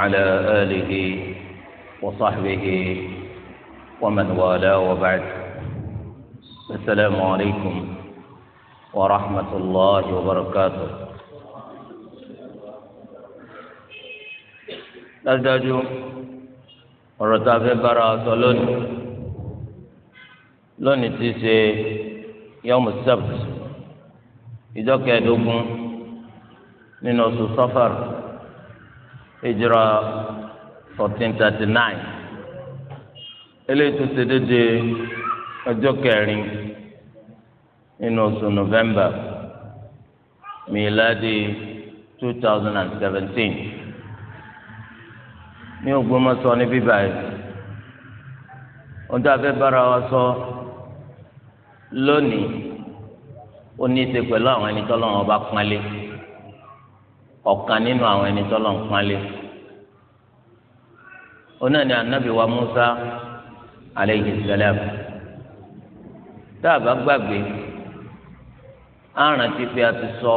على آله وصحبه ومن والاه وبعد السلام عليكم ورحمة الله وبركاته dájúdájú ọ̀rọ̀ tá a fẹ́ bára sọ lónìí lónìí ti ṣe yọmù sẹ́pt ìjọ kẹẹ̀ẹ́dógún nínú oṣù sọ́fàrù ìjírà fourteen thirty nine eléyìí tó ṣe déédéé ọjọ́ kẹrin nínú oṣù november miladi two thousand and seventeen ní Ògbómọ̀ṣọ́ ní bíbá yìí ohun tí bára wa sọ lónìí ó ní í ṣe pẹ̀lú àwọn ẹni tọ́lọ́run ọba pọ́nlé ọ̀kan nínú àwọn ẹni tọ́lọ̀ ń pálí onáà ni anabi wa musa aleyhi salam tá a bá gbàgbé àrùn àti pé a ti sọ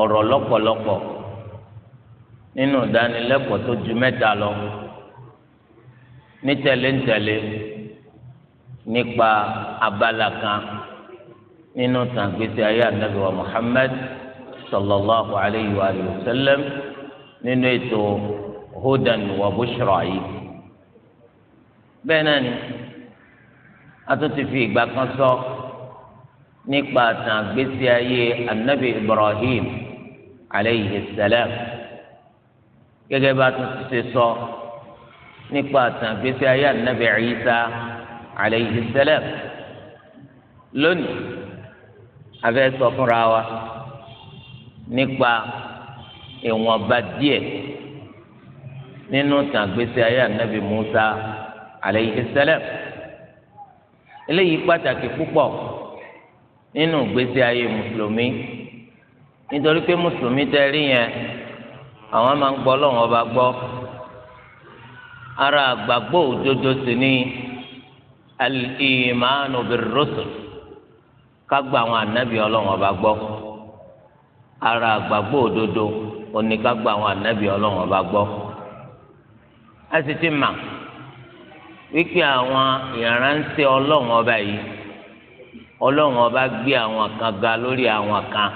ọ̀rọ̀ lọ́pọ̀lọpọ̀ nínú ìdánilẹ́kọ̀ọ́ tó ju mẹ́ta lọ ní tẹ̀léńtẹ̀lé nípa abala kan nínú tàǹgbèsè ayé anabi wa muhammad sallallahu alayhi wa sallam nínú ètò hudan wa bushra yìí bẹ́ẹ̀ náà ni a tún ti fi ìgbà kan sọ nípa àtàn àgbésí ayé anabi ibrahim alayhi salam gẹ́gẹ́ bá tún ti ṣe sọ nípa àtàn àgbésí ayé anabi isa alayhi salam lónìí a sọ fúnra wa nípa ìwọ̀nba díẹ̀ nínú tàgbésí ayé ànábì Musa alayhi salam eléyìí pàtàkì púpọ̀ nínú ìgbésí ayé mùsùlùmí nítorí pé mùsùlùmí tẹ́ rí yẹn àwọn máa ń gbọ́ lọ́wọ́ ọba gbọ́ ara àgbàgbọ́ òdodo sì ni al-imanu bir-rusul ká gba àwọn ànábì Ọlọ́run ọba gbọ́. ara àgbàgbọ́ òdodo oníkàgbà àwọn ànábì ọlọ́run ọba gbọ́ a sì ti mà wípé àwọn ìránṣẹ́ ọlọ́run ọba yìí ọlọ́run ọba gbé àwọn kan ga lórí àwọn kan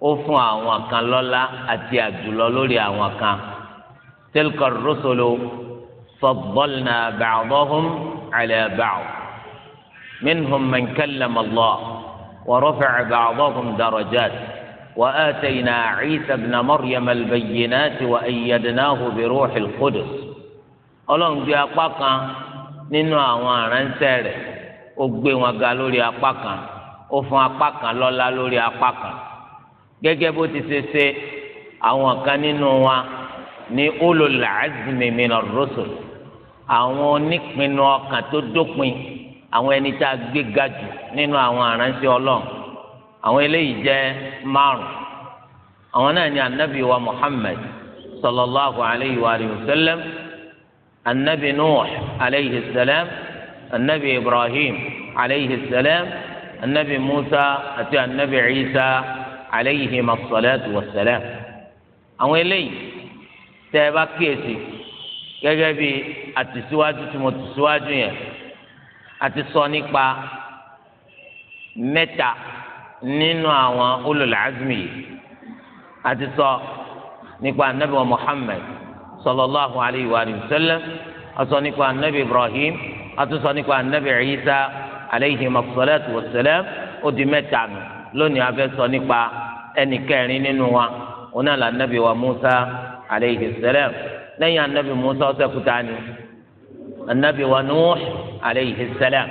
ó fún àwọn kan lọ́lá àti àjùlọ lórí àwọn kan tilka rusulu faddalna ba'dahum Allah wa rafa'a darajat. وآتينا عيسى ابن مريم البينات وأيدناه بروح القدس ọlọ́run gbé apá kan nínú àwọn aránṣẹ́ rẹ̀ ó gbé wọn ga lórí apá kan ó fún apá kan lọ́lá lórí apá kan gẹ́gẹ́ bó ti ṣe ṣe àwọn kan nínú wa ní ulul azmi minar àwọn onípinnu ọkàn tó dópin àwọn ẹni tá a gbé ga jù nínú àwọn aránṣẹ́ ọlọ́run àwọn eléyìí jẹ́ márùn àwọn náà ni anabi wa muhammad sallallahu alayhi wa sallam anabi nuh alayhi salam anabi ibrahim alayhi salam anabi musa àti anabi isa alayhi masalatu wa salam àwọn eléyìí tẹ ẹ gẹ́gẹ́ bí àtìsíwájú tí mo ti síwájú yẹn àti sọ nípa mẹ́ta nínú àwọn ulul azmi yìí àti sọ nípa anabi wa muhammed sallallahu alayhi wa sallam asọ nípa anabi ibrahim atúnsọ nípa anabi isa alayhi masalatu wa salam ó di mẹ́ta nù lónìí a fẹ́ sọ nípa ẹnì kẹrin nínú wa ona la anabi wa musa alayhi salam lẹ́yìn anabi musa ó ṣẹ́kù ni anabi wa nuh alayhi salam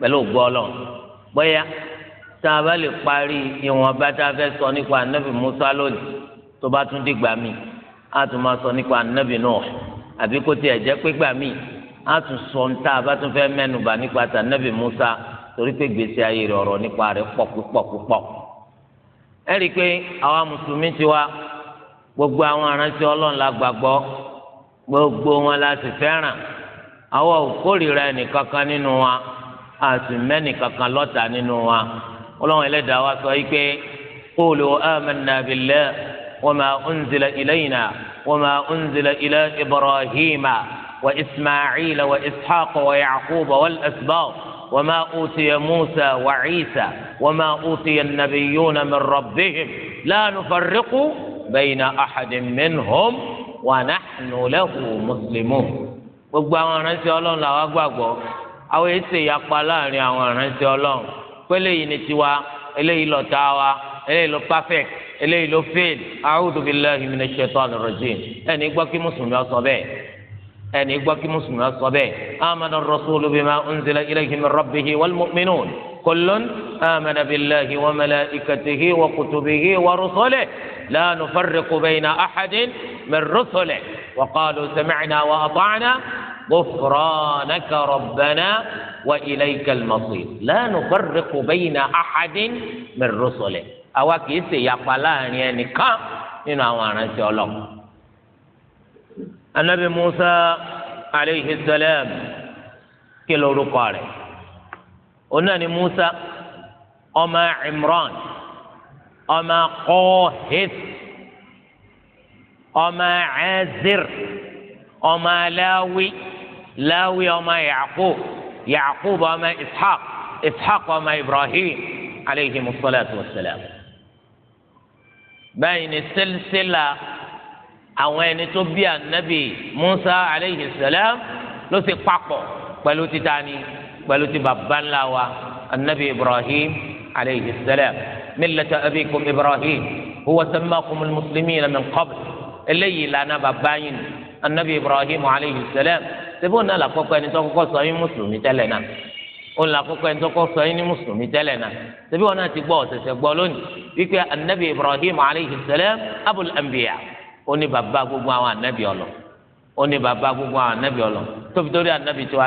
pẹ̀lú gbọlọ bóyá tá a bá lè parí ìwọ̀nba tá a fẹ́ sọ nípa anabi musa lónìí tó bá tún dìgbà mí a tún máa sọ nípa anabi Nuh àbí kó tiẹ̀ jẹ́ pé gbà mí a tún sọ níta a bá tún fẹ́ mẹ́nuba nípa tà anabi musa torí pé gbèsè ayé rẹ̀ ọ̀rọ̀ nípa rẹ̀ pọ̀ púpọ̀ púpọ̀ ẹ rí i pé àwa mùsùlùmí ti wá gbogbo àwọn aránṣẹ́ Ọlọ́run la gbàgbọ́ gbogbo wọn la sì fẹ́ràn àwọn òkórìíra ẹnìkankan nínú wa a sì mẹ́nìkankan lọ́tà nínú wa ọlọ́run ẹlẹ́dàá wa sọ yìí pé qulu amanna billahi wa ma unzila ilayna wa ma unzila ila ibrahima wa isma'ila wa ishaqa wa yaquba wal asbaq wa ma utiya musa wa isa wa ma utiya nabiyuna min rabbihim la nufarriqu bayna ahadin minhum wa nahnu lahu muslimun gbogbo àwọn ìránṣẹ́ ọlọ́run làwọn gbàgbọ́ àwọn èsì ìyapa láàrin àwọn ìránṣẹ́ ọlọ́run pélé yìí ni tiwa eléyìí lọ tá wa eléyìí lọ perfect eléyìí lọ fail a'udhu billahi minash shaitanir rajim ẹni gbọ́ kí mùsùlùmí ọsọ bẹ́ẹ̀ ẹni gbọ́ kí mùsùlùmí ọsọ bẹ́ẹ̀ amana ar-rasulu bima unzila ilayhi min rabbihi wal mu'minun kullun amana billahi wa wa kutubihi wa rusulihi la nufarriqu bayna ahadin min rusulihi wa qalu wa ata'na. غفرانك ربنا وإليك المصير لا نفرق بين أحد من رسله أو كيس يعني يا فلان يعني كم إن أوانا النبي موسى عليه السلام كيلو رقاري أنني موسى أما عمران أما قاهث أما عازر أما لاوي لاوي وما يعقوب يعقوب وما إسحاق إسحاق وما إبراهيم عليهم الصلاة والسلام بين السلسلة أوين تبيا النبي موسى عليه السلام لوسي فاقو بلوتي تاني بلوتي بابان لاوا النبي إبراهيم عليه السلام ملة أبيكم إبراهيم هو سماكم المسلمين من قبل الليل أنا بابين anabi ibrahim aleyhi sẹlẹm ṣebí òun náà làkọ́kọ́ ẹni tó kọ́kọ́ sọ yín mùsùlùmí tẹ́lẹ̀ náà òun làkọ́kọ́ ẹni tó kọ́kọ́ sọ yín ní mùsùlùmí tẹ́lẹ̀ náà ṣebí òun náà ti gbọ́ ọ̀sẹ̀sẹ̀ gbọ́ lónìí wípé anabi ibrahim aleyhi sẹlẹm abul anbiya ó ní bàbá gbogbo àwọn anabi ọlọ ó ní bàbá gbogbo àwọn anabi ọlọ tóbi torí anabi tiwa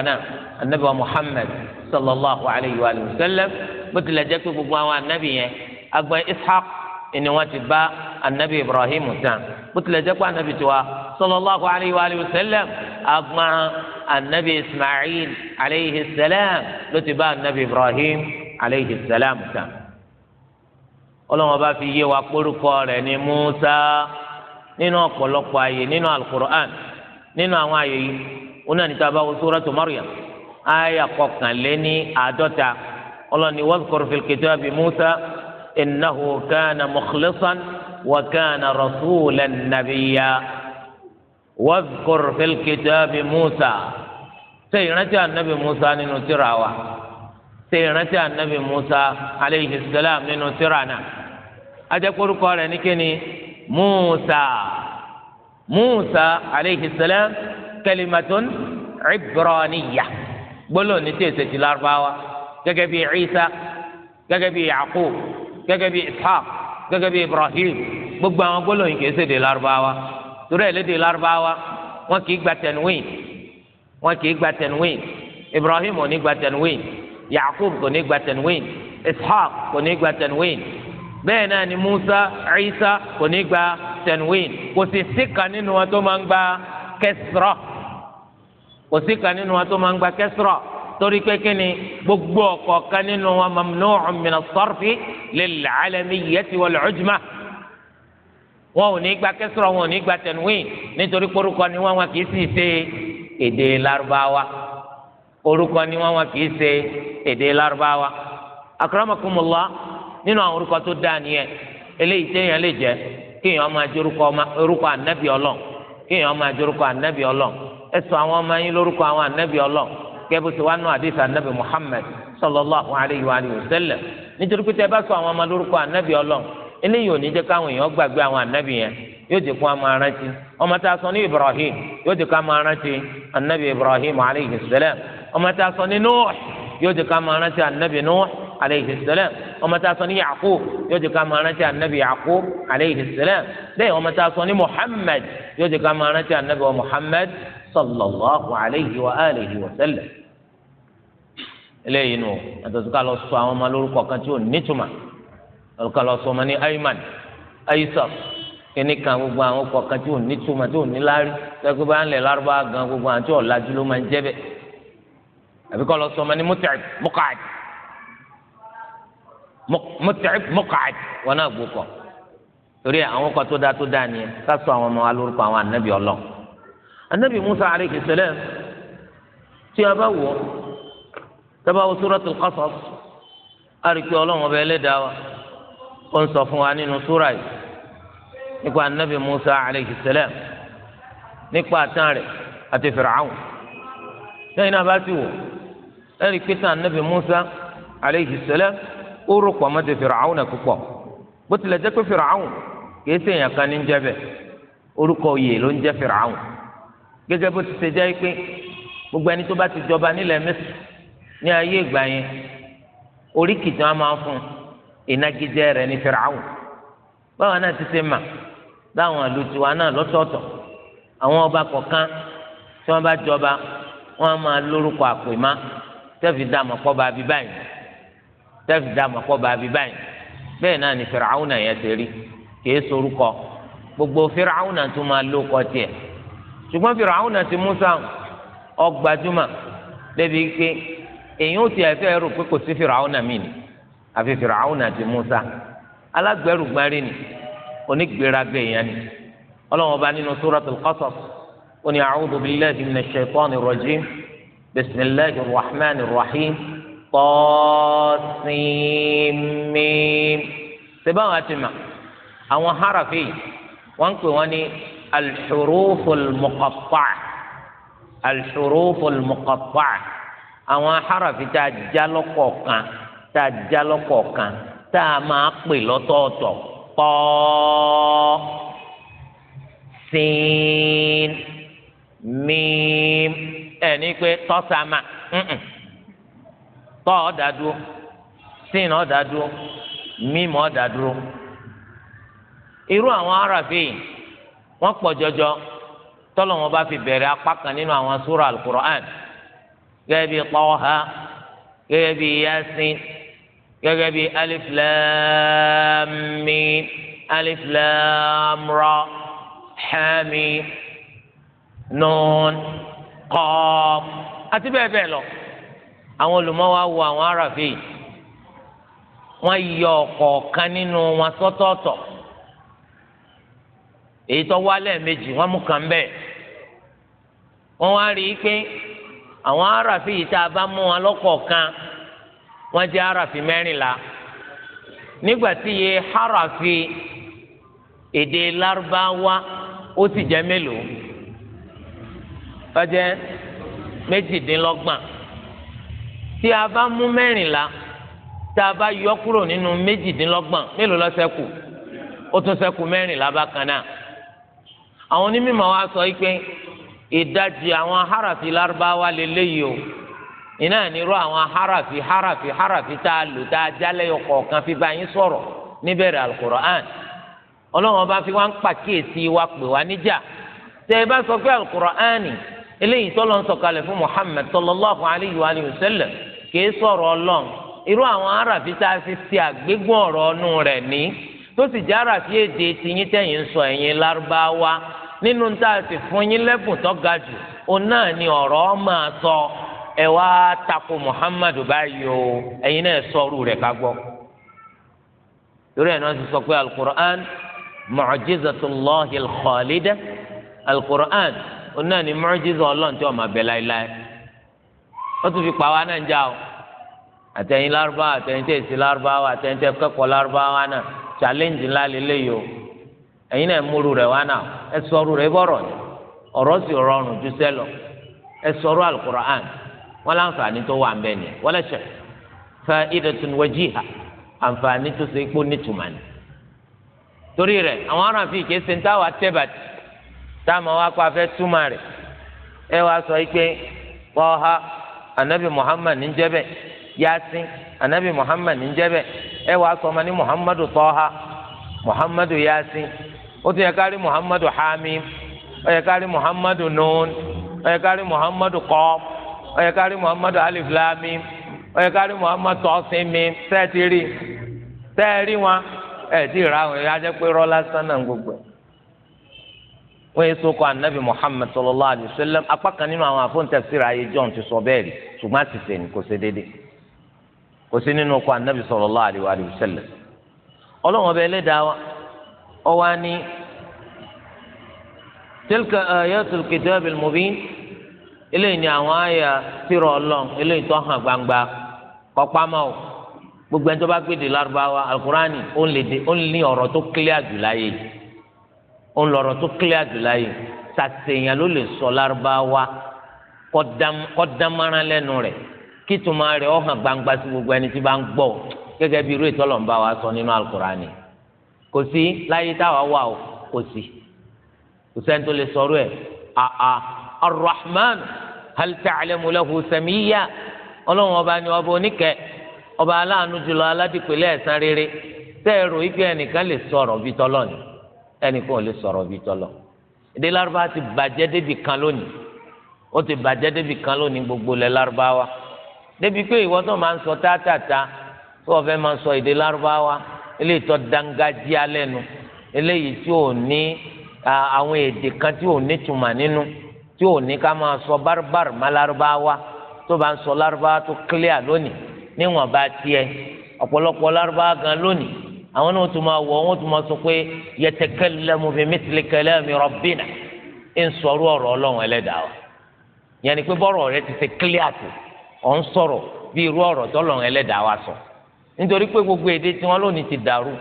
anabi wa muhammad sallallahu alayhi wa sallam bó tilẹ̀ gbogbo àwọn anabi yẹn agbẹ́ ishaq ni wọ́n ti bá anabi ibrahim tán bó tilẹ̀ anabi tiwa sallallahu alayhi wa sallam agbọn anabi ismail alayhi salam ló ti bá anabi ibrahim alayhi salam tán ọlọ́wọ́n bá fi yé wa kórúkọ rẹ̀ ní musa nínú ọ̀pọ̀lọpọ̀ ààyè nínú alukur'an nínú àwọn ààyè yìí wọn náà ní sábà wọ suratu maryam àyà kọkànléní àádọ́ta ọlọ́ni wazkur fil kitabi musa innahu kana mukhlisan wa kana rasulan nabiyya. واذكر في الكتاب موسى سيرتي النبي موسى ننتراوا سيرتي عن النبي موسى عليه السلام ننترانا أجاكور قال نكني موسى موسى عليه السلام كلمة عبرانية بلون نتيسة الأربعة كجبي عيسى كجبي يعقوب كجبي إسحاق كجبي إبراهيم gbogbo àwọn gbólóyìn kìí torí ẹ̀ lédè lárúbáwá wọn kì í gba tẹnuwìn wọn kì í gba tẹnuwìn ibrahim ò ní gba tẹnuwìn yakub kò ní gba tẹnuwìn ishaq kò ní gba tẹnuwìn bẹ́ẹ̀ náà ni musa isa kò ní gba tẹnuwìn kò sì síkà nínú wọn tó máa ń gba kẹsìrọ kò síkà nínú wọn tó máa ń gba kẹsìrọ torí pé kí ni gbogbo ọ̀kọ̀ọ̀kan nínú wọn mamnu'un min as-sarfi lil-'alamiyyati wal-'ujma wọn ò ní gba kẹsìrọ wọn ò ní gba tẹnuwìn nítorí orúkọ ni wọn wọn kì í sì ṣe èdè Lárúbáwá orúkọ ni wọn wọn kì í ṣe èdè Lárúbáwá akramakumullah nínú àwọn orúkọ tó dáa nìyẹn eléyìí téèyàn lè jẹ kéèyàn máa jẹ orúkọ ànábì Ọlọ́run kéèyàn máa jẹ orúkọ ànábì Ọlọ́run ẹ àwọn ọmọ yín lórúkọ àwọn ànábì Ọlọ́run kẹbù sí wàánu àdìsí ànábì Muhammad sallallahu alayhi wa sallam nítorí pé tẹ bá sọ àwọn ọmọ lórúkọ ànábì Ọlọ́run eléyìí ò ní jẹ́ káwọn èèyàn gbàgbé àwọn ànábì yẹn yóò jẹ́ kó a máa rántí ọmọ tá a sọ ní Ibrahim yóò jẹ́ ká máa rántí ànábì Ibrahim aleyhi sẹlẹm ọmọ tá a sọ ní Nuh yóò jẹ́ ká máa rántí ànábì Nuh aleyhi sẹlẹm ọmọ tá a sọ ní Yaqub yóò jẹ́ ká máa rántí ànábì Yaqub aleyhi sẹlẹm bẹ́ẹ̀ ọmọ tá a sọ ní Muhammad yóò jẹ́ ká máa rántí ànábì wa Muhammad sallallahu alayhi wa alihi wa sallam eléyìí nù àtọ̀tún lọ sọ àwọn ọmọ lórúkọ kan tí ò nítumọ̀ ọ̀kan lọ sọmọ ní ayman aysar kíní kan gbogbo àwọn ọkọ̀ kan tí ò ní túmọ̀ tí ò ní láárí tẹ́kọ̀ bá ń lẹ̀ lárúbá gan gbogbo àwọn tí ọ̀làjú ló máa ń jẹ́ bẹ́ẹ̀ àbí kọ́ lọ sọmọ ní mut'ib muqa'id mut'ib muqa'id wọn náà gbó kọ́ torí àwọn ọkọ̀ tó dáa tó dáa nìyẹn ká sọ àwọn ọmọ wa àwọn ànábì ọlọ́run anabi musa aleyhi salam tí a bá wọ tábà wọ suratul qasas àríkè ọlọ́run ọba ẹlẹ́dàá wa ó ń sọ fún wa nínú súra yìí nípa anabi musa alayhi salam nípa àtàn rẹ̀ àti fìràwùn lẹ́yìn náà bá ti wò ẹrí pété anabi musa alayhi salam ó rò pọ̀ mọ́ ti fìràwùn náà púpọ̀ bó tilẹ̀ jẹ́ pé fìràwùn kìí ṣèyàn kan ní ń jẹ́ orúkọ òye ló ń jẹ́ fìràwùn gẹ́gẹ́ bó ti ṣe jẹ́ pé gbogbo ẹni tó bá ti jọba nílẹ̀ mẹ́sì ní ayé ìgbà yẹn oríkì tí máa ń fún un ìnagijẹ rẹ̀ ní Fìràwùn báwa náà ti ṣe mà láwọn àlùtìwa náà lọ́tọ̀ọ̀tọ̀ àwọn ọba kọ̀ọ̀kan tí wọ́n bá jọba wọ́n á máa lórúkọ àpèmá tẹ́fì dá àmọ́kọ́ bá bí báyìí tẹ́fì dá àmọ́kọ́ bá bí báyìí bẹ́ẹ̀ náà ni Fìràwùn náà yẹn ti rí kìí sorúkọ gbogbo Fìràwùn náà tún máa lóko tiẹ̀ ṣùgbọ́n Fìràwùn náà ti Mùsá ọgbàdúmà débi pé èyí ó tiẹ̀ fẹ́ rò pé kò sí Fìràwùn náà mí ni àfi Fìràwùn àti Musa alágbẹ̀rù gbárí ni onígbéraga èèyàn ni ọlọ́run ọba nínú suratul Qasas ó ní a'udhu billahi minash shaitanir rajim bismillahir rahmanir rahim tọ́símìm sèbáwọn àti mà àwọn harafi wọn pè wọn ní alḥuruful muqatta' alḥuruful muqatta' àwọn harafi tá a já tá a já lọ́kọ̀ọ̀kan tá a máa pè lọ́tọ̀ọ̀tọ̀ pọ́ sin mím ẹ̀ ní pé tọ́sàmà tọ́ ọ̀dà dúró sin ọ̀dà dúró mím ọ̀dà dúró irú àwọn arábì wọ́n pọ̀ jọjọ tọ́lọ̀ wọn bá fi bẹ̀rẹ̀ apá kan nínú àwọn súra alukur'an gẹ́gẹ́ bí ha, gẹ́gẹ́ bí Yasin. gẹ́gẹ́ bíi alif lam mim alif lam ra hamim nun qaf àti bẹ́ẹ̀ bẹ́ẹ̀ lọ àwọn olùmọ̀wá wo àwọn aráàfin yìí wọ́n yọ ọ̀kọ̀ọ̀kan nínú wọn sọ́tọ̀ọ̀tọ̀ èyí tó wá lẹ́ẹ̀mejì wọ́n mú kàn bẹ́ẹ̀ wọ́n wá rí i pé àwọn aráàfin yìí tá a bá mú wọn lọ́kọ̀ọ̀kan wọ́n jẹ́ harafi mẹ́rìnlá nígbà tí iye harafi èdè lárúbáwá ó sì jẹ́ mélòó ó jẹ́ méjìdínlọ́gbọ̀n tí a bá mú mẹ́rìnlá tá a bá yọ kúrò nínú méjìdínlọ́gbọ̀n mélòó ló ṣẹ́kù ó tún ṣẹ́kù mẹ́rìnlá bákan náà àwọn onímọ̀ wa sọ pé ìdajì àwọn harafi lárúbáwá lè léyìí o iná nírú àwọn harafi harafi harafi tá a lò tá a jálẹ̀ ọkọ̀ọ̀kan fi bá yín sọ̀rọ̀ níbẹ̀rẹ̀ alukur'an ọlọ́run ọba fi wá ń pàkíyèsí wa pè wá níjà tẹ ẹ bá sọ pé alukur'an eléyìí tọ́lọ́ ń sọ̀kalẹ̀ fún muhammed sallallahu alayhi wa sallam kìí sọ̀rọ̀ ọlọ́run irú àwọn harafi tá a fi ṣe àgbégún ọ̀rọ̀ ọ̀nù rẹ̀ ní tó sì jẹ́ harafi èdè tiyín tẹ̀yìn sọ ẹ̀yin lárúbáwá nínú tá ẹ wá tako muhammadu báyìí o ẹ̀yin náà sọ̀rọ̀ rẹ̀ ká gbọ́ torí ẹ̀ náà ti sọ pé alukur'an mu'jizatullahi al-khalida alukur'an onáà ni mu'jiza ọlọ́run tí wọ́n máa bẹ̀ láéláé wọ́n tún fi pa wá náà ń já o àtẹ̀yìn lárúbáwá àtẹ̀yìn tẹ̀ sí lárúbáwá àtẹ̀yìn tẹ̀ kẹ́kọ̀ọ́ lárúbáwá náà challenge ńlá lélẹ́yìí o ẹ̀yin náà múru rẹ̀ wá náà ẹ sọ̀rọ̀ rẹ̀ bọ̀rọ̀ ọ̀rọ̀ sì rọrùn jù sẹ́lọ̀ ẹ sọ̀rọ̀ alukur'an. wọn láǹfààní tó wà ń bẹ nìyẹn wọlé ṣe fa'idatun wajiha àǹfààní tó ṣe kó nítumọ̀ ni torí rẹ̀ fi ìké ṣe ń tẹ́bàtì táwọn rẹ̀ ẹ wá sọ anabi Muhammad jẹ́bẹ̀ anabi Muhammad jẹ́bẹ̀ ẹ wá sọ ma Muhammadu Muhammadu Yasin ó ti yẹ Muhammadu ó Nun ó yẹ ó kárí muhammadu alif lami ó kárí muhammadu ọsìn mi tẹ́ẹ̀tì rí tẹ́ẹ̀rí wọn ẹ̀ tí ra pé gbogbo anabi muhammad sallallahu alayhi apá kan nínú àwọn afọ́ntẹ́sìrì ayé john ti sọ bẹ́ẹ̀ rí ṣùgbọ́n àtìsẹ́ ni kò ṣe déédéé kò sí nínú anabi ọlọ́wọ́n bẹ́ẹ̀ lẹ́dàá ọwọ́ eléyìí ni àwọn àyà tìrọ Ọlọ́run eléyìí tó hàn gbangba kọpamọ o gbogbo ẹni tó bá gbèdè Lárúbáwá alukurani ó ní ọ̀rọ̀ tó kílíà jù láyé ó ń lọ̀rọ̀ tó kílíà jù láyé sàṣèyàn ló lè sọ Lárúbáwá kọdámárán lẹ́nu rẹ̀ kí tuma rẹ̀ ó hàn gbangba sí gbogbo ẹni tí bá ń gbọ́ gẹ́gẹ́ bí irú ìtọ́lọ̀ wa sọ nínú alukurani kò sí láyé táwa wà o kò sí kò sẹ́ni tó lè sọ ọ́rọ́ ẹ̀ àà arrahman hal ta'lamu lahu samiyya ọlọ́run ọba ni ọba oníkẹ́ ọba aláàánú jùlọ aládìpẹ̀lẹ̀ ẹ̀san rere tẹ́ẹ̀rù ìgbẹ́ ẹnìkan lè sọ̀rọ̀ bíi tọ́lọ́ ni ẹnìkan ò lè sọ̀rọ̀ bíi tọ́lọ́ èdè lárúbá ti bàjẹ́ débi kan lónìí ó ti bàjẹ́ débi kan lónìí gbogbo lẹ̀ lárúbáwá débi pé ìwọ tó máa ń sọ tátàtà tó o fẹ́ máa sọ èdè lárúbáwá eléyìí tó dángájíá lẹ́nu eléyìí tí ò ní àwọn èdè kan tí ò ní tùmà nínú tí ò ní ká máa sọ bárúbárù má lárúbáwá tó bá ń sọ lárúbáwá tó clear lónìí níwọ̀n bá tiẹ̀ ọ̀pọ̀lọpọ̀ lárúbáwá gan lónìí àwọn náà tún máa wọ̀ wọ́n tún máa sọ pé yatakallamu bi mithli kalami rabbina ń sọ̀rọ̀ ọ̀rọ̀ ọlọ́run ẹlẹ́dàá wa yẹn ni pé bọ́rọ̀ rẹ ti ṣe clear tó ọ̀ ń sọ̀rọ̀ bí irú ọ̀rọ̀ tọ́lọ́run ẹlẹ́dàá wa sọ nítorí pé gbogbo èdè tí lónìí ti dàrú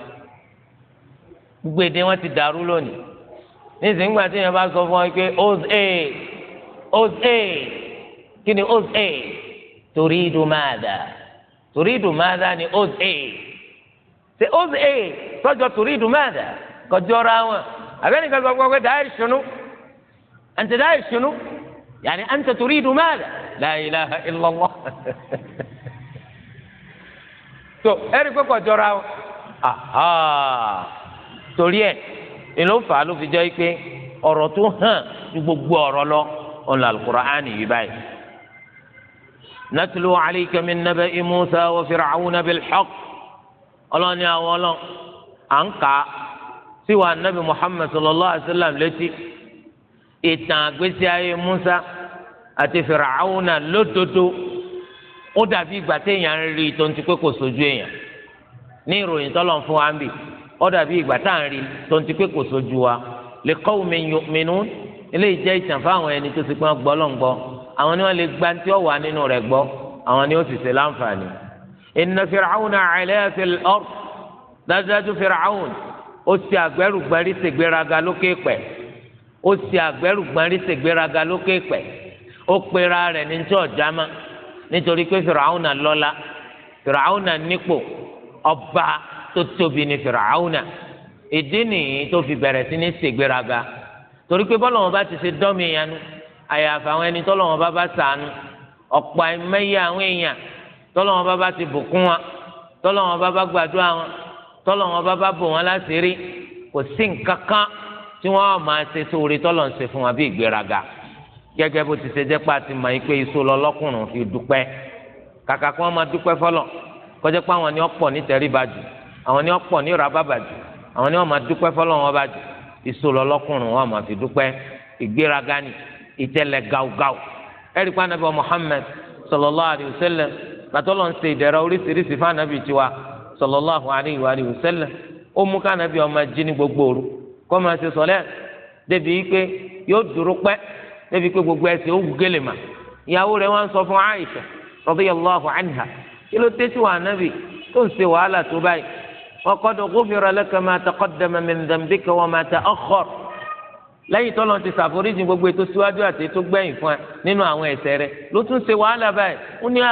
gbogbo èdè wọn ti dàrú lónìí nísìnyí gbà tí yẹn bá sọ fún ọ pé oz a oz a kí ni oz a turidu madha turidu madha ni oz a ṣe oz a tọjọ turidu madha kọjọra wọn abẹnikan sọ fún ọ pé dáhìrì sunu àǹtí dáhìrì sunu yàní àǹtí turidu madha la ilaha illallah so ẹ̀rí pé kọjọra wọn torí ẹ̀ ìlú fà á ló fi jẹ́ pé ọ̀rọ̀ tó hàn ní gbogbo ọ̀rọ̀ lọ ọ̀nà alukur'an yìí báyìí. natlu alayka min naba'i musa wa fir'auna bil haqq ọlọ́ni àwọn ọlọ́ à ń kà á síwá nabi muhammad sallallahu alayhi wa sallam létí ìtàn àgbésí ayé musa àti fir'auna lódodo ó dàbí ìgbà téèyàn rí tó ń ti pé kò sójú èèyàn ní ìròyìn tọ́lọ̀ fún wa ń bì ó dàbí ìgbà tá à ń rí tó ń ti pé kò sójú wa lè kọ́ omi mìínú eléyìí jẹ́ ìtàn fáwọn ẹni tó ti pé wọ́n gbọ́ lọ́n gbọ́ àwọn ni wọ́n lè gba tí ó wà nínú rẹ̀ gbọ́ àwọn ni ó sì ṣe láǹfààní. inna fir'auna ala fil ard dájúdájú fìràhùn ó sì àgbẹrùgbẹrí ṣègbéraga lókè pẹ̀ ó sì àgbẹrùgbẹrí ṣègbéraga lókè pẹ̀ ó pera rẹ̀ ní tí ọjà má nítorí pé fìràhùn náà lọ́lá fìràhùn náà nípò ọba tó tóbi ní fìràwùnà ìdí nìyí tó fi bẹ̀rẹ̀ sí ní ṣègbéraga torí pé bọ́lá wọn bá ti ṣe dọ́mi ìyanu àyàfà àwọn ẹni tọ́lọ́ wọn bá bá sànù ọ̀pọ̀ ẹ̀mẹ́yẹ àwọn èèyàn tọ́lọ́ wọn bá bá ti bùkún wọn tọ́lọ́ wọn bá bá gbàdúrà wọn tọ́lọ́ wọn bá bá bò wọn láṣìírí kò sí nǹkan kan tí wọ́n máa ṣe sóore tọ́lọ̀ ń ṣe fún wọn bí ìgbéraga gẹ́gẹ́ bó ti ṣe jẹ́ pé a ti mọ̀ yín pé iṣu lọ lọ́kùnrin fi dúpẹ́ kàkà kí wọ́n máa dúpẹ́ fọlọ̀ kọjá pé àwọn ni ọ̀pọ̀ nítẹríba jù àwọn ni wọ́n pọ̀ ní ìrọ̀ abábà àwọn ni wọ́n máa dúpẹ́ fọlọ́run wọn ìṣòro ọlọ́kùnrin wọn máa fi ìgbéraga ni ìtẹ́lẹ̀ gaugau ẹ̀rí pa anabi Muhammad sallallahu alayhi wa sallam látọ́lọ́ ń ṣe ìdẹ̀ra oríṣiríṣi fún anabi tiwa sallallahu alayhi wa sallam ó mú ká anabi ó jí ní gbogbo òru kó máa ṣe sọlẹ́ débi pé yóò dúró débi sọ fún Aisha anha kí ló وقد غفر لك ما تقدم من ذنبك وما تأخر lẹ́yìn tó lọ́n ti ṣàforíjì gbogbo ètò síwájú àti ètò gbẹ̀yìn fún ẹ nínú àwọn ẹ̀ṣẹ̀ rẹ ló tún ṣe wàhálà báyìí ó ní à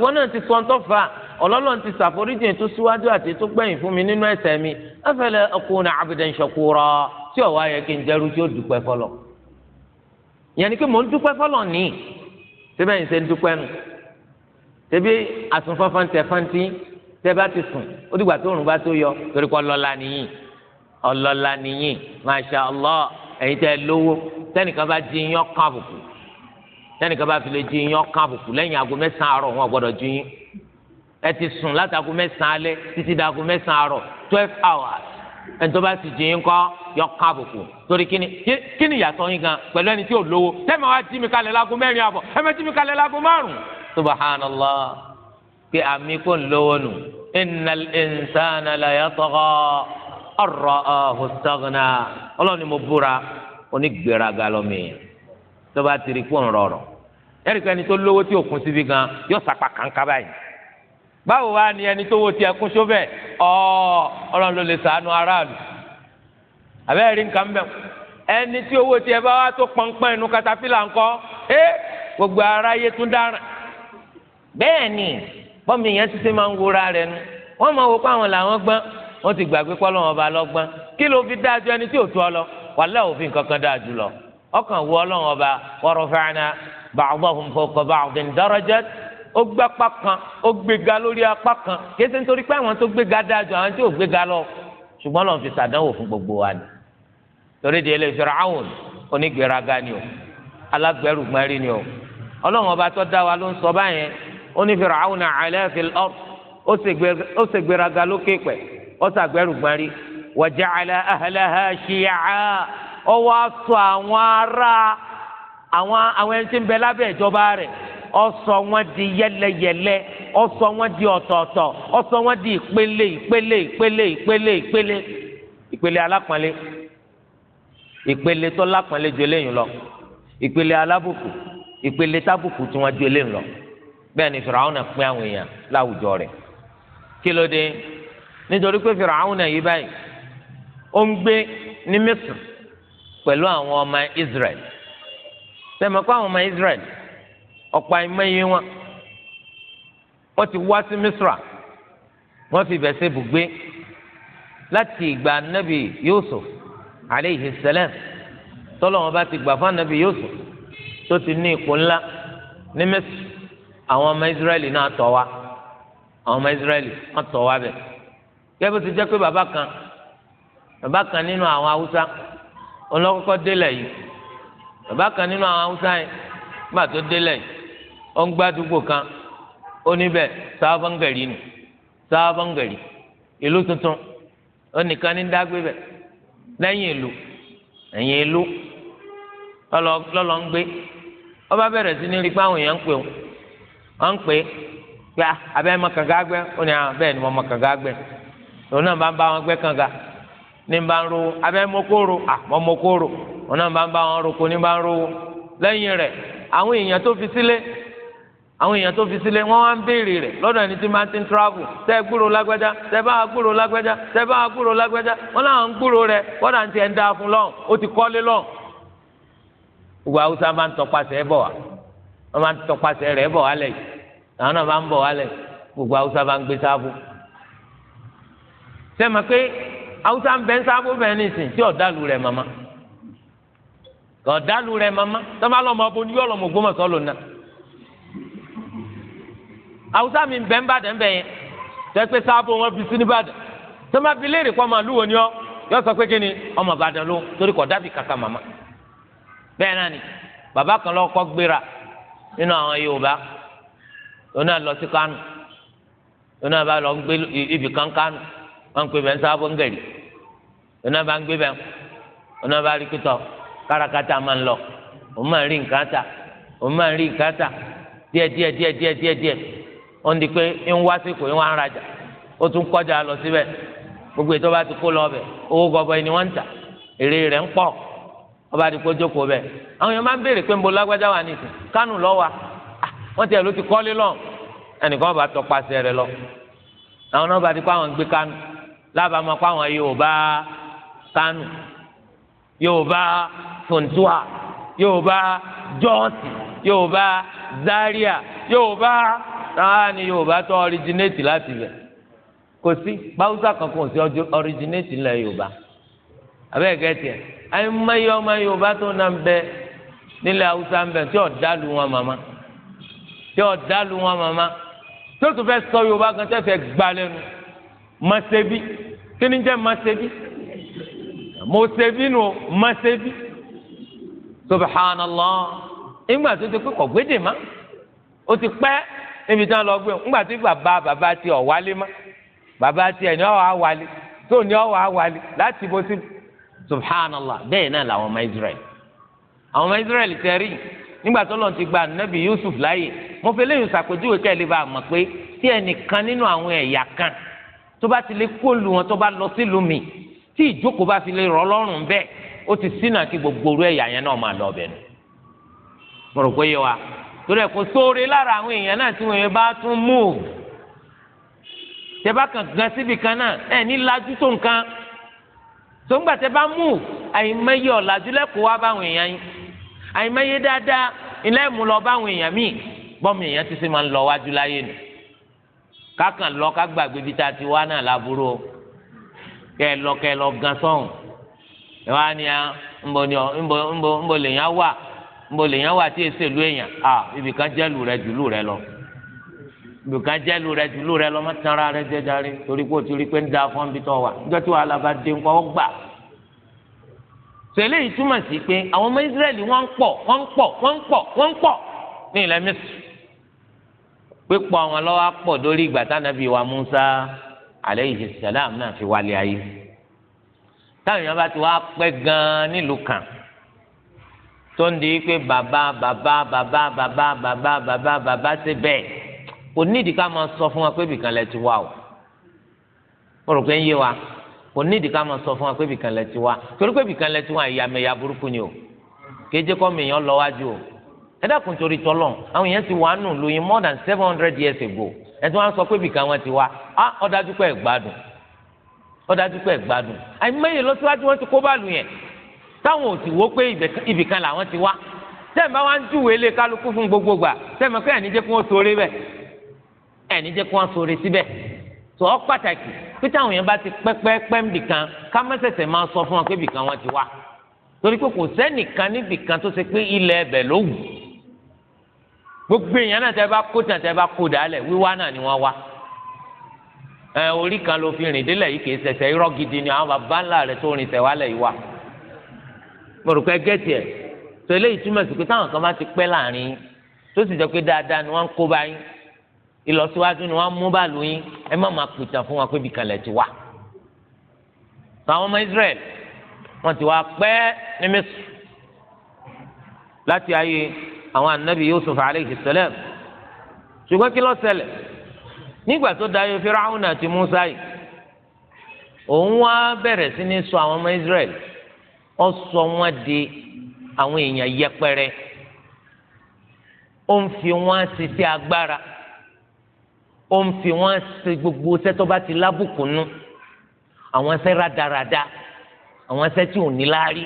wọn náà ti sọ tó fà ọlọ́lọ́n ti ṣàforíjì ètò síwájú àti ètò gbẹ̀yìn fún mi nínú ẹ̀ṣẹ̀ mi afala akuna abdan shakura tí ò wá yẹ kí n jẹ́rú tí ó dúpẹ́ fọlọ́ yẹn ni mò ń dúpẹ́ fọlọ́ ní tẹ́ bá ti sùn ó dìgbà tó òrùn bá tó yọ torí kọ́ lọ́la nìyí ọlọ́la nìyí masha allah ẹ̀yin tẹ́ lówó tẹ́nìkan bá jí yín ọ̀kan àbùkù tẹ́nìkan bá fi lè jí yín ọ̀kan àbùkù lẹ́yìn aago mẹ́sàn-án àárọ̀ wọn gbọ́dọ̀ jí yín ẹ ti sùn láti aago mẹ́sàn-án alẹ́ títí di aago mẹ́sàn-án àárọ̀ twelve hours ẹni tó bá ti jí yín kọ́ yọ ọ̀kan àbùkù torí kíni kíni yàtọ̀ yín gan pẹ̀lú ẹni tí ò lówó tẹ́ẹ̀ máa wá jí mi kalẹ̀ láago mẹ́rin àbọ̀ ẹ pé àmì kò ń lówó nù innal insana la yatgha arra'ahu istaghna ọlọ́ni mo búra onígbèraga lọ́mìí tó bá ti rí kó ń rọrùn ẹ̀rí kan ẹni tó lówó tí òkun síbi gan yóò sàpà kàńkà báyìí báwo wá ni ẹni tó wo tiẹ̀ kún sóbẹ̀ ọ ọlọ́run ló lè sàánú aráàlú àbẹ́ rí nǹkan bẹ́ẹ̀ ẹni tí owó tiẹ̀ bá wá tó pọnpọ́n inú katapila ńkọ́ ẹ gbogbo aráyé tún dára bẹ́ẹ̀ ni bọ́mì yẹn ti ṣe máa ń wúra rẹ̀ nu wọ́n máa wò pé àwọn làwọn gbọ́n wọ́n ti gbàgbé pé ọlọ́run ọba lọ́gbọ́n kí ló fi dáa ju ẹni tí ò tó ọ lọ wàlẹ́ òfin kankan dáa jù lọ ọkàn wọ ọlọ́run ọba warafa'na ba'dahum fawqa ba'din darajat ó gbé apá kan ó gbéga lórí apá kan kìí ṣe nítorí pé àwọn tó gbéga dáa ju àwọn tí ò gbéga lọ ṣùgbọ́n lọ́n fi ṣàdánwò fún gbogbo wa ni torí di ẹlẹ́yìn Fir'aun onígbéraga ni o alágbẹ̀rù gbẹ́rì ni o ọlọ́run ọba tó dá wa ló ń sọ báyẹn ó ní Fir'auna ala fil ard ó sì gbéraga lókè pẹ̀ ó sàgbẹ́rù gbárí wa ja'ala ahlaha shiya'a ó wá sọ àwọn ará àwọn àwọn ẹni tí ń bẹ lábẹ́ ìjọba rẹ̀ ó sọ di yẹ́lẹyẹ̀lẹ ó sọ wọ́n di ọ̀tọ̀ọ̀tọ̀ ó sọ di ìpele ìpele ìpele ìpele ìpele ìpele alápọ̀nlé ìpele tó lápọ̀nlé lọ ìpele alábùkù ìpele tábùkù tí bẹ́ẹ̀ ni fìràwọn náà pín àwọn èèyàn láwùjọ rẹ̀ kí ló dé nítorí pé fìràwọn náà yìí báyìí ó ń gbé ní Misr pẹ̀lú àwọn ọmọ Israel sẹ́mi kó àwọn ọmọ Israel ọ̀pọ̀ àìmọye wọn wọ́n ti wá sí Misra wọ́n fi bẹ̀sẹ̀ bùgbé láti ìgbà Nabi Yusuf aleyhi salam tọ́lọ́wọ́n bá ti gbà fún Nabi Yusuf tó ti ní ipò ńlá ní Misr àwọn ọmọ israẹli náà tọ̀ wá àwọn ọmọ israẹli wọ́n tọ̀ wá bẹ̀ gẹ́gẹ́ bó ti jẹ́ pé bàbá kan bàbá kan nínú àwọn haúsá ọlọ́kọ́kọ́ délẹ̀ yìí bàbá kan nínú àwọn haúsá yẹn gbà tó délẹ̀ yìí ó ń gbádùgbò kan ó níbẹ̀ sáfọ́ngẹ̀rì nù sáfọ́ngẹ̀rì ìlú tuntun ó nìkan ní dágbé bẹ̀ lẹ́yìn ìlú ẹ̀yìn ìlú lọ́lọ́ ń gbé ọba bẹ̀rẹ̀ sí ní rí pé àwọn èèyàn ń pè wọn wọ́n ń pè é pé ah, abẹ́ mọ kanga gbẹ́ ó ní ah, ni wọ́n mọ kànga gbẹ́ òun náà bá ń bá wọn gbẹ́ kànga ní bá ń rówó abẹ́ mokoro àmọ́ mokoro òun náà bá ń bá wọn roko ní bá ń lẹ́yìn rẹ̀ àwọn èèyàn tó fi sílé àwọn èèyàn tó fi wọ́n wá ń lọ́dọ̀ ẹni tí ń travel gbúrò wọn máa ń rẹ rẹ̀ bọ̀ àwọn náà máa ń gbogbo awusa bá ń gbé sáàbù sẹ́mi pé haúsá ń bẹ́ ń sáàbù bẹ́ẹ̀ nìsín tí ọ̀dàlù mama. màmá ọ̀dàlù rẹ̀ màmá tọ́ba lọ́mọ abo ní yọ̀lọ́mọ Ògbómọ̀ṣọ́ lò ná haúsá mi ń ń bàdàn yẹn pé wọn fi sí ní bàdàn kọ́ máa lúwo ni yọ sọ pé ọmọ bàdàn ló torí dábì kàkà náà ni bàbá kan gbéra nínú àwọn Yorùbá òun náà lọ sí Kánò òun náà bá lọ gbé ibì kan Kánò wọn ń pè ń sábọ́ ń gẹ̀lì òun náà bá ń lọ òun máa ń rí nǹkan ta òun máa ń rí nǹkan ta wọn di pé ń wá ń wá ń rajà ó tún kọjá lọ gbogbo ètò bá ti kó lọ owó ni ọba àdìpọ̀ jókòó bẹ́ẹ̀ àwọn yẹn máa ń béèrè pé ń bo lágbájá wà ní ìsìn kánù lọ wa ah, wọ́n tiẹ̀ ló ti kọ́lé lọ ẹnìkan ọba tọpasẹ̀ rẹ lọ àwọn náà ọba àdìpọ̀ àwọn gbé kánù lábàá máa àwọn Yorùbá kánù Yorùbá funtua Yorùbá jọ́ọ̀sì Yorùbá Zaria Yorùbá náà ah, ni Yorùbá tó ọríjìnéètì láti ilẹ̀ kò sí báwùsà kankan kò sí ọríjìnéètì ilẹ̀ Yorùbá abẹ́ẹ̀ gẹ́tìẹ̀ ayé mayọ́ mayọ́ bá tó nà ń bẹ nílẹ̀ haúsá ń bẹ tí ò dálu wọn màmá tí ò dálu wọn màmá tí ó tún fẹ́ sọ yorùbá kan tẹ́ fẹ́ gbà lẹ́nu mọ̀sẹ̀bí kí ni jẹ́ mọ̀sẹ̀bí mọ̀sẹ̀bí nù mọ̀sẹ̀bí subhanallah ìgbà tó ti pé kọ̀gbédè má ó ti pẹ́ níbi tí wọn lọ gbé ńgbà tí bàbá bàbá tiẹ̀ ọ̀wálé má bàbá tiẹ̀ ní ọ̀ àwálé tó ní ọ̀ àwálé láti bó síbi subhanallah bẹ́ẹ̀ náà làwọn ọmọ israel àwọn ọmọ israel tẹ̀rí nígbà tó lọ́n ti gba nabi yusuf láàyè mo fi léyìn sàpèjúwe kẹ́lẹ́ bá a mọ̀ pé tí ẹnìkan nínú àwọn ẹ̀yà kan tó bá ti lè kólu wọn tó bá lọ sílùú mi tí ìjókòó bá fi lè rọ lọ́rùn bẹ́ẹ̀ ó ti sínà kí gbogbo orú ẹ̀yà yẹn náà máa lọ ọbẹ̀ nù. mo rò pé yẹ wa torí ẹ̀ kò sóore lára àwọn èèyàn náà tí wọ́n bá tún mú tẹ bá kàn gan síbi kan náà ẹ̀ ní lajú tó nǹkan sóńgbà tẹ bá mú àyìnmáyé ọ̀làjú lẹ́kọ̀ọ́ wá báwọn èèyàn yín àyìnmáyé dáadáa ilé ìmú lọ báwọn èèyàn míì bọ́ọ̀mù èèyàn ti ṣe máa ń lọ wájú láyé nù kákan lọ ká gbàgbé ibi tá a ti wá náà láburú kẹ lọ kẹ lọ gan sọ́hùn ẹ wá ní à ńbọ ní ọ ńbọ ńbọ ńbọ lèèyàn wà ńbọ lèèyàn wà tí èsèlú èèyàn à ibìkan jẹ́ lù rẹ jù lù rẹ lọ dùkà jẹ́ lu rẹ ju lu rẹ lọ́mọ tanra rẹ jẹjàre torí pé o ti rí pé ń da fọ́n bí tọ́ wa níjọ́ tí wàhálà bá dé nǹkan ó gbà. sẹ́lẹ̀ yìí túmọ̀ sí pé àwọn ọmọ Ísírẹ́lì wọ́n ń pọ̀ wọ́n ń pọ̀ wọ́n ń pọ̀ wọ́n ń pọ̀ ní ilẹ̀ Mísírì. pípọ̀ àwọn lọ́wọ́ pọ̀ lórí ìgbà tánàbí wa Musa aleyhi salam náà fi wálé ayé. táwọn èèyàn bá ti wá pẹ́ gan-an nílùú kan tó ń di pé bàbá bàbá bàbá bàbá bàbá bàbá bàbá ṣe bẹ́ẹ̀ kò nídìí ká máa sọ fún wa pé ibìkan lẹ ti wá o mo rò pé ń yé wa kò nídìí ká máa sọ fún wa pé ibìkan lẹ ti wá torí pé ibìkan lẹ ti wá ìyàmẹ̀yà burúkú ni o kéje kọ́ mi yàn lọ wájú o ẹ dákun torí tọ́lọ̀ àwọn èèyàn ti wà nù lóyún more than seven hundred years ago ẹ tí wọ́n sọ pé ibìkan wọn ti wá á ah, ó dájú pé ẹ gbádùn ó dájú pé ẹ gbádùn àìmọye lọ́síwájú wọn ti kó bá lù yẹn táwọn ò sì wó pé ibìkan làwọn ti wá tẹ́ẹ̀ bá wá ń júwèé lé kálukú fún gbogbo gbà tẹ́ẹ̀ mọ̀ pé àníjẹ́ kí wọ́n sọ orí bẹ́ẹ̀ ẹ̀ ní jẹ́ kó wọ́n sọ̀rọ̀ síbẹ̀ tó ọ́ pàtàkì pété àwọn yẹn bá ti pẹ́pẹ́pẹ́ nbìkan ká mẹ́sẹ̀sẹ̀ máa sọ fún wọn pé bìkan wọn ti wá torí pé kò sẹ́nìkan níbìkan tó ṣe pé ilẹ̀ ẹbẹ̀ ló wù gbogbo èèyàn náà tẹ́ bá kó tàn tẹ́ bá kó dàálẹ̀ wíwá náà ni wọ́n wá ẹ orí kan ló fi rìn délẹ̀ yìí kì í ṣẹ̀ṣẹ̀ irọ́ gidi ni àwọn bàbá ńlá rẹ̀ tó rìn tẹ̀wálẹ̀ yìí wá mo rò pé gẹ́tì ẹ̀ tó eléyìí túmọ̀ sí pé táwọn kan bá ti pẹ́ láàrin tó sì jẹ́ pé dáadáa ni wọ́n ń kó báyìí ìlọsíwájú ni wọ́n mú bàálù yín ẹ má máa pìtàn fún wọn pé ibìkanlẹ̀ ti wà. àwọn ọmọ Israel wọ́n ti wá pẹ́ ní Misr láti ayé àwọn anabi Yusuf alayhi salam ṣùgbọ́n kí ló ṣẹlẹ̀ nígbà tó dayé Firaun àti Musa yìí òun wá bẹ̀rẹ̀ sí ní sọ àwọn ọmọ Israel ó sọ wọ́n di àwọn èèyàn yẹpẹrẹ ó ń fi wọ́n ṣiṣẹ́ agbára ó ń fi wọ́n ṣe gbogbo sẹ́tọ́ bá ti lábùkún nú àwọn ṣẹ́ rádaràda àwọn ṣẹ́ tí ò ní láárí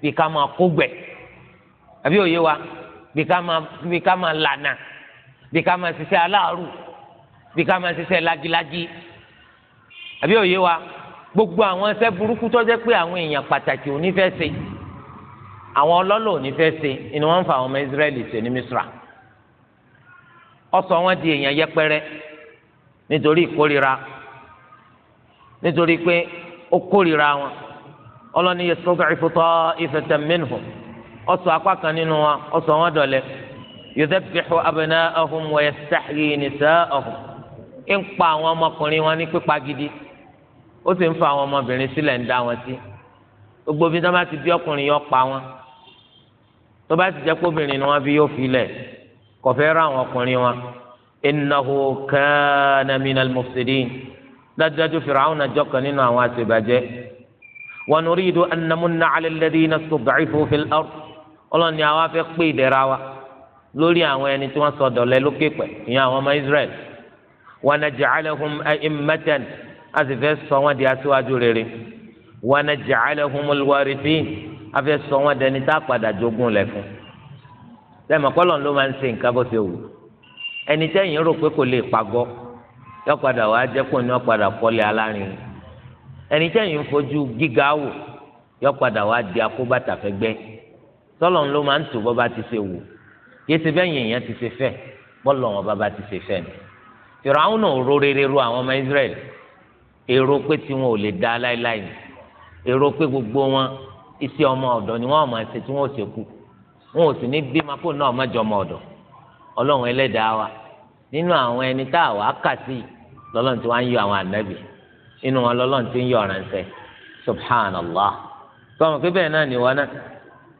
bí ká máa kó gbẹ̀ àbí òye wa bí ká máa bí ká máa lànà bí ká máa ṣiṣẹ́ aláàrù bí ká máa ṣiṣẹ́ lágilági àbí òye wa gbogbo àwọn ṣẹ́ burúkú tó jẹ́ pé àwọn èèyàn pàtàkì ò ní fẹ́ ṣe àwọn ọlọ́lọ́ ò ní fẹ́ ṣe ni wọ́n ń fa àwọn ọmọ Israẹli ṣe ní Misra ó sọ wọ́n di èèyàn yẹpẹrẹ nítorí ìkórira nítorí pé ó kórira wọn ọlọ́ni yẹ sọ́kà ìfọ́tọ́ ìfẹ̀tẹ̀ mẹ́nu ọ̀sọ̀ apá kan nínú wọn ọ̀sọ̀ wọn dọ̀lẹ́ yudabbihu abna'ahum wa yastahyi nisa'ahum ń pa àwọn ọmọkùnrin wọn ní pípa gidi ó sì ń fa àwọn ọmọbìnrin sílẹ̀ ń dá wọn sí gbogbo bí dáná ti bí ọkùnrin yọ pa wọn tó bá ti jẹ́ kóbìnrin ni wọ́n bí yóò fi kọ̀fẹ́ ra àwọn ọkùnrin wọn innahu kana minal mufsidin dájúdájú fìràwọn àjọ kan nínú àwọn àṣebàjẹ́ wa nuridu an namunna ala alladhina istud'ifu fil ard ọlọ́ni àwa fẹ́ pé ìdẹ̀ra wa lórí àwọn ẹni tí wọ́n sọ dọ̀lẹ́ lókè pẹ̀ ìyẹn àwọn ọmọ Israel wa naj'alahum a'immatan a sì fẹ́ sọ wọn di aṣíwájú rere wa naj'alahumul warithin a fẹ́ sọ wọn dẹni tá a padà jogún lẹ̀ fún. sẹ́mi ló máa ń ṣe nǹkan bó ṣe wù ẹni tẹ́yìn rò pé kò lè pagọ́ yọ padà wá jẹ́pọ̀ ní ọ̀padà kọ́lé alárin ẹni tẹ́yìn fojú gíga wò yọ padà wá di akóbàtà fẹ́gbẹ́ tọ́lọ̀ ló máa ń tò bọ́ bá ti ṣe wò kìí ṣe bẹ́yìn èèyàn ti ṣe fẹ́ bọ́lọ̀ wọn bá bá ti ṣe fẹ́ ni fìràwọn náà ro rere ro àwọn ọmọ Israẹli èrò pé tiwọn ò lè dá láéláé èrò pé gbogbo wọn iṣẹ́ ọmọ ọ̀dọ̀ ni wọ́n máa ṣe tí wọ́n ò ṣe kú wọn ò sì ní bímọ kó náà má ọmọ ọ̀dọ̀ ọlọ́run ẹlẹ́dàá wa nínú àwọn ẹni tá a wà á kà sí lọ́lọ́run tí wọ́n á ń yọ àwọn ànábì inú wọn lọ́lọ́run tí ń yọ ọ̀rànṣẹ́ subhanallah tọ́mọ̀ pé bẹ́ẹ̀ náà nìwọ náà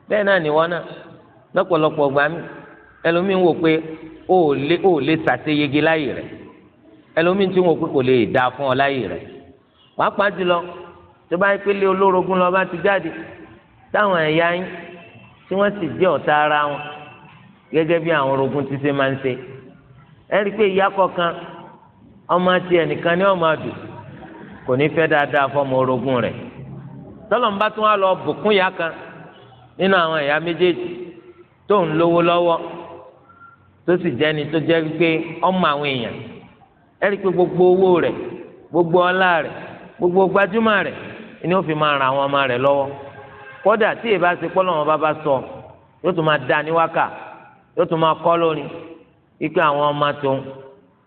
bẹ́ẹ̀ náà nìwọ náà lọ́pọ̀lọpọ̀ gbà mí ẹlòmíín wò pé ó lè ó lè ṣàṣeyege láyè rẹ̀ ẹlòmíín tí wò pé kò lè dáa fún ọ láyè rẹ̀ pàápàá jùlọ tó bá yẹ pé lé olórogún lọ bá ti jáde táwọn ẹ̀yà yín tí wọ́n sì jẹ́ ọ̀tá ara wọn gẹgẹ bí àwọn orogun ti ṣe máa ń ṣe ẹ i pé ìyá ọmọ nìkan ni ọmọ àdùn kò ní fẹ́ dáadáa fọmọ orogún rẹ̀ tọ́lọ́mùbá tún wá kan nínú àwọn ẹ̀yà méjèèjì tó ń lówó lọ́wọ́ tó sì jẹ́ni tó jẹ́ ọmọ àwọn èèyàn gbogbo owó gbogbo ọlá gbogbo gbajúmọ̀ ni ó fi máa àwọn lọ́wọ́ kódà yóò tún máa kọ́ lórí ike àwọn ọmọ tó ń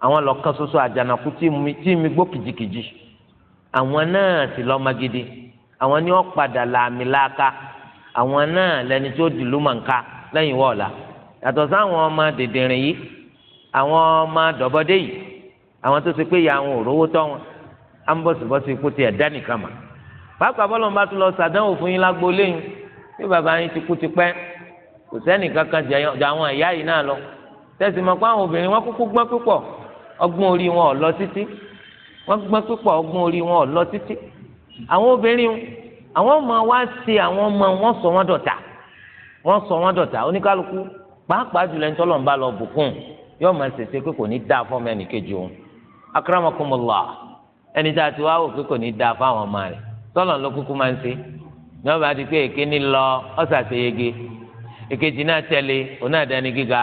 àwọn lọ́kàn ṣoṣo àjànàkú tí mi tí mi gbó kìjikìji àwọn náà sì lọ́mọ gidi àwọn ni wọ́n padà làmì láàka àwọn náà lẹni tó dìlú mọ̀nká lẹ́yìn wọ́ọ̀la yàtọ̀ sáwọn ọmọ dèdèrìn yìí àwọn ọmọ dọ̀bọ́dé yìí àwọn tó ṣe pé ìyá àwọn òróró tọ́ wọn á ń bọ̀sibọ́sí kó tiẹ̀ dánìkan mà pàápàá bọ́lọ̀ ń bá tún lọ sàdánwò fún yín lágbó léyìn bí bàbá yín ti kú ti pẹ́ kò sẹ́ni kankan jẹ àwọn ìyá yìí náà lọ tẹ̀sí mọ̀ pé àwọn obìnrin wọn kúkú gbọ́n púpọ̀ ọgbọ́n orí wọn ò lọ títí wọ́n gbọ́n púpọ̀ ọgbọ́n orí wọn ò lọ títí àwọn obìnrin àwọn ọmọ wa ṣe àwọn ọmọ wọn sọ wọn dọ̀tà wọn sọ wọn dọ̀tà oníkálukú pàápàá jùlọ ẹni tọ́lọ̀ ń bá lọ bùkún yóò máa ṣèṣe pé kò ní dáa fún ọmọ ẹnìkejì òun akramakumullah ẹni tá a ti wá wò pé kò ní dáa fún ọmọ rẹ̀ tọ́lọ̀ ló kúkú máa ń ṣe ní ọba àti pé èké ní lọ ọ̀sà ṣe yege èkejì náà tẹ̀lé òun náà dẹni gíga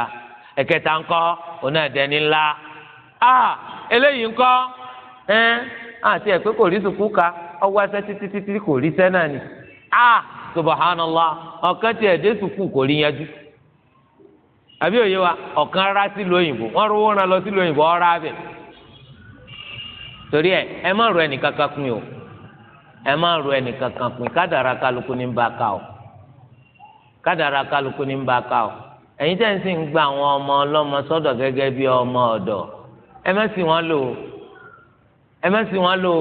ẹ̀kẹta ńkọ́ òun náà dẹni ńlá a eléyìí ńkọ́ ẹ àti ẹ̀ pé kò rí sùkú ka ọwọ́ ẹsẹ̀ títí títí kò rí sẹ́ náà ni a subhanallah ọ̀kan tiẹ̀ dé sùkú kò rí yanjú àbí òye wa ọ̀kan rárá sílùú òyìnbó wọ́n rówó rán lọ sílùú òyìnbó ọ̀rá bẹ̀ torí ẹ ẹ má rò ẹnìkan kan pin o ẹ má pin kádàrá kálukú ní bá a ká o. kadara kálukú ní bá ká o ẹ̀yin tẹ́ ń sìn gba àwọn ọmọ ọlọ́mọ sọ́dọ̀ gẹ́gẹ́ bí ọmọ ọ̀dọ̀ ẹ má ṣì wọ́n lò ẹ má wọ́n lò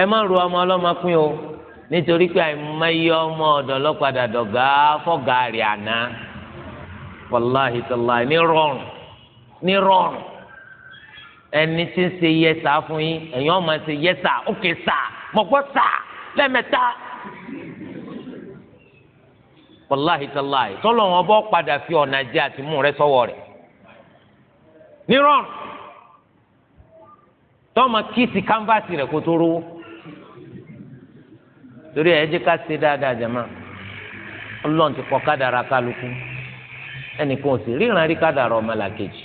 ẹ ọmọ ọlọ́mọ pín o nítorí pé àìmọye ọmọ ọ̀dọ̀ lọ́padà dọ̀gá fọ́gàárì àná wàláhi tàlá ní rọrùn ní rọrùn ẹni tí ń ṣe yẹsà fún yín ẹ̀yin ọmọ ṣe yẹsà ókè wàláhì tàláhì tọ́lọ̀ wọn bọ́ padà fi ọ̀nà jẹ àti mú rẹ sọ́wọ́ rẹ̀ nírọ̀rùn tọ́mọ kíìsì kánfàsì rẹ̀ kó tó rówó torí ẹ̀ jẹ́ ká ṣe dáadáa jàmá ọlọ́run ti kọ́ kádàrá kálukú ẹnìkan ò sì ríran rí kádàrá ọmọlàkejì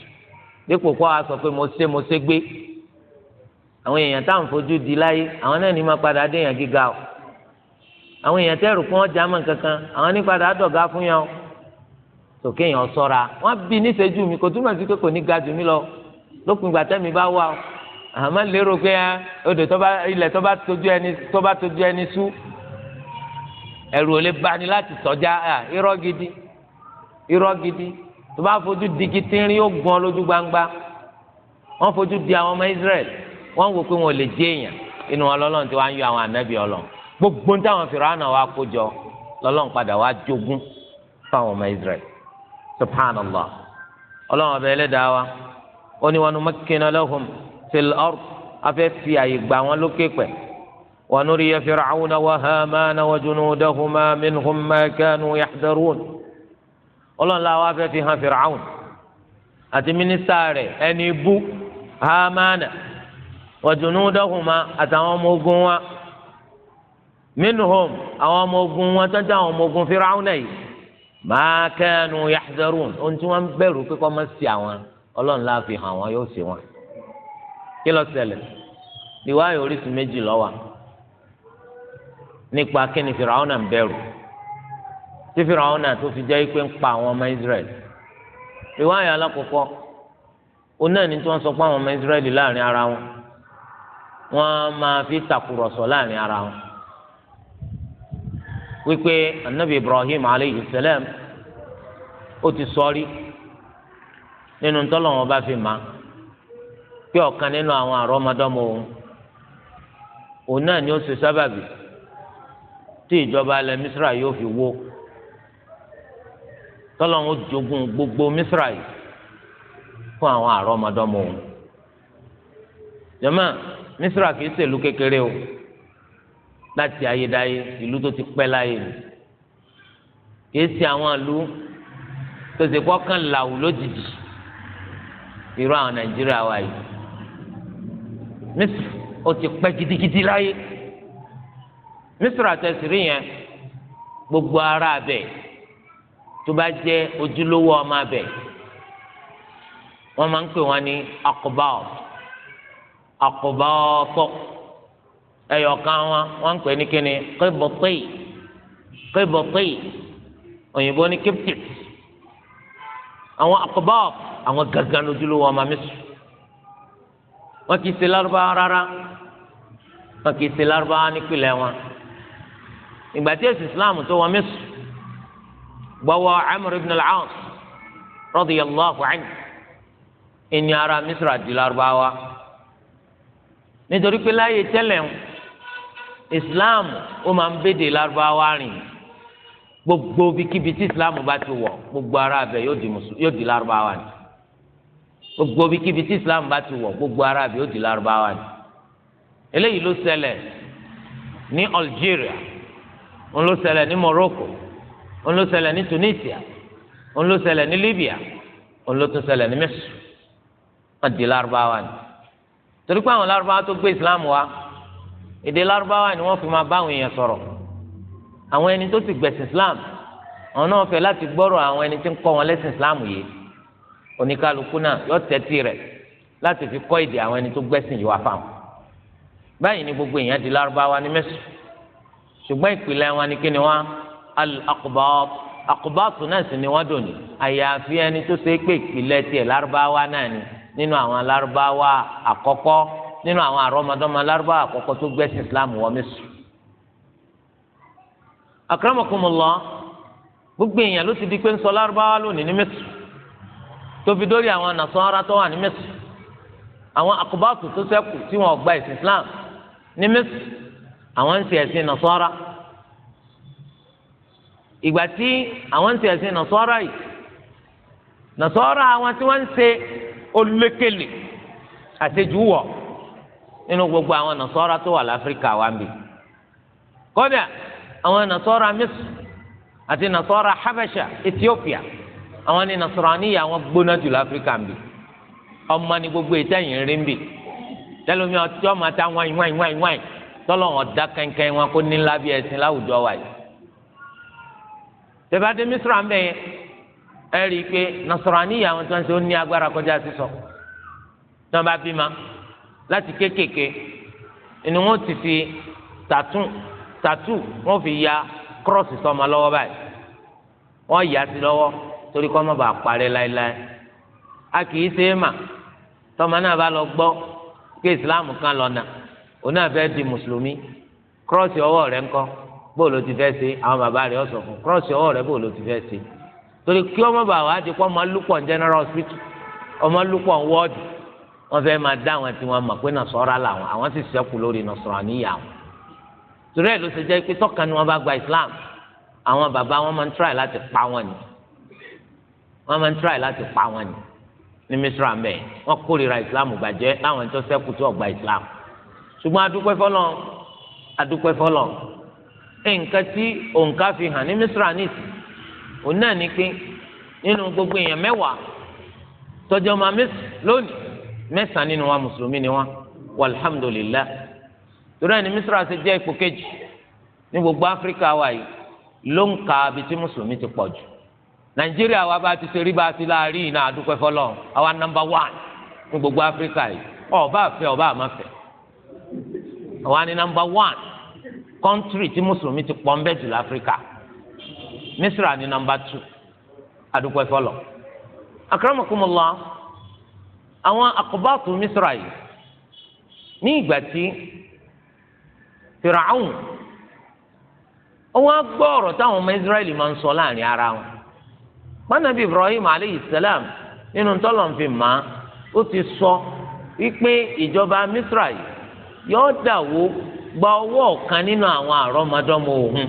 dípò kó a sọ pé mo ṣe mo ṣe gbé àwọn èèyàn tá à ń fojú di láyé àwọn náà ní máa padà dé èèyàn gíga o àwọn èèyàn tẹ́rù kún ọjà mọ̀ kankan àwọn nípadà àdọ̀gá fún yàn sòkè yàn sọ́ra wọ́n bí níṣẹ́jú mi kò túmọ̀ sí pé kò ní ga jù mí lọ lópin ìgbà tẹ́mi bá wà àmọ́ lérò pé odò ilẹ̀ tó bá tójú ẹni sú ẹ̀rù ò lè bani láti sọ́jà irọ́ gidi irọ́ gidi tó bá fojú digi tínrín yóò gan lójú gbangba wọ́n fojú di àwọn ọmọ Israẹli wọ́n wò pé wọn ò lè jẹ́ èèyàn inú ọlọ́lọ́run tí wọ́n á yọ àwọn ànábì ọlọ́run gbogbo ń táwọn fìràánà wa kó jọ lọ́lọ́run padà wá jogún fáwọn ọmọ Israẹli subhanallah ọlọ́run ọbẹ̀ ẹlẹ́dàá wa ó ní wa numakkina lahum fil ard afẹ́ fi àyè gbà wọn lókè pẹ̀ wa nuriya fir'auna wa hamana wa junudahuma minhum ma kanu yahdarun ọlọ́run la wa fi hàn fìràánà àti mínísítà rẹ̀ ẹni bú hamana wa junudahuma àtàwọn ọmọ ogun wa. minhum àwọn ọmọ ogun wọn tó ń jẹ́ àwọn ọmọ ogun firawuna yìí ma kẹnu yahzarun ohun tí wọ́n ń pé kọ́ àwọn ọlọ́run fi hàn wọ́n yóò sí wọn. kí ló ṣẹlẹ̀ ìwáyọ̀ orísun méjì ló nípa kí ni firawuna ń tí tó fi jẹ́ ń pa àwọn fi láàrin ara wọn. wípé anabi ibrahim aleyhi salam ó ti sọrí nínú tọ́lọ́wọ́n bá fi mà pé ọ̀kan nínú àwọn àrọ́mọdọ́mọ òun òun náà ni ó ṣe sábàbí tí ìjọba alẹ́ misra yóò fi wó tọ́lọ́wọ́n jogun gbogbo misra yìí fún àwọn àrọ́mọdọ́mọ òun jọ̀mọ́ misra kìí ṣèlú kékeré o láti ayédáyé ìlú tó ti pẹ́ láyé ni kìí ṣe àwọn ìlú tó ṣe kọ́kàn làwù lójijì irú àwọn nàìjíríà wa yìí mísì ó ti pẹ́ gidigidi láyé mísì àtẹ̀sírí yẹn gbogbo ara abẹ tó bá jẹ ojúlówó ọmọ abẹ wọn máa ń pè wọn ní akọbáọ akọbáọ fọ ẹyọkan wọn wọn ń pè ní kíni kébọtì kébọtì òyìnbó ní kíptìt àwọn akọbọ àwọn gangan lójúlówó ọmọ mísù wọn kì í ṣe lárúbáwá rárá wọn kì í ṣe lárúbáwá nípìnlẹ̀ wọn ìgbà tí èsì islam tó wọ mísù gbọwọ amr ibn al-aas radiyallahu anhu ẹni ara mísù àti lárúbáwá nítorí pé láyé tẹ́lẹ̀ ń islam ó máa ń bédè lárúbáwá rìn gbogbo bíkíbi tí islam bá ti wọ̀ gbogbo ara abẹ yóò di lárúbáwá ni gbogbo bíkíbi tí islam bá ti wọ̀ gbogbo ara abẹ yóò di lárúbáwá ni eléyìí ló ṣẹlẹ̀ ní algeria òun ló ṣẹlẹ̀ ní morocco òun ló ṣẹlẹ̀ ní tunisia òun ló ṣẹlẹ̀ ní libya òun ló tún ṣẹlẹ̀ ní misr wọn di lárúbáwá ni torí pé àwọn lárúbáwá tó gbé islam wá èdè lárúbáwá ni wọ́n fi máa bá àwọn èèyàn sọ̀rọ̀ àwọn ẹni tó sì gbẹ̀sìn islam àwọn náà fẹ́ láti gbọ́rọ̀ àwọn ẹni tí ń kọ́ wọn lẹ́sìn islam yìí oníkálukú náà yọ tẹ́tí rẹ̀ láti fi kọ́ èdè àwọn ẹni tó gbẹ́sìn yìí wá fáwọn báyìí ni gbogbo èèyàn di lárúbáwá ní mẹ́sùn ṣùgbọ́n ìpìlẹ̀ wọn ni kí ni wọ́n al-aqbat akọbaatu náà sì ni wọn dòní àyàfi ẹni tó ṣe é pé ìpìlẹ̀ tiẹ̀ lárúbáwá náà ni nínú àwọn lárúbáwá àkọ́kọ́ nínú àwọn àrọ́mọdọ́mọ alárúbá àkọ́kọ́ tó gbẹ́sìn islam wọ Misr. akramakumullah gbogbo èèyàn ló ti di pé ń sọ lárúbáwá lónìí ní Misr tó fi dórí àwọn nasara tó wà ní Misr àwọn akọbátù tó ṣẹ́kù tí wọ́n gba ìsìn islam ní Misr àwọn ń ṣe ẹ̀sìn nasara ìgbà tí àwọn ń ṣe ẹ̀sìn nasara yìí nasara àwọn tí wọ́n ń ṣe olùlékele àṣejù wọ̀. nínú gbogbo àwọn nàṣọ́ra tó wà láfíríkà wa bì kódà àwọn nàṣọ́ra Misr àti nàṣọ́ra habesha Ethiopia àwọn ni nàṣọ́ra níyà wọn gbóná jù láfíríkà bì ọmọ ni gbogbo ìtẹ̀yìn rí bì tẹlomi ọtí ọmọ ata wáyìn wáyìn wáyìn wáyìn tọ́lọ̀ wọn da kẹ́ńkẹ́ń wọn kó nílá bí ẹ̀sìn láwùjọ wa Misr pé níyà wọn tó ń ní agbára láti kéékèèké ni wọ́n ti fi tàtú tàtú wọ́n fi ya kírọ́ọ̀sì sọ́mọ lọ́wọ́ báyìí wọ́n yà sí lọ́wọ́ torí kọ́ mọ́ bàa parẹ́ láéláé a kì í ṣe é mà tọ́mọ náà bá lọ gbọ́ pé ìsìláàmù kan lọ́nà òun náà di mùsùlùmí kírọ́ọ̀sì ọwọ́ rẹ̀ ńkọ́ bóòlù ti fẹ́ ṣe àwọn bàbá rẹ̀ ọ̀sọ̀ fún kírọ́ọ̀sì ọwọ́ rẹ̀ bóòlù ti fẹ́ ṣe torí kí ọmọ bàbá wa ti kọ́ ọmọ lúpọ̀ ní general hospital ọmọ lúpọ̀ ní wọ́n fẹ́ máa dá àwọn tí wọ́n mọ̀ pé nàṣọ́ra làwọn àwọn sì ṣẹ́kù lórí nàṣọ́ra níyà wọn. torí ẹ̀ ló ṣe jẹ́ pé tọ́ka ni wọ́n bá gba Islam àwọn bàbá wọn máa ń tíráì láti pa wọn ni wọ́n máa ń tíráì láti pa wọn ni ní misra mẹ́ wọ́n kórìíra Islam gbàjẹ́ láwọn tó ṣẹ́kù tó ọgbà Islam ṣùgbọ́n adúpẹ́ fọlọ́ adúpẹ́ fọlọ́ nǹkan tí òǹkà fi hàn ní misra nìsí òun náà ní pé nínú gbogbo èèyàn mẹ́wàá tọjọ́ máa mísì lónìí mẹ́sàn-án nínú wa mùsùlùmí ni wọ́n misra ipò kejì ní gbogbo wa yìí ló ń ka abi tí mùsùlùmí ti pọ̀ wa bá ti ṣe rí bá a ti iná àdúpẹ́ àwa wán ní gbogbo áfíríkà yìí ọba àfẹ ọba àmàfẹ àwa ni nọmba wán kọ́ńtírì tí mùsùlùmí ti pọ̀ jù láfíríkà misra ni tù àdúpẹ́ àwọn akọbátù misra yìí ní ìgbà tí fìràhùn wọn gbọ́ ọ̀rọ̀ táwọn ọmọ israẹli máa ń sọ láàrin ara wọn mọ́nàbí ibrahim aleyhi salam nínú tọ́lọ̀mùfin mọ́ ó ti sọ wípé ìjọba misra yìí yóò dàwó gba ọwọ́ ọ̀kan nínú àwọn àrọ́mọdọ́mọ òun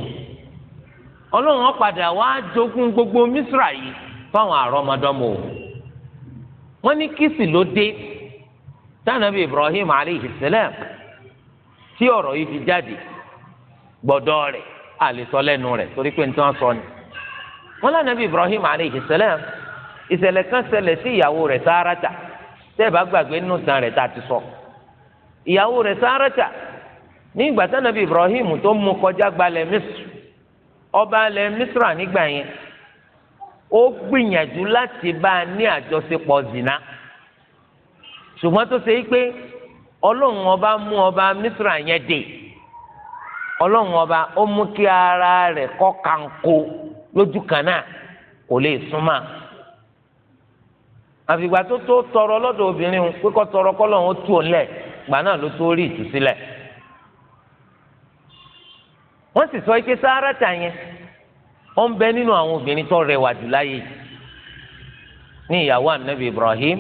ọlọ́run ó padà wá jogún gbogbo misra yìí fáwọn àrọ́mọdọ́mọ òun. wọ́n ní kìsì ló dé tànàbí Ibrahim alayhi salam tí ọrọ yìí fi jáde gbọ́dọ̀ rẹ àlesọ lẹ́nu rẹ̀ torí pé nítorí sọ ni wọ́n lànàbí Ibrahim alayhi salam ìṣẹ̀lẹ̀ kan ṣẹlẹ̀ sí ìyàwó rẹ̀ Sárátà tẹ́ẹ̀bá gbàgbé nínú ìtàn rẹ̀ ti sọ ìyàwó re sarata ní ìgbà tànàbí Ibrahim tó mú kọjá gbalẹ̀ Misr ọba alẹ̀ Misra nígbà yẹn ó gbìyànjú láti bá a ní àjọṣepọ̀ zina ṣùgbọ́n tó ṣe pé ọlọ́run ọba mú ọba mísírà yẹn dè ọlọ́run ọba ó mú kí ara rẹ̀ kọ́ kanko lójú kan náà kò lè súnmọ́ àfìgbà tó tó tọrọ lọ́dọ̀ obìnrin pé tọrọ ó tù gbà náà ló tó rí sọ ike sáárà tà ó ń bẹ nínú àwọn obìnrin tó rẹwà jù láyé ní ìyàwó anabi ibrahim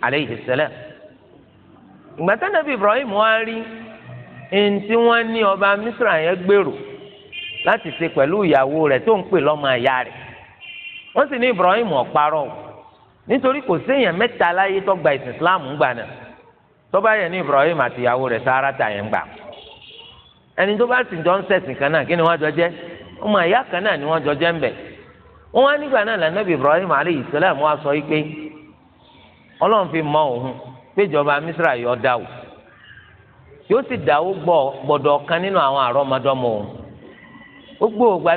aleyhi salam ìgbà tí anabi ibrahim wá rí ẹni tí wọ́n ní ọba misra yẹn gbèrò láti ṣe pẹ̀lú ìyàwó rẹ̀ tó ń pè lọ́mọ àyà rẹ̀ wọ́n sì ní ibrahim ọ̀parọ́ nítorí kò séèyàn mẹ́ta láyé tó gba ìsìn islam ń gbà náà tó bá ní ibrahim àti ìyàwó rẹ̀ sáárà tà yẹn gbà ẹni tó bá sì jọ ń ṣẹ̀sìn kan náà kí ni wọ́n jọ jẹ́ ọmọ ìyá kan náà ni wọ́n jọ jẹ́ ń bẹ̀ wọ́n wá nígbà náà Ibrahim aleyhi salam wá sọ pé Ọlọ́run fi mọ òun péjọba Misra yọ dá o yóò sì dáwó gbọ́ gbọ́dọ̀ kan nínú àwọn àrọ́mọdọ́mọ òun gbogbo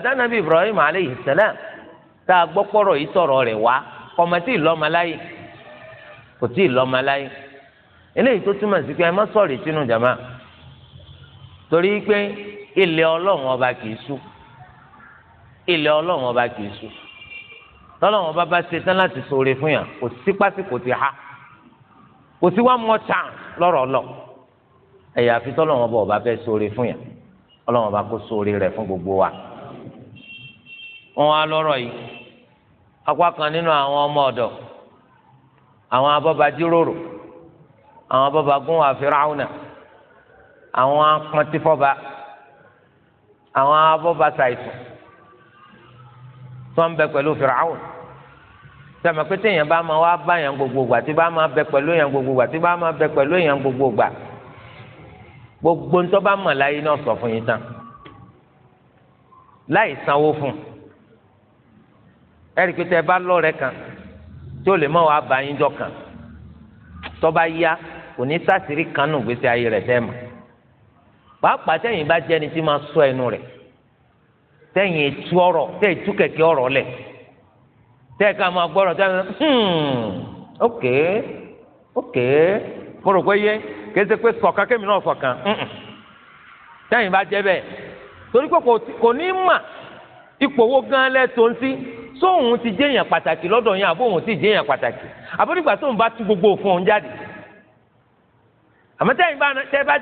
Ibrahim aleyhi salam tá a gbọ́ pọ̀rọ̀ yìí tọ̀rọ̀ rẹ̀ wá kọ̀mọ̀ tí ọba kì ilẹ̀ ọlọ́run ọba kì í sùn tọ́lọ́run ọba bá ṣe tán láti sọ̀rọ̀ fún yàn kò sí pásìkò ti ha kò sí wá mọ́ tàn lọ́rọ̀ lọ ẹ̀yà àfi tọ́lọ́run ọba ọba fẹ́ sọ̀rọ̀ fún yàn ọlọ́run ọba kó sọ̀rọ̀ rẹ̀ fún gbogbo wa. wọn wá lọ́rọ̀ yìí apá kan nínú àwọn ọmọ ọ̀dọ̀ àwọn abọ́ba jíròrò àwọn abọ́ba gún wa Fíráúnà àwọn apọ́ntífọ́ba àwọn abọ́ba ṣàìsàn tó ń bẹ pẹ̀lú fìràwùn sọ̀mọ̀ pé téèyàn bá máa wá bá yàn gbogbo gbà tí bá máa bẹ pẹ̀lú yàn gbogbo gbà tí bá máa bẹ pẹ̀lú yàn gbogbo gbà gbogbo ń tó bá mọ̀ láyé náà sọ fún yín tán láì sanwó fún ẹ̀rí pé tẹ́ bá lọ́rẹ̀ẹ́ kan tí ó lè mọ̀ wá bá yín jọ kan tó bá yá kò ní sásìrí kanú gbèsè ayé rẹ̀ tẹ́ mọ̀ pàápàá tẹ́yìn bá jẹ́ni tí máa sọ ẹnu rẹ̀ tẹ̀yìn etu ọrọ tẹ̀ etu kẹ̀kẹ́ ọ̀rọ̀ lẹ̀ tẹ̀ ká máa gbọ́rọ̀ tẹ̀ hmm ok ok mo rò pé yé kéde pé sọ̀kan kémi náà sọ̀kan tẹ̀yìn bá jẹ́ bẹ́ẹ̀ torí pé kò ní mà ipò wo gan lẹ́tọ̀ọ́ ń sí sóhun ti jẹ́yàn pàtàkì yẹn àbóhun ti pàtàkì bá tú gbogbo òfin òun jáde bá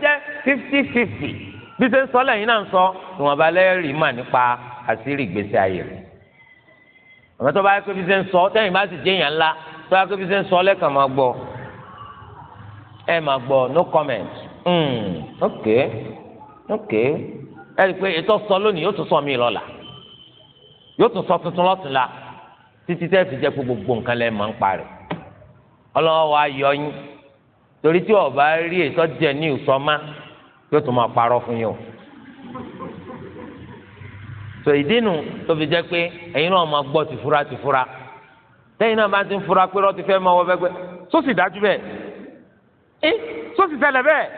bí ṣe ń sọ lẹ́yìn náà ń sọ ìwọ̀nba lẹ́rìí mà nípa àṣírí ìgbésí ayé rẹ̀ àmọ́ tó bá yẹ kó bí ṣe ń sọ tẹ́yìn bá sì jẹ́yàn ńlá tó bá yẹ kó bí ṣe ń sọ lẹ́kàn máa gbọ́ ẹ máa gbọ́ no comment mm, ok ok ẹ rí i pé ètò sọ lónìí yóò tún sọ mí lọ́la yóò tún sọ tuntun lọ́túnla títí tẹ́ fi jẹ́ pé gbogbo nǹkan lẹ́ máa ń parẹ́ ọlọ́wọ́ wa yọ yín torí tí ọba rí ètò jẹ ní ìsọmá yóò tún máa parọ́ fún yín o tò ìdínú tó fi jẹ́ pé ẹ̀yin náà máa gbọ́ tìfura tìfura tẹ́yìn náà máa ti ń fura pé rọ́ọ̀tì fẹ́ máa wọ bẹ́gbẹ́ sósì dájú bẹ́ẹ̀ ẹ sósì ṣẹlẹ̀ bẹ́ẹ̀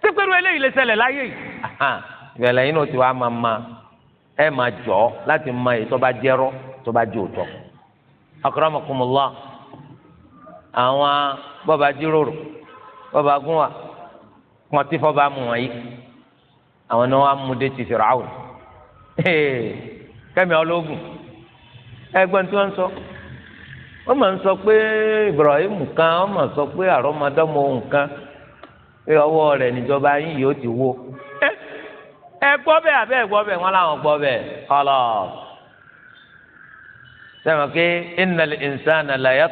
tí pẹ̀lú eléyìí lè ṣẹlẹ̀ láyé yìí ìrẹ̀lẹ̀ yìí náà ti wá máa ma ẹ̀ máa jọ̀ ọ́ láti ma èyí tó bá jẹ́rọ́ tó bá jẹ́ òótọ́ akramakumullah àwọn bọ́ba jíròrò bọ́ba gún wọn ti fọba mu wọn yìí àwọn náà wàá mú déètì fìràwùn kẹmi ọlọgùn ẹ̀gbọ́n tí wọn sọ wọn máa pé Ibrahim kan wọn máa sọ pé àrọmọdọ́mọ òun pé ọwọ́ rẹ̀ níjọba yín yóò ti wó ẹ ẹ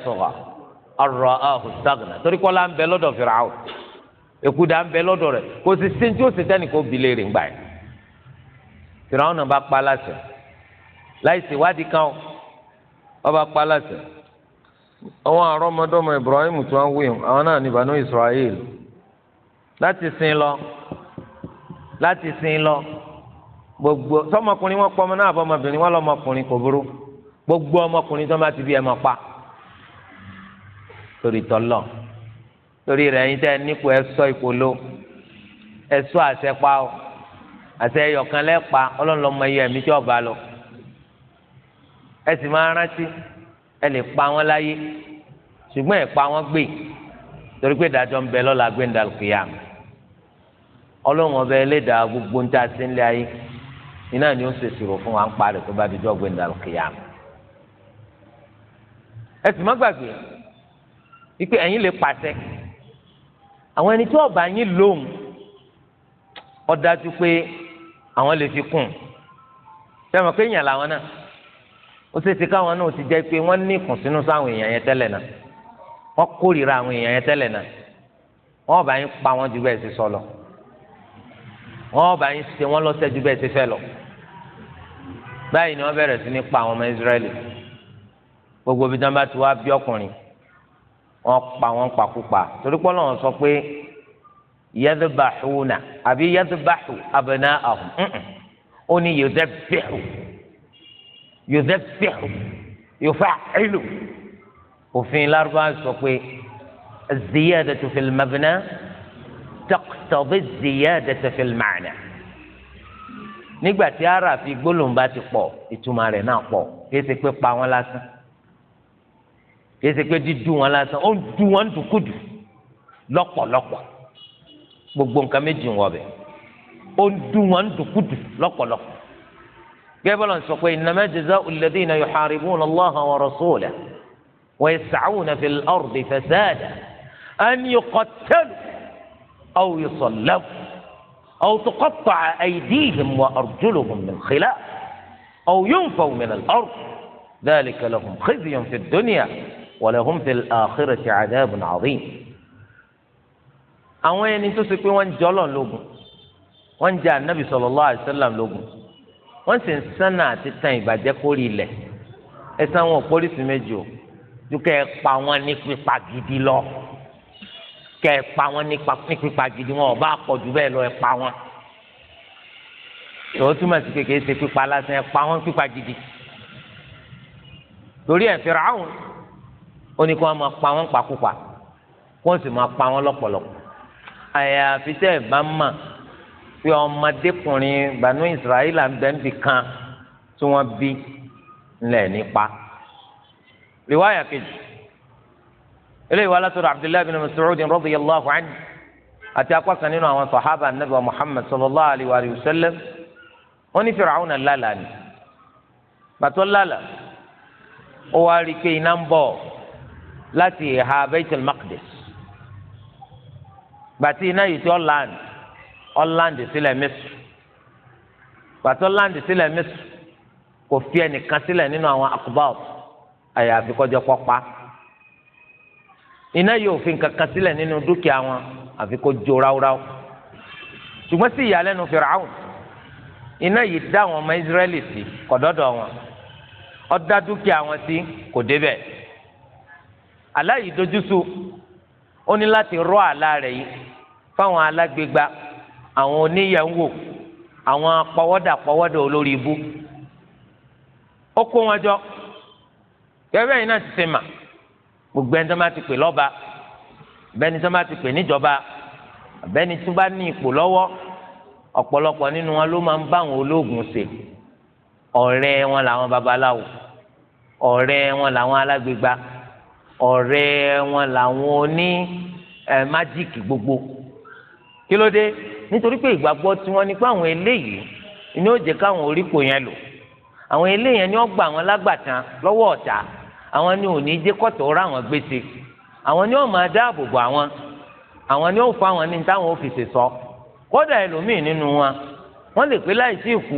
wọn làwọn torí ń bẹ èkúdà ń bẹ lọ́dọ̀ rẹ̀ kò sì sí tí ó sì tẹ́nì kó bilé rè ńgbà yẹn tìrọ̀hún náà bá pa láṣẹ láì sí ìwádìí kan ó bá pa láṣẹ àwọn àrọ́mọdọ́mọ Ibrahim tí wọ́n wí àwọn náà ní Banu Israel láti sin lọ láti sin lọ gbogbo sọmọkùnrin wọn pọ ọmọ náà bọ ọmọbìnrin wọn lọmọkùnrin kò burú gbogbo ọmọkùnrin tó bá ti bí ẹ máa pa torí tọ́lọ́ọ̀ torí rẹ̀ yín tẹ́ nípò ẹ sọ ìpolo ẹ sọ àṣẹ pa ọ àṣẹ ẹyọkan lẹ́pa ọlọ́run lọ́mọ iye ẹ̀mí tí ọba lọ ẹ sì máa rántí ẹ lè pa wọn láyé ṣùgbọ́n ẹ pa wọn gbé torí pé ìdájọ́ ń bẹ lọ́la gbẹ̀ndàlùkìyà ọlọ́run ọba ẹlẹ́dàá gbogbo ń ta sí ńlẹ̀ ayé iná ni ó ń ṣèṣirò fún wa ń parẹ tó bá di dọ́gbé ndàlùkìyàm. ẹ sì má gbàgbé wípé ẹ̀yin lè pàṣẹ àwọn ẹni tí ọba yín lóhùn ó dájú pé àwọn lè fi kún fẹ́mi pé èèyàn làwọn náà ó ṣe ti káwọn náà ti jẹ́ pé wọ́n ní ìkùnsínú sáwọn èèyàn yẹn tẹ́lẹ̀ náà wọ́n kórìíra àwọn èèyàn yẹn tẹ́lẹ̀ náà wọ́n ọba yín pa wọ́n ju bẹ́ẹ̀ ṣe sọ lọ wọ́n ọba yín ṣe wọ́n lọ́sẹ̀ ju bẹ́ẹ̀ ṣe fẹ́ lọ báyìí ni wọ́n bẹ̀rẹ̀ sí ní pa àwọn ọmọ Ísírẹ́lì gbogbo ibi tí wọ́n bá ti wá bí ọkùnrin wọn pa wọn pakúpa torí pé Ọlọ́run sọ pé yadbahuna àbí yadbahu abna'ahum ó ní yudabbihu yudabbihu yufa'ilu òfin lárúbá sọ pé az-ziyadatu fil mabna taqtadi az-ziyadata fil ma'na nígbà tí ara fi gbólóhùn bá ti pọ̀ ìtumọ̀ rẹ̀ náà pọ̀ kí ẹ ti pé pa wọn lásán. kìí ṣe pé dídú wọn lásán ó ń du wọn dùkúdù lọ́pọ̀lọpọ̀ gbogbo nǹkan méjì ń wọbẹ̀ ó ń du wọn dùkúdù lọ́pọ̀lọpọ̀ gẹ́gẹ́ sọ pé innama jaza'u alladhina yuharibuna Allaha wa rasulahu wa yas'una fil ardi fasadan an yuqattalu aw yusallabu aw tuqatta'a aydihim wa arjuluhum min khilaf aw yunfaw min al-ard dhalika lahum khizyun fi ad-dunya. ولهم في الآخرة عذاب عظيم. àwọn ẹni tó ṣe pé wọ́n ń jọlọ lógun wọ́n ń jẹ anabi sallallahu alaihi wasallam lógun wọ́n sì ń sánà àti tan ìbàjẹ́ kórì ilẹ̀ ẹ̀san wọn ò pólísì méjì o ju kẹ́ ẹ pa wọn ní pípa gidi lọ kẹ́ ẹ pa wọn ní pípa gidi wọn ò bá bẹ́ẹ̀ lọ ẹ pa wọn tòun túmọ̀ sí kékeré ṣe pípa lásán ẹ pa wọn pípa gidi torí ẹ̀ Fíráùn ó ní kí wọ́n máa pa wọ́n pàkúpà kí wọ́n sì máa pa wọ́n lọ́pọ̀lọpọ̀ àyàfi tẹ́ ẹ̀ bá mà pé ọmọdékùnrin bànú ìsirayílà ń bẹ́ńbì kan tí wọ́n bí ńlẹ̀ nípa riwaya kejì eléyìí wà látọ̀dọ̀ abdullahi bin masoud radiyallahu anhu àti apá kan nínú àwọn sahaba anabi wa muhammad sallallahu alayhi wa sallam wọ́n ní Fir'auna lálàá ni bàtọ́ lálàá ó wá rí i pé iná ń bọ̀ láti ìhà Baitul Maqdis gbàtí iná yìí tí ọ̀land ọ̀land sílẹ̀ Misr gbàtí ọ̀land sílẹ̀ Misr kò fi ẹnìkan sílẹ̀ nínú àwọn akubab àyàfi kọjọ pọ́pá iná yìí ò fi nǹkankan sílẹ̀ nínú dúkìá wọn àfi kó jó ráúráú ṣùgbọ́n sí ìyàlẹ́nu Fìràwùn iná yìí dá àwọn ọmọ Israẹli sí kọ̀dọ́dọ̀ wọn ó dá dúkìá wọn sí kò débẹ̀ àlá yìí dojúsù ó ní láti rọ àlá rẹ̀ yìí fáwọn alágbègbà àwọn oníyẹ̀wò àwọn pọwọ́dà pọwọ́dà olórí ibú ó kó wọn jọ gẹ́gẹ́ yìí náà ti ṣe mà gbogbo ẹni tó bá ti pè lọ́ba bẹ́ni tó bá ti pè níjọba bẹ́ni tó bá ní ipò lọ́wọ́ ọ̀pọ̀lọpọ̀ nínú wọn ló máa ń bá àwọn ológun ṣe ọ̀rẹ́ wọn làwọn babaláwo ọ̀rẹ́ wọn làwọn alágbègbà ọ̀rẹ́ wọn làwọn oní májíìkì gbogbo kí ló dé nítorí pé ìgbàgbọ́ tí wọ́n ní pé àwọn eléyìí ni ó jẹ́ káwọn oríkò yẹn lò àwọn eléyìí ni ó gbà wọn lágbàtàn lọ́wọ́ ọ̀tá àwọn ni ò ní dé kọ́tọ̀ ra wọn gbèsè àwọn ni ó máa dáàbò bò àwọn àwọn ni ó fa àwọn ní táwọn ó fi sọ kódà ẹlòmíì nínú wọn wọ́n lè pé láìsí ìkú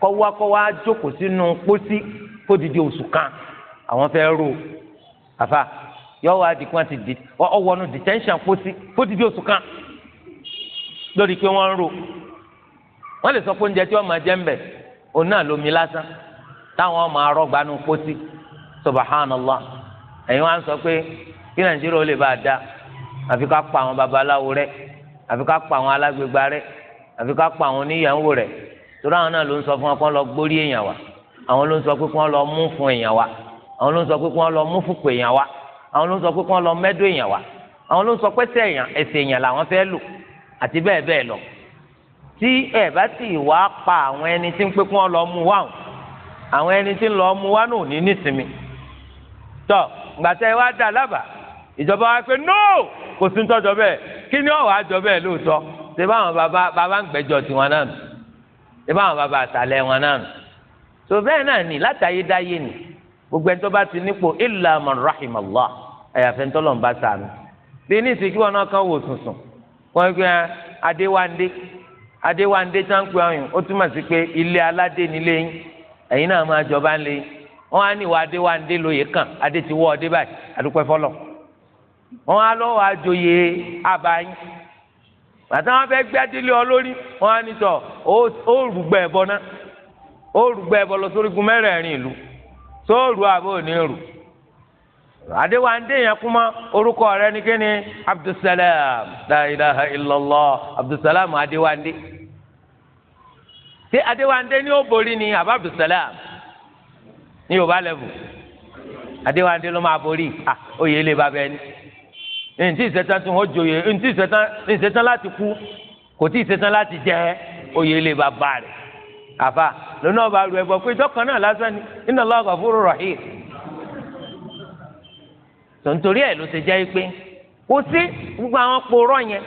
kọ́wákọ́wá jókòó sínú pósí kó didi oṣù kan àwọn fẹ́ rò ó Afa, yọ wá di kwan ti di ọwọnu detention kposi fóti bí oṣù kan lórí pé wọn ń ro wọn lè sọ pé oúnjẹ tí wọn máa jẹ ń bẹ òun náà lomi lásán táwọn máa rọgbanu kposi subhanallah ẹ̀yin wá ń sọ pé kí nàìjíríà ó lè bá a dá àfi ká pa àwọn babaláwo rẹ àfi ká pa àwọn alágbègbè rẹ àfi ká pa àwọn oníyàwó rẹ torí àwọn náà ló ń sọ fún wọn kó lọ gbórí èèyàn wa àwọn ló ń sọ pé kó lọ mú fún èèyàn wa àwọn ló ń sọ pé kí wọ́n lọ mú fúnpè èèyàn wa àwọn ló ń sọ pé kí wọ́n lọ mẹ́dọ̀ èèyàn wa àwọn ló ń sọ pé ẹsẹ̀ èèyàn ẹsẹ̀ èèyàn làwọn fẹ́ lò àti bẹ́ẹ̀ bẹ́ẹ̀ lọ tí ẹ bá sì wá pa àwọn ẹni tí ń pé kí wọ́n lọ mú wa àwọn ẹni tí ń lọ mú wa náà ní nísìmí tọ gbàtẹ́ wa dà lábàá ìjọba wa pé no kò sí ń tọ́jọ kí ni ọ̀wọ́ àjọ bẹ́ẹ̀ lóòótọ́ ṣé báwọn bàbá bàbá ń gbẹ́jọ tiwọn náà ṣé báwọn bàbá àtàlẹ́ wọn náà nù tó bẹ́ẹ̀ náà nì látàyédáyé nì gbogbo ẹni tó bá ti rahim allah ẹ̀yàfẹ́ ń tọ́lọ̀ ń bá sàánú bí ní ìsìnkú wọn náà kàn wò sùnsùn wọn gbé ah, adéwándé adéwándé tá ń pè ọyàn ó túmọ̀ sí pé ilé aládé nílé yín ẹ̀yin náà máa jọba ńlẹ̀ wọn á ní ìwà adéwándé lóye kàn adé ti ọdẹ báyìí adúpẹ́ fọlọ́ wọn á lọ́wọ́ àjòyè wọn gbẹ́dílé ọ lórí wọn á ní sọ sóòrù àbò onírù adéwàndé yẹn kúmọ orúkọ rẹ ní kíni abdulsalam abdulsalam adéwàndé adéwàndé ni ó borí ni àbá abdulsalam yorùbá lẹ́bù adéwàndé ló máa borí ah, à ni ntí ìṣẹ́tàn tún ó joyè ntí ìṣẹ́tàn láti kú kò tí ìṣẹ́tàn láti jẹ́ oyè lè ba bá rẹ̀ Afa, lónà ọba rú ẹbọ pé ìjọkan náà lásán ni inna Allahu ghafurur rahim tòǹtòrí ẹ̀ ló ṣe jẹ́ pé kò sí gbogbo àwọn pòrọ̀ yẹn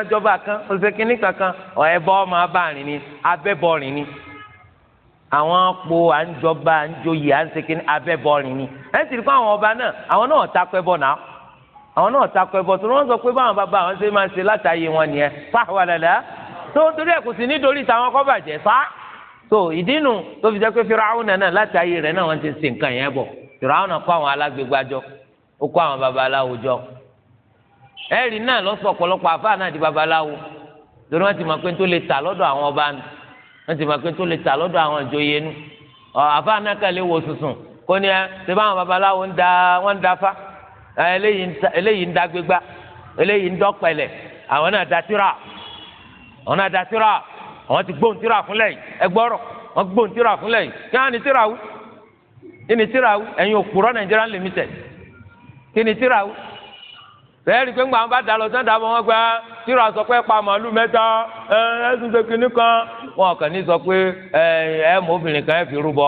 ìjọba kan òṣèkínní kankan ẹbọ ọmọ abáàrin ni abẹ́bọrin ni àwọn po àńjọba àńjọyè àńṣekínní abẹ́bọrin ni ẹ̀ sì rí fún àwọn ọba náà àwọn náà takọ ẹbọ náà àwọn náà takọ ẹbọ tó wọn sọ pé báwọn bàbá àwọn ṣe máa ṣe látàyè wọn nìyẹn fáwọn àdàdà tó torí ẹ kò sí nítorí táwọn kọ bàjẹ́ fáà. so ìdínú tó fi jẹ́ pé firaahun náà láti ayé rẹ̀ náà wọ́n ti ń nǹkan yẹn bọ̀ firaahun kó àwọn alágbègbàjọ ó kó àwọn babaláwo jọ ẹ̀rí náà lọ́sọ̀ ọ̀pọ̀lọpọ̀ àfa náà di babaláwo torí wọ́n ti mọ̀ pé tó lè tà àwọn ọba ti mọ̀ pé tó lè tà àwọn ìjòyè náà àwọn ti gbóhùn tíra fúnlẹ̀ lẹ́yìn ẹ gbọ́rọ̀ wọ́n gbóhùn tíra fúnlẹ̀ lẹ́yìn kí wọ́n ní tíra wí kí ni tíra wí ẹ̀yin òpùrọ̀ Nigerian limited kí ni tíra wí bẹ́ẹ̀ni pé ńgbà wọn bá da lọ sọ́dà wọn gba tíra sọ pé pa màálù mẹ́ta ẹ ẹsùn kan wọn kàn ní ẹ ẹ mọ obìnrin kan fi rúbọ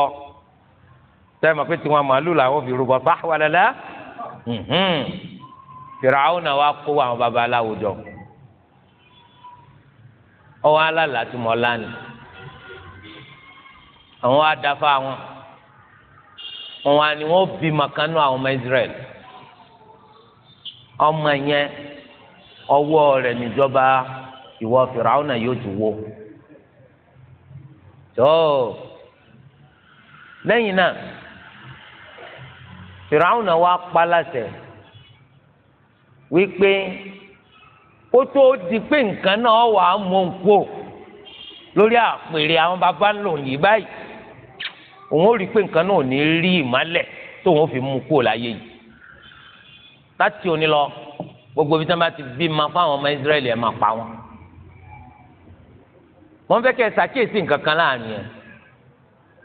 ma pé tiwọn màálù làwọn fi rúbọ fáwọn fìràwọn náà kó àwọn jọ ọwọ́ alálàá tí mo lá ni àwọn adáfa wọn wọn ni wọn bí makanu àwọn ọmọ Israel ọmọ yẹn ọwọ́ rẹ̀ níjọba ìwọ fìràwọnà yóò ti wó tó lẹ́yìn náà fìràwọnà wa pa láṣẹ wípé kó tó di pé nǹkan náà wà á mọ nǹkó lórí àpèrè àwọn bàbá ńlò yìí báyìí òun ó rí i pé nǹkan náà ò ní rí ìmálẹ̀ tóun ó fi mú kó láyé yìí láti òní lọ gbogbo ibi tí wọn bá ti bí ma fáwọn ọmọ Ísírẹ́lì ẹ máa pa wọn wọn fẹ́ kẹ́ ẹ ṣàkíyèsí nǹkan kan láàrin ẹ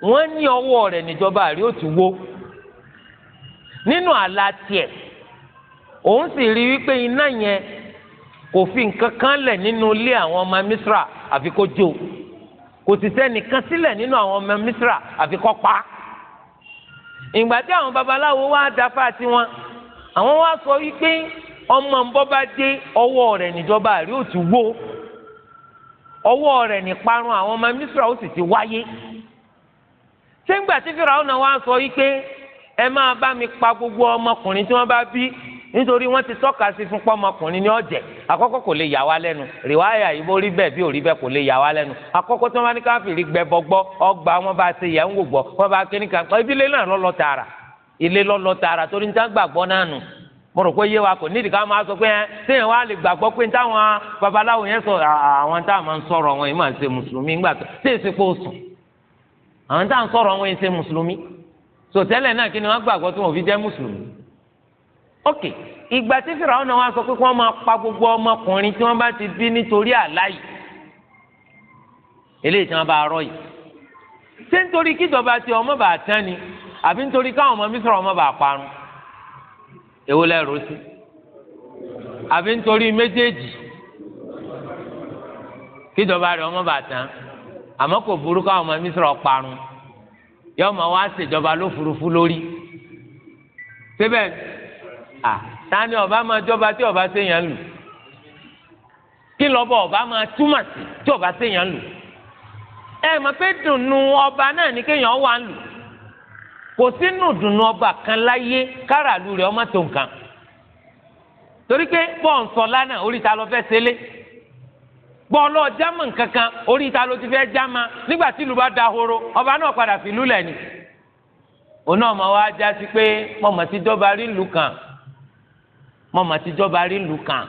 wọn ní ọwọ́ rẹ̀ níjọba àrí ó ti wó nínú àlá tiẹ̀ òun sì rí wípé iná yẹn kò fi nǹkan kan lẹ̀ nínú ilé àwọn ọmọ misra àfi kó jó kò sì sẹ́nìkan sílẹ̀ nínú àwọn ọmọ misra àfi kó pa ìgbà tí àwọn babaláwo wá dáfà tiwọn àwọn wá sọ wípé ọmọ ń bọ́ bá dé ọwọ́ rẹ̀ níjọba àrí ò wó ọwọ́ rẹ̀ níparun àwọn ọmọ misra ó sì ti wáyé ṣé tí fìràwọ́n wá sọ wípé ẹ máa bá mi pa gbogbo ọmọkùnrin tí wọ́n bá bí nítorí wọn ti tọ́ka sí fún pọ́mọkùnrin ní ọ̀jẹ̀ àkọ́kọ́ kò lè yà wá lẹ́nu rìwáyà yìí bó rí bẹ́ẹ̀ bí ò rí kò lè yà wá lẹnu tí bá ní ọgbà wọn bá ṣe yẹn ń wò bá kí ní náà tààrà ilé tààrà torí níta náà nù mo rò pé yé wa kò nídìí ká máa sọ pé lè pé táwọn àwọn tá a máa ń sọ̀rọ̀ wọn yìí máa ń ṣe mùsùlùmí tó sùn àwọn tá a ok ìgbà tí fìràwọn náà wá sọ pé kí wọn máa pa gbogbo ọmọkùnrin tí wọn bá ti bí nítorí àlá yìí eléyìí tí wọn bá rọ yìí ṣé nítorí kíjọba ti ọmọ bá tán ni àbí nítorí káwọn ọmọ mi sọ̀rọ̀ ọmọ bá parun èwo lẹrú sí àbí nítorí méjèèjì kíjọba rẹ ọmọ bá tán àmọ́ kò burú káwọn ọmọ mi sọ̀rọ̀ parun yọọ ma wá ṣèjọba lófurufú lórí síbẹ̀ à tani ọba máa jọba tí ọba séèyàn lù kí lọ́bọ̀ ọba máa túmọ̀ sí tí ọba séèyàn lù ẹ mọ̀ pé dùnú ọba náà ní kéèyàn wà lù kò sínú dùnú ọba kan láyé káràlú rẹ̀ ọmọ tó nǹkan torí pé oríta lọ fẹ́ kankan oríta ló ti fẹ́ nígbà tí ìlú bá ọba náà padà ni òun náà máa wá já sí pé kan mọ́ màá ti jọba rí lù kàn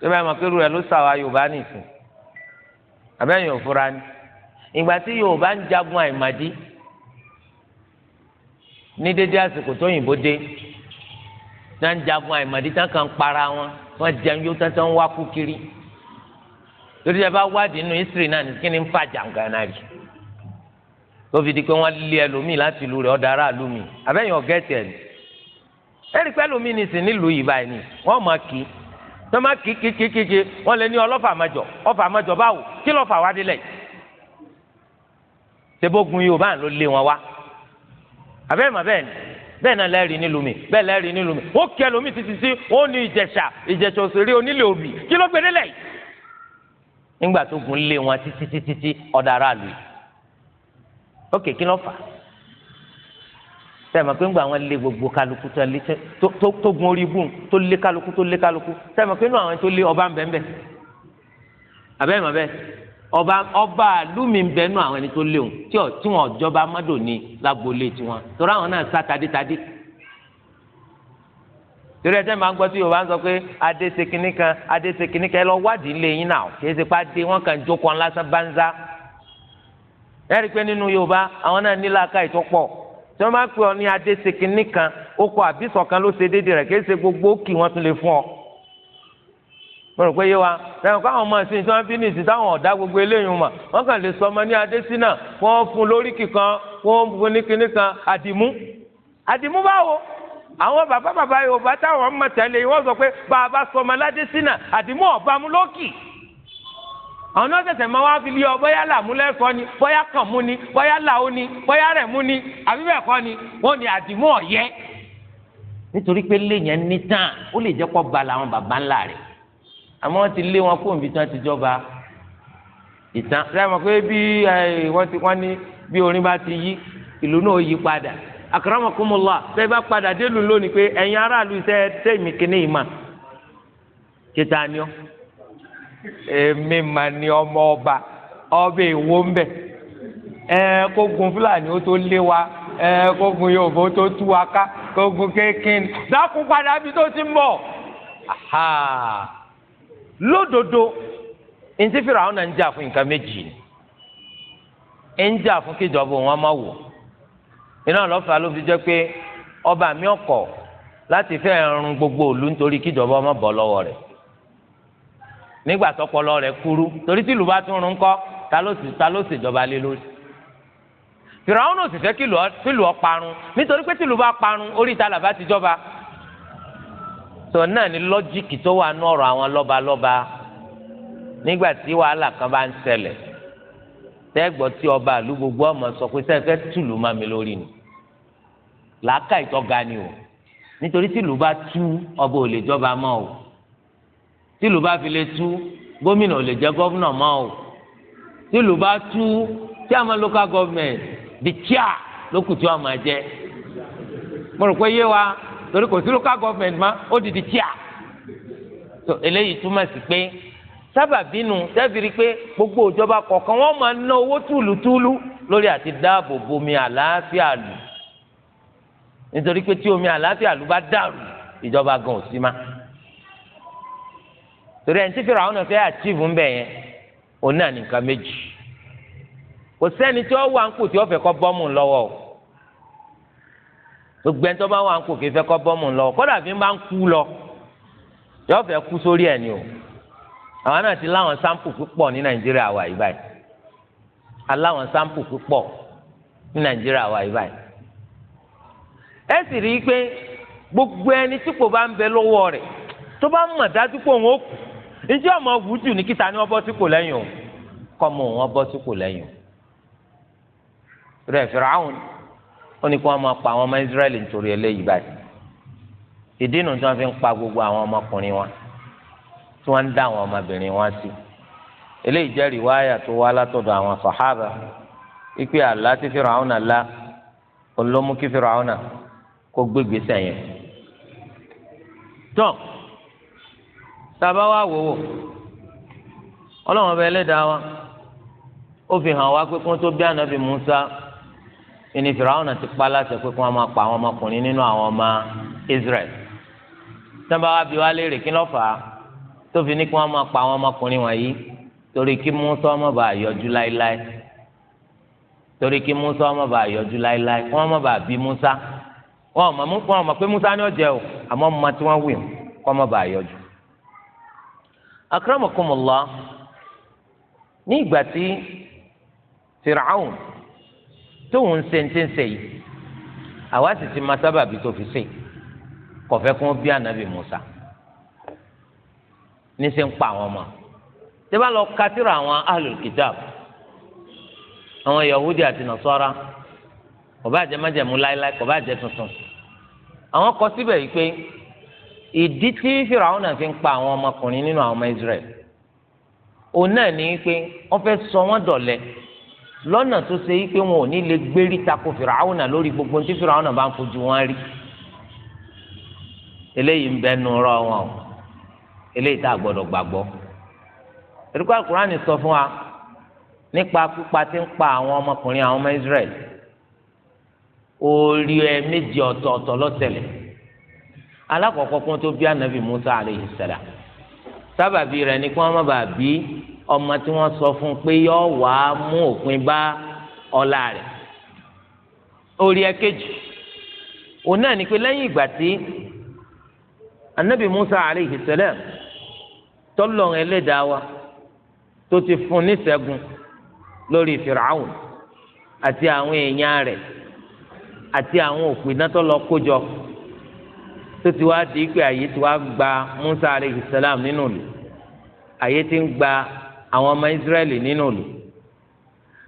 tó bá yẹ mọ̀ pé irú rẹ̀ ló sàwá yorùbá nìsín àbẹ́yìn òfura ni ìgbà tí yorùbá ń jagun àìmàdí ní dédé àsìkò tó yìnbó dé náà ń jagun àìmàdí tán kan para wọn wọn jẹun yóò tán tán wá kú kiri lórí ẹ bá wádìí nínú history náà ní kí ni ń fa jàǹgànà rí tó fi di pé wọn lé ẹlòmíì láti ìlú rẹ̀ ọ̀dà mi àbẹ́yìn ọ̀gẹ́tì ẹ̀ ni ẹ̀rí pẹ́ lómi ní sìn nílùú yìí báyìí ni wọ́n máa kì í wọ́n máa kì í kì í kì í kì í wọ́n lè ní ọlọ́fà àmàjọ ọfà àmàjọ báwo kí lọ́fà wá délẹ̀ ṣebógun Yorùbá ló lé wọn wá àbẹ́rẹ́ mà bẹ́ẹ̀ ni bẹ́ẹ̀ náà lẹ́rìí nílùú mi bẹ́ẹ̀ lẹ́rìí nílùú mi ó kẹ́ lómi títí sí ó ní Ìjẹ̀ṣà Ìjẹ̀ṣà òṣèré onílé òbí kí ló gbé délẹ̀ nígbà tó gun lé wọn títí títí ọ̀dà ókè kí ló fà á sẹ́mi pé ńgbà wọn lé gbogbo kálukú tó gun orí bùn tó lé kálukú tó lé kálukú sẹ́mi pé nínú àwọn tó lé ọba ń bẹ́ẹ̀ bẹ́ẹ̀ abẹ́rẹ́ mọ̀ bẹ́ẹ̀ ọba ọba àlùmí ń bẹ́ẹ̀ nínú àwọn ẹni tó lé òun tí wọn ọ̀jọba amádò ní lágboolé tiwọn torí àwọn náà sá tadétadé torí ẹ sẹ́mi máa ń gbọ́ tí yorùbá ń sọ pé adé ṣe kinní kan adé ṣe kinní kan ẹ lọ wádìí lé yín náà kì í ṣe pa dé wọn kàn jókòó ńlá sábánzá ẹ rí i pé nínú yorùbá àwọn náà nílò tí wọ́n bá pè ọ ní adésèké nìkan ó kọ àbísọ̀ kan ló ṣe déédéé rẹ̀ kéésì gbogbo kì wọ́n tún lè fún ọ. mo rò pé yé wa ẹ̀rọ káwọn ọmọ ìsìn tí wọ́n fi ní ìsìn táwọn ọ̀dà gbogbo eléyìí mà wọ́n kàn lè sọ ọmọ ní adésínà wọ́n fún lórí kìkan wọ́n fún ní kinní kan àdìmú àdìmú báwo àwọn bàbá bàbá yorùbá táwọn ọmọ tẹ̀lé wọ́n sọ pé bàbá sọmọ ládésínà àdìmú ọ̀bàmúlókì àwọn náà ṣẹ̀ṣẹ̀ máa wá fi lé ọ bóyá làmúlẹ́kọ ni bóyá kànmú ni bóyá làó ni bóyá rẹ̀mú ni àbí bẹ́ẹ̀ kọ́ ni wọ́n ní àdìmú ọ̀yẹ́. nítorí pé léèyàn ní tán ó lè jẹ́ kó ba làwọn bàbá ńlá rẹ̀ àmọ́ wọ́n ti lé wọn fún òbí tí wọ́n ti jọba ìtàn rẹ̀ mọ̀ pé bí wọ́n ti wọ́n ní bí orin bá ti yí ìlú náà yí padà àkàràmọ̀kúmọ̀lá bẹ́ẹ̀ bá padà délùú lónìí pé ẹ̀yin aráàlú èmi mà ní ọmọ ọba ọba èwo ń bẹ̀ ẹ kógun fúlàní ó tó lé wa ẹ kógun yorùbá ó tó tú wa ká kógun padà bí tó ti ń bọ̀ lódodo ntí fìrà àwọn náà ń jà fún nǹkan méjì ń jà fún kíjọba wò iná lọ́fà ló ọba mi ọkọ̀ láti gbogbo òlu nítorí kíjọba ọmọ bọ́ lọ́wọ́ rẹ̀ nígbà tọpọlọ rẹ̀ kúrú torí tí ìlú bá tún rún kọ ta ló sì ta ló sì jọba lé lórí fìràwọn ò sì fẹ́ kílù ọ parun nítorí pé tìlù bá parun orí ìta làbá ti jọba tó náà ni lọ́jíìkì tó wà ní ọ̀rọ̀ àwọn lọ́balọ́ba nígbà tí wàhálà kan bá ń ṣẹlẹ̀ tẹ́gbọ́ tí ọba àlú gbogbo ọmọ sọ pé sẹ́fẹ́ tùlù má mi lórí ni làákà ìtọ́ga ni o nítorí tìlù bá tú ọba ò lè jọba mọ́ o tílù bá fi lè tú gómìnà ò lè jẹ́ gọ́vnà mọ́ o tílù bá tú tí a máa local government di chair ló kù tí wọ́n máa jẹ́ mo rò pé yé wa torí kò sí local government ma, ó di di chair so eléyìí túmọ̀ sí pé sábà bínú sẹ́fìrí pé gbogbo ìjọba kọ̀ọ̀kan wọ́n máa ná owó túlùtúlù lórí àti dáàbò bomi àlàáfíà lù nítorí pé tí omi àlàáfíà lù bá dàrú ìjọba gan ò sí máa. torí ẹni tí fìrà àwọn ọ̀fẹ́ àtìvù ń bẹ̀ yẹn òun náà nìkan méjì kò sẹ́ni tí wà ń kù tí fẹ́ kọ́ bọ́mù lọ́wọ́ o gbogbo ẹni tó bá wà ń kù kì í fẹ́ kọ́ bọ́mù lọ́wọ́ kódà fi máa ń kú lọ fẹ́ kú sórí ẹ̀ ni o àwọn náà ti láwọn sáǹpù púpọ̀ ní nàìjíríà wà yìí báyìí gbogbo ẹni tí kò bá ń bẹ lọ́wọ́ rẹ̀ tó bá njẹ́ ọmọ wùdù ní kíta ni wọ́n bọ́ sípò lẹ́yìn o kọ́mọ wọn bọ́ sípò lẹ́yìn o rẹ̀ Fìràhùn ó ní kí wọ́n máa pa àwọn ọmọ Ísírẹ́lì nítorí eléyìí báyìí ìdí nu tí wọ́n fi ń pa gbogbo àwọn ọmọkùnrin wọn tí wọ́n ń dá àwọn ọmọbìnrin wọn sí eléyìí jẹ́ rìwáyà tó wá látọ̀dọ̀ àwọn sàhábà ipe àlá tí Fìràhùn àlá olómú kí kó gbégbèsè yẹn tàbá wà wò wò ọlọ́run ọba ẹlẹ́dàá wa ó fi hàn wá pé kó tó bí anabi Musa ẹni fìràwọn ti pa láti pé kó wọn máa pa àwọn ọmọkùnrin nínú àwọn ọmọ Israel tàbá wà bí wà léèrè kí ló fà á tó fi ní kí wọn máa pa àwọn ọmọkùnrin wọ̀nyí torí kí Musa má bàa yọjú láéláé torí kí Musa má bàa yọjú láéláé kí wọn má bàa bí Musa wọn ò mọ̀ pé Musa ni ó jẹ o àmọ́ mọ tí wọ́n wí kọ́ má bàa yọjú. akramakumullah ní ìgbà tí firaahun tóun ń ṣe ń ṣe ń ṣe yìí àwa sì ti máa sábàbí tó fi ṣe kọfẹ kún bí anabi musa níṣẹ ń pa àwọn ọmọ tẹ́bá lọ katira àwọn ahlul àwọn yahudi àti nasara kò bá jẹ́ májẹ̀mú láéláé kò bá jẹ́ tuntun àwọn kọ síbẹ̀ yìí pé ìdí tí fìràwọn náà fi ń pa àwọn ọmọkùnrin nínú àwọn ọmọ Israel òun náà ní pé wọn fẹ́ sọ wọn dọ̀lẹ lọ́nà tó ṣe pé wọn ò ní lè gbérí tako fìràwọn náà lórí gbogbo tí fìràwọn náà bá ń fojú wọn rí eléyìí ń bẹ nu rọ wọn o eléyìí tá a gbọ́dọ̀ gbàgbọ́ erékọ alukurani sọ fún wa nípa pípa tí ń pa àwọn ọmọkùnrin àwọn ọmọ Israel orí ẹ méjì ọ̀tọ̀ọ̀tọ̀ lọ́sẹ̀lẹ̀ alákọ̀ọ́kọ́ kó tó bí anabi musa alayhi salam sábàbí rẹ̀ ni kí wọ́n má bàa bí ọmọ tí wọ́n sọ fún pé yọ wá mú òpin bá ọlá rẹ̀ orí ẹ̀kejì òun náà ni pé lẹ́yìn ìgbà tí anabi musa alayhi salam tọ́lọ̀ ẹlẹ́dàá wa tó ti fún níṣẹ́gun lórí fìràwùn àti àwọn èèyàn rẹ̀ àti àwọn òpin náà tọ́lọ̀ kójọ tó ti wá di pé àyè ti wá gba Musa aleyhi salam nínú ìlú àyè ti ń gba àwọn ọmọ Israẹli nínú ìlú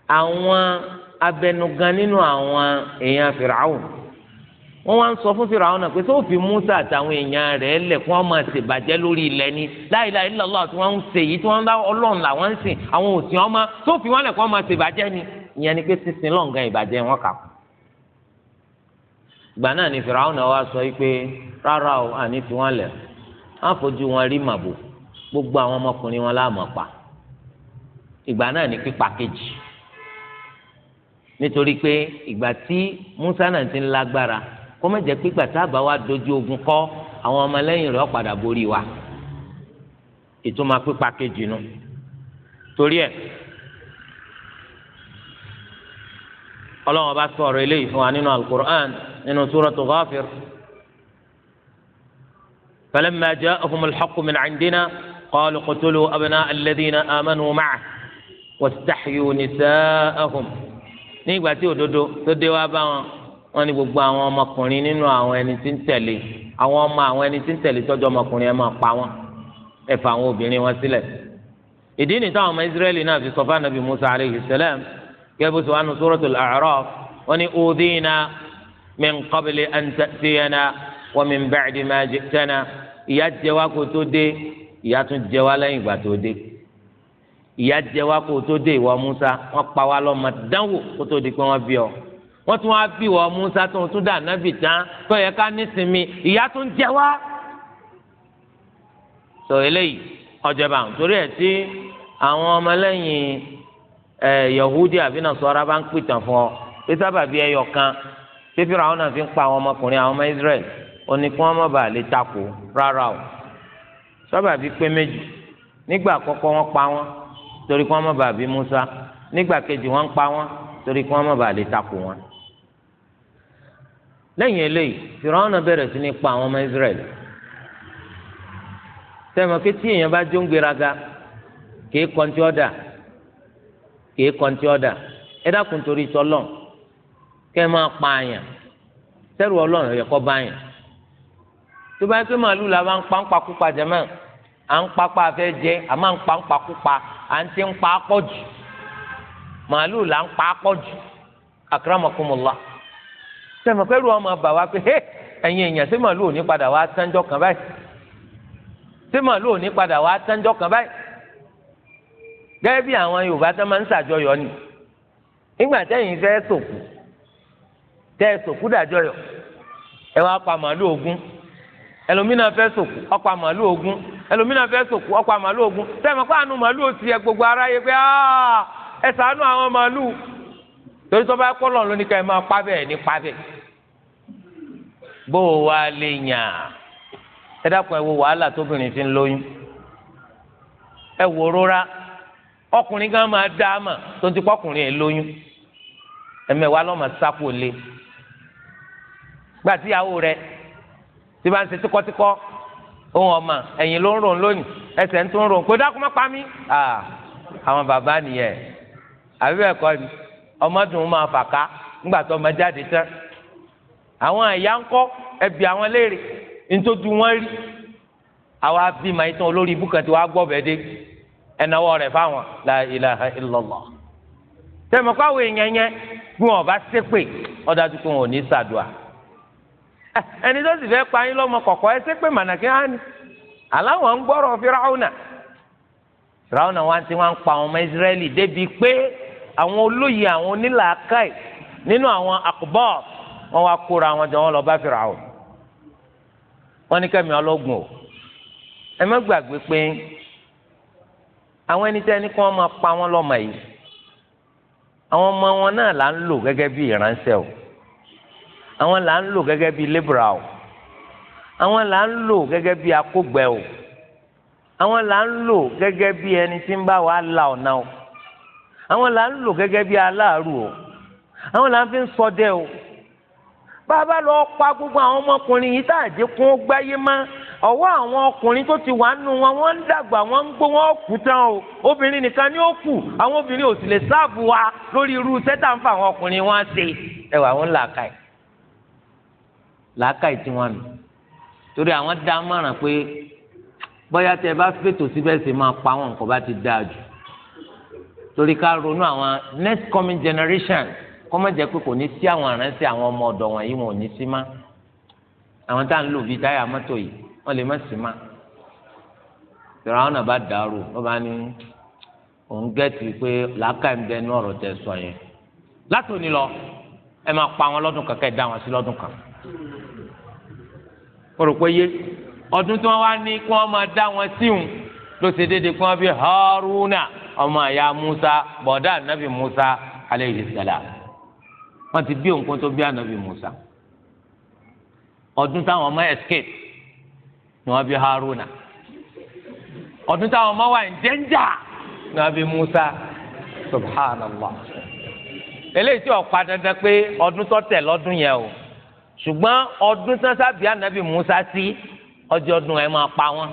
àwọn abẹnugan nínú àwọn èèyàn Fìràwùn wọ́n wá ń sọ fún Fìràwùn náà pé tó fi Musa àtàwọn èèyàn rẹ̀ lẹ̀ kí wọ́n máa lórí ilẹ̀ ni la ilaha illallah tí wọ́n ń ṣe èyí tí wọ́n ń bá Ọlọ́run làwọn ń sìn àwọn òsìn ọmọ tó fi wọ́n lẹ̀ kí wọ́n ni ìyẹn ni pé sísin lọ́ǹgàn ìbàjẹ́ wọn kà kú gbà náà ni fìràwọn náà wá sọ wípé rárá o àní fi wọn lẹ wọn fojú wọn rí màbò gbogbo àwọn ọmọkùnrin wọn láàmọ pa ìgbà náà ni pípa kejì nítorí pé ìgbà tí Musa náà ti ń lágbára kó má jẹ́ pé gbàtà bá wa dojú ogun kọ́ àwọn ọmọlẹ́yìn rẹ̀ padà borí wa ìtumọ̀ pípa kejì nu torí ẹ̀ ọlọ́run bá sọ ọ̀rọ̀ eléyìí fún wa nínú alukur'an nínú suratu ghafir falamma ja'ahum alhaqqu min 'indina qalu qutulu abna'a alladhina amanu ma'ah wastahyu nisa'ahum ní ìgbà tí òdodo tó dé wá bá wọn wọn ní gbogbo àwọn ọmọkùnrin nínú àwọn ẹni tí ń tẹ̀lé àwọn ọmọ àwọn ẹni tí ń tẹ̀lé tọ́jú ọmọkùnrin ẹ máa pa wọn ẹ àwọn obìnrin wọn sílẹ̀ ìdí nìta àwọn ọmọ Israẹli náà fi sọ fún anabi Musa alayhi salam كيف سبحانه سورة الأعراف وني أوذينا من قبل أن تأتينا ومن بعد ما جئتنا ìyà jẹ wá kó tó dé ìyà tún jẹ wá lẹ́yìn ìgbà tó dé ìyà jẹ wá kó tó dé ìwọ Musa wọ́n pa wá lọ́mọ dánwò kó tó di pé wọ́n bí ọ wọ́n tún wá bí ìwọ Musa tó tún dà nábì tán tó yẹ ká nísìnyí ìyà tún jẹ wá. sọ eléyìí ọjọba nítorí ẹ tí àwọn ọmọlẹ́yìn ẹ yahudi àbí nasọra bá ń pìtàn fún ọ pé sábàbí ẹyọ kan tí Fíráwọn náà fi ń pa àwọn ọmọkùnrin àwọn ọmọ Israel ó ní kí wọn má bàa lè takò rárá o sábàbí pé méjì nígbà àkọ́kọ́ wọn pa wọn torí kí wọn má bàa bí Musa nígbà kejì wọn pa wọn torí kí wọn má bàa lè takò wọn. lẹ́yìn eléyìí Fíráwọn náà bẹ̀rẹ̀ sí ní pa àwọn ọmọ Israel tẹ̀mọ̀ pé tí èèyàn bá jó ń kì í kọ́ńtì ọ̀dà kìí kọ́ntì ọ̀dà ẹ dákun torí tọ́lọ̀ kẹ́ ẹ máa pa àyàn sẹ́rù ọlọ́run yẹ kọ́ bá àyàn tó bá yẹ pé màálù la máa ń pa ń pa kúpa jẹ mọ́ à ń papá afẹ́ jẹ à máa ń pa ń pa kúpa à ń ti ń pa pọ̀ jù màálù là ń pa pọ̀ jù akramakumullah sẹ́mi pẹ́lú ọmọ bà wá pé ẹ̀yin èèyàn ṣé màálù ò ní padà wá sánjọ́ kan báyìí ṣé màálù ò ní padà wá sánjọ́ kan báyìí. gẹ́gẹ́ bí àwọn yorùbá tó máa ń ṣàjọyọ̀ ni nígbà tẹ́yìn fẹ́ sòkù tẹ́ ẹ sòkù dàjọyọ̀ ẹ wá pa màálù ogún ẹlòmínà fẹ́ sòkù ọ̀pá màálù ogun ẹlòmínà fẹ́ sòkù ọ̀pá màálù ogún sẹ́mi kó àánú màálù òsì ẹ gbogbo torí tó bá kọ́ lọ́n lónìí ká ẹ máa pa bẹ́ẹ̀ ní pa bẹ́ẹ̀ bó o ọkùnrin gan máa dá a mà tó ń ti kọ́ ọkùnrin ẹ̀ lóyún ẹ̀mẹ̀wá lọ́mọ sápò lé gbàtíyàwó rẹ̀ tí bá ń ṣe tíkọ́tíkọ́ ohun ọmọ ẹ̀yìn ló ń rò lónìí ẹsẹ̀ ń tún rò pé dákú má pa mí. àwọn bàbá nìyẹn àbí ẹ̀kọ́ ni ọmọdún máa fàká nígbà tó ọmọ jáde tán. àwọn ẹ̀yà ń kọ́ ẹbí àwọn léèrè nítorí wọn rí àwọn abímọ ìtàn olórí ibùkàn tí wàá gbọ́ bẹ́ẹ̀ dé ẹnáwó rẹ̀ fáwọn la ilaha illallah tẹmọ àwọn èèyàn yẹn bí wọn bá ṣépè ọdájú pé wọn ò ní ṣàdùà ẹni tó sì fẹ́ pa yín lọ́mọ kọ̀kọ́ ẹ mànàkí ní aláwọ̀ ń gbọ́rọ̀ wa ti pa àwọn ọmọ ìsírẹ́lì débi pé àwọn olóyè àwọn onílàákàì nínú àwọn àkùbọ̀ wọn wá kóra wọn jọ wọn lọ bá fíráúnà wọn ní àwọn ẹni tẹ́ ẹni kí wọ́n máa pa wọ́n lọ́mọ yìí àwọn ọmọ wọn náà là ń lò gẹ́gẹ́ bí ìránṣẹ́ o àwọn là ń lò gẹ́gẹ́ bí lébùrà o àwọn là ń lò gẹ́gẹ́ bí akógbẹ o àwọn là ń lò gẹ́gẹ́ bí ẹni tí ń bá wa la ọ̀nà o àwọn là ń lò gẹ́gẹ́ bí aláàrù o àwọn là ń fi ń o bàbá lọ pa gbogbo àwọn ọmọkùnrin yìí tá àjẹkùn gbáyé má ọwọ́ àwọn ọkùnrin tó ti wà nù wọn wọ́n ń dàgbà wọ́n ń gbó wọ́n kú tán o obìnrin nìkan ni ó kù àwọn obìnrin ò sì lè sáàbù wa lórí irú sẹ́tà ń fa àwọn ọkùnrin wọn ṣe ẹ wà wọ́n làákàyè làákàyè tí wọ́n nù torí àwọn dá mọ̀ràn pé bóyá tẹ bá fètò síbẹ̀ máa pa àwọn nǹkan bá ti dáa jù torí ká ronú àwọn next coming generation kọ́mọ̀ jẹ́ pé kò ní sí àwọn àrántí àwọn ọmọ ọ̀dọ̀ wọ̀nyí wọn ò ní sí má àwọn tá ń lò bíi táyà mọ́tò yìí wọ́n lè má sì má fìràwọ́nà bá dàrú wọ́n bá ní òun gẹ́tì pé làákàyè ń bẹ ní ọ̀rọ̀ tẹ sọ yẹn láti òní lọ ẹ máa pa wọn lọ́dún kan kẹ́ ẹ dá wọn sí lọ́dún kan o rò pé yé ọdún tí wọ́n wá ní kí wọ́n máa dá wọn síhùn ló ṣe déédéé kí wọ́n fi Haruna ọmọ àyà Musa bọ̀dá ànábì Musa aleyhi salam wọ́n ti bí òǹkó bí ànábì Musa ọdún táwọn ọmọ escape ni wọ́n bí haruna ọdún táwọn ọmọ wa ń jẹ́njà ni wọ́n bí musa subhanallah eléyìí tí ọ̀pá dandan pé ọdún tó tẹ̀ lọ́dún yẹn o ṣùgbọ́n ọdún tán sábì ànábì musa sí ọjọ́ ọdún ẹ̀ máa pa wọ́n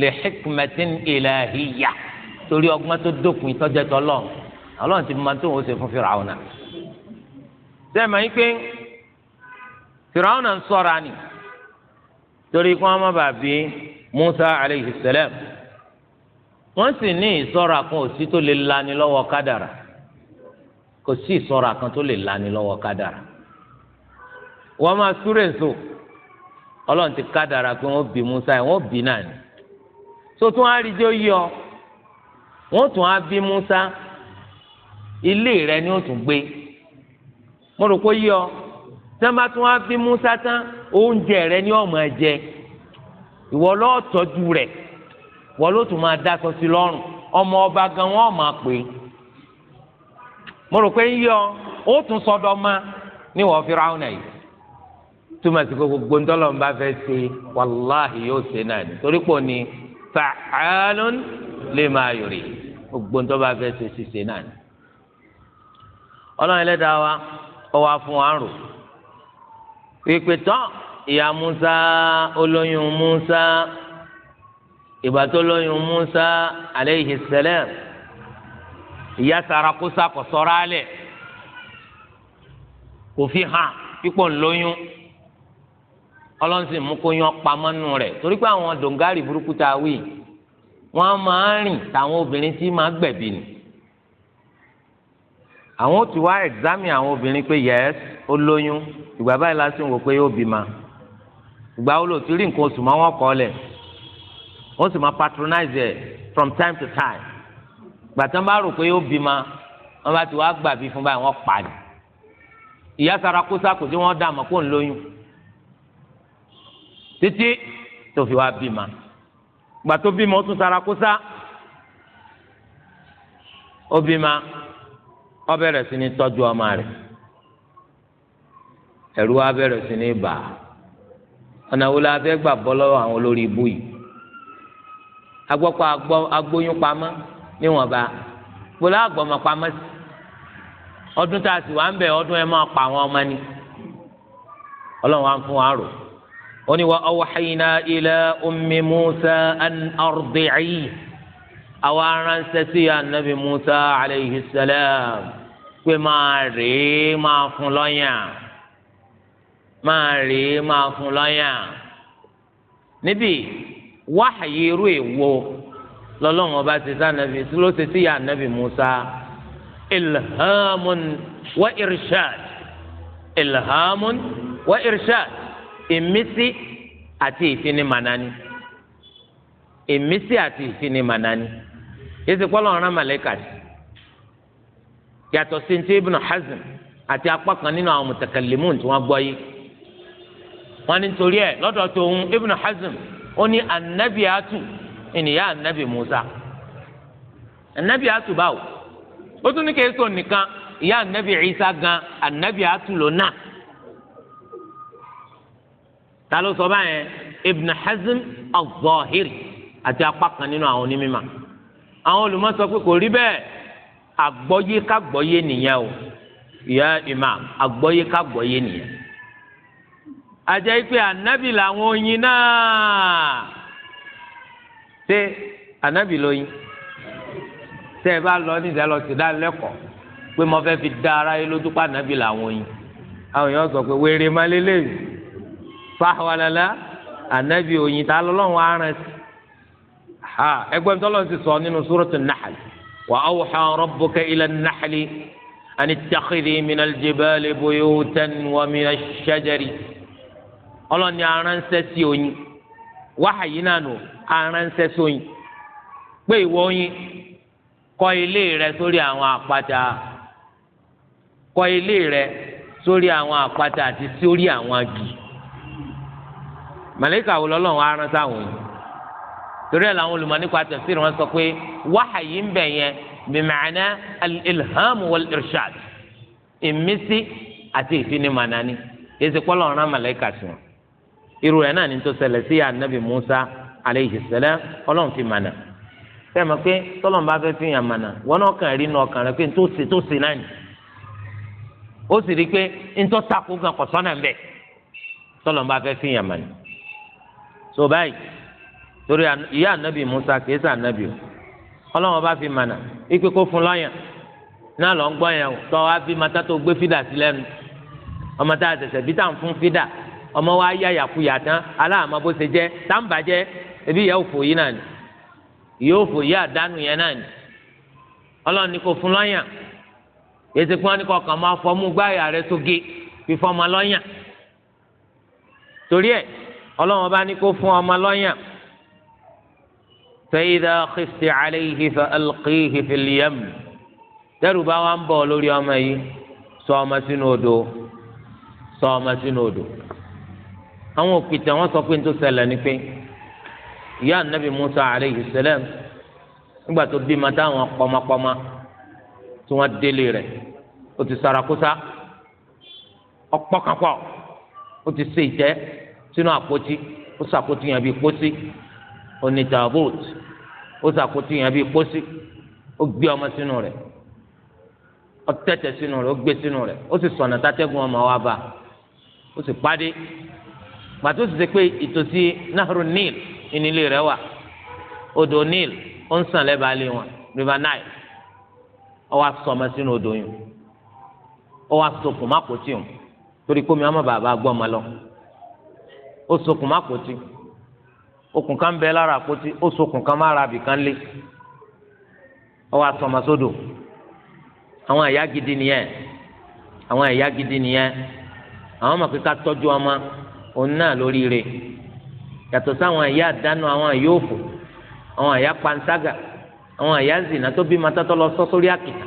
lè hikmatin ilahiya torí ọgbọ́n tó dópin tọ́jẹ́ tọ́lọ́ ọlọ́run ti máa tó òun ṣe fún fìràwọ̀nà sẹ́ẹ̀ mọ̀ yín pé fìràwọ̀nà ń sọ̀ra ni torí kí wọ́n má bàa bí Musa alayhi salam wọ́n sì ní ìṣọ́ra kan ò sí tó lè lani lọ́wọ́ kádàrà kò sí ìṣọ́ra kan tó lè lani lọ́wọ́ kádàrà wọ́n máa súrè nsò ọlọ́run ti kádàrà pé wọ́n bí Musa yẹn wọ́n bí náà ni tó tún á rí jẹ́ yọ wọ́n tún á bí Musa ilé rẹ̀ ni ó tún gbé mo rò pé yọ tí tún á bí Musa tán oúnjẹ rẹ ni ọmọ ẹjẹ ìwọ lọ tọ́jú rẹ ìwọ ló tún máa dáṣọ sí lọ́rùn ọmọ ọba gan wọn máa pè é mo rò pé yíyọ ó tún sọdọ ma ní wọn fi ráhùn náà yìí túmọ̀ sí gbogbo ńdọ́lọ̀ ń bá fẹ́ ṣe wàláhì yóò ṣe náà ni torí pò ní yuri gbogbo ńdọ́ bá fẹ́ ṣe ṣiṣẹ́ náà ni ọlọ́run ẹlẹ́dàá wa ọ wa pípé tán ìyá musa olóyún musa ìgbà tó lóyún musa aleyhi salam ìyá sarakusa kò sọ̀rọ̀ alẹ̀ kò fi hàn pípọ̀ ńlóyún ọlọ́sìn mú kó yan pamọ́nù rẹ̀ torí pé àwọn dòǹgárì burúkú tá wí wọ́n máa ń rìn táwọn obìnrin tí máa gbẹ̀bí ni àwọn ti wá ẹ̀gzámì àwọn obìnrin pé yẹ́s ó lóyún ìgbà báyìí lásìkò wò pé yóò bímọ ìgbà wo ló ti rí nǹkan oṣù mọ́ wọn kọ́ lẹ̀ wọ́n sì máa patronize ẹ̀ from time to time gbàtàn bá rò pé yóò bímọ wọ́n bá ti wá gbàbí fún báyìí wọ́n pa ni ìyá sarakosa kò sí wọ́n dá àmọ́ kó ń lóyún títí tó fi wá bímọ gbàtó bímọ ó tún sarakosa ó bímọ. Ọ bẹ̀rẹ̀ sí tọ́jú ọmọ rẹ̀ ẹ̀rù wa bẹ̀rẹ̀ sí ní bà á ọ̀nà wo la fẹ́ gbà bọ́ lọ́wọ́ àwọn olórí ibú yìí agbọ́pọ̀ agbóyún pamọ́ níwọ̀nba gbọ́dọ̀ àgbọ̀mọ̀ pamọ́ sí ọdún tá a sì wá ń bẹ̀ ọdún máa pa àwọn ọmọ ni ọlọ́run wa ń fún wa rò ó ní wa Musa sí anabi Musa salam. pé máa rèé máa fún lọ́yàn máa rèé máa fún lọ́yàn níbi wáhàyè irú èwo lọ́lọ́run ọba ti sá nàbì ló ti sí ya nàbì Musa ilhamun wa irshad ilhamun wa irshad ìmísí àti ìfinimanani ìmísí àti ìfinimanani yìí ti kọ́ lọ́run rán màlẹ́kà sí yàtọ̀ sí ti Ibn Hazm àti apá kan nínú àwọn mutakallimun tí wọ́n gbọ́ yìí wọ́n ní torí ẹ̀ lọ́dọ̀ tóun Ibn Hazm ó ní anabiatu ènìyàn anabi Musa anabiatu báwo ó tún ní kí èso nìkan ìyá anabi Isa gan anabiatu ló náà ta ló sọ báyẹn Ibn Hazm al-Zahiri àti apá kan nínú àwọn onímọ̀ àwọn olùmọ̀ sọ pé kò rí bẹ́ẹ̀ àgbọ́yé kàgbọ́yé nìyẹn o ìyá imam àgbọ́yé kàgbọ́yé nìyẹn àjẹ́ pé ànábì làwọn oyin náà ṣé ànábì lóyin tẹ́ ẹ bá lọ nídìí lọ sí dánilẹ́kọ̀ọ́ pé mo fẹ́ fi dá ara yín lójú pa ànábì làwọn oyin àwọn èèyàn sọ pé wèrè má lélẹ́yìn fáwọnàlá ànábì oyin tá lọ́lọ́run á rán sí ẹgbẹ́ mi tọ́lọ́run ti sọ nínú súrọ́tù Nahl. وأوحى ربك إلى النحل أن اتخذي من الجبال بيوتا ومن الشجر الله ni aránsẹ́ sí oyin wáhàyí náà nù aránsẹ́ sí oyin pé ìwọ oyin kọ́ ilé rẹ sórí àwọn àpáta kọ́ ilé rẹ sórí àwọn àpáta àti sórí àwọn agi màlẹ́kà wo lọ́lọ́run aránsẹ́ àwọn oyin torí ẹ̀ làwọn olùmọ̀ nípa tafsir wọn sọ pé wáhàyí ń bẹ̀ yẹn bìmọ̀ọ́nà al-ilham wal-irshad ìmísí àti ìfinimànání èsì pọ́lọ̀ ọ̀ràn màláìkà sí wọn irú ẹ̀ náà ní tó ṣẹlẹ̀ sí anabi Musa aleyhi salam ọlọ́run fi mànà sẹ́mi pé tọ́lọ́n bá fẹ́ fi hàn mànà wọn náà kàn rí inú ọkàn rẹ pé tó ṣe tó ṣe náà ni ó sì rí pé n takò gan kọ̀sọ́nà ń bẹ̀ tọ́lọ́n bá fẹ́ fi hàn mànà so báyìí torí ìyá anabi musa kìí sàn anabi o ọlọ́wọ́n bá fi mànà ikú kó fún lọ́yàn náà lọ́ ń gbọ́ yẹn o tọ́ wa bí mata tó gbé fídà sí lẹ́nu ọmọ tá a ṣẹ̀ṣẹ̀ bí tá à ń fún fídà ọmọ wa yá yàkuyà tán aláàmọ́ bó ṣe jẹ́ tá ń bàjẹ́ ebi ìyá òfò yìí náà ni ìyá òfò yìí àdánù yẹn náà ni ọlọ́run ní fún lọ́yàn èsì pé wọ́n ní kọkàn máa fọmú gbáyà rẹ sóge fi fọmọ lọ́yàn torí ẹ ọlọ́run bá ní kó fún ọmọ lọ́yàn فإذا خفت عليه فألقيه في اليم dẹ́rù bá wa ń bọ̀ lórí ọmọ yìí sọ ọmọ sínú odò sọ ọmọ sínú odò àwọn òkìtà wọn sọ pé n tó ṣẹlẹ̀ ni pé ìyá anabi musa aleyhi sẹlẹm nígbà tó bímọ táwọn pọmọpọmọ tí wọn délé rẹ̀ ó ti sarakosa ọ̀pọ̀ kankan ti ṣe ìtẹ́ sínú àpótí ó sàpótí yẹn bíi pósí onítàbót ó sàkóso yẹn bíi pósí ó gbé ọmọ sínú rẹ̀ ó tẹ̀tẹ̀ sínú rẹ̀ ó gbé sínú rẹ̀ ó sì sọ̀nà tátẹ́gùn ọmọ wa bá ó sì pàdé gbàtó sì ṣe pé ìtòsí nahru nil ìnílé rẹ̀ wà odò nil ó ń sàn lẹ́bàá lé wọn river nile ó wá sọmọ sínú odò yìí ó wá sokùn má kò tí o torí kómi ọmọ bàbá gbọ́ ọmọ lọ ó sokùn má kò tí okùn kan bẹ lára àpótí ó so kan mára àbìkan lé awọn asọ̀mọ́sódò àwọn ẹ̀yà gidi nìyẹn àwọn gidi nìyẹn àwọn ọmọ kíkà tọ́jú ọmọ òun náà lóríire yàtọ̀ sáwọn ẹ̀yà àdánù àwọn ẹ̀yà òfò àwọn ẹ̀yà panṣágà àwọn ẹ̀yà zìnà tó bí matatọ́ lọ sọ sórí àkìtà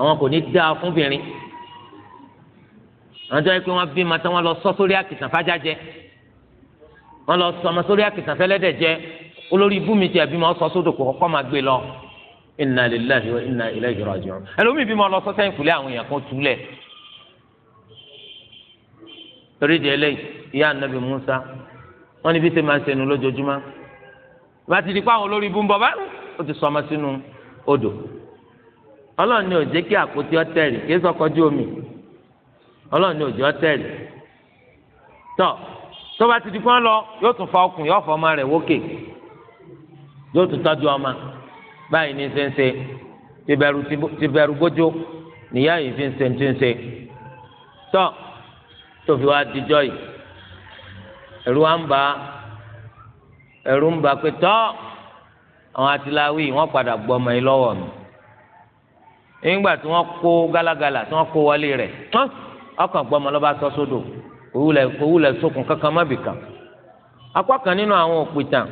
àwọn kò ní dáa fúnbìnrin àwọn tó wọn lọ sọmọ sórí àkìtàn fẹlẹdẹ jẹ olórí ibú mi ti àbí ma sọ sódò kó kọ́ máa gbé lọ inna lillahi wa inna ilayhi raji'un ẹlòmíì bí mo lọ sọ sẹ́yìn kùlẹ̀ àwọn èèyàn kan túlẹ̀ torí di eléyìí ìyá anabi musa wọn ni bí sè máa ń sẹnu lójoojúmọ́ bá ti di pa àwọn olórí ibú ń bá ó ti sọmọ sínú odò ọlọ́run ni ò kí àpótí ọ̀tẹ̀rì kí sọkọjú omi ọlọ́run ni ò jẹ́ ọ̀tẹ̀rì tọ́ tó bá ti di kán lọ yóò tún fa ọkùn yóò fọ ọmọ rẹ̀ wókè yóò tún tọ́jú ọmọ báyìí ní sẹ́nsẹ́ tìbẹ̀rù tìbẹ̀rù bójú nìyá yìí fi ń ṣe ti ń ṣe tọ́ tó fi wá dijọ́ yìí ẹ̀rù wa ń bà ẹ̀rù ń bà pé tọ́ àwọn atiláwí wọ́n padà gbọ́ ọmọ yìí lọ́wọ́ mi nígbà tí wọ́n kó gálágalà tí wọ́n kó wọlé rẹ̀ tán ọkàn gbọ́ ọmọ lọ́ba òwúlẹ̀ sókun kankan má bìkan apá kan nínú àwọn òpìtàn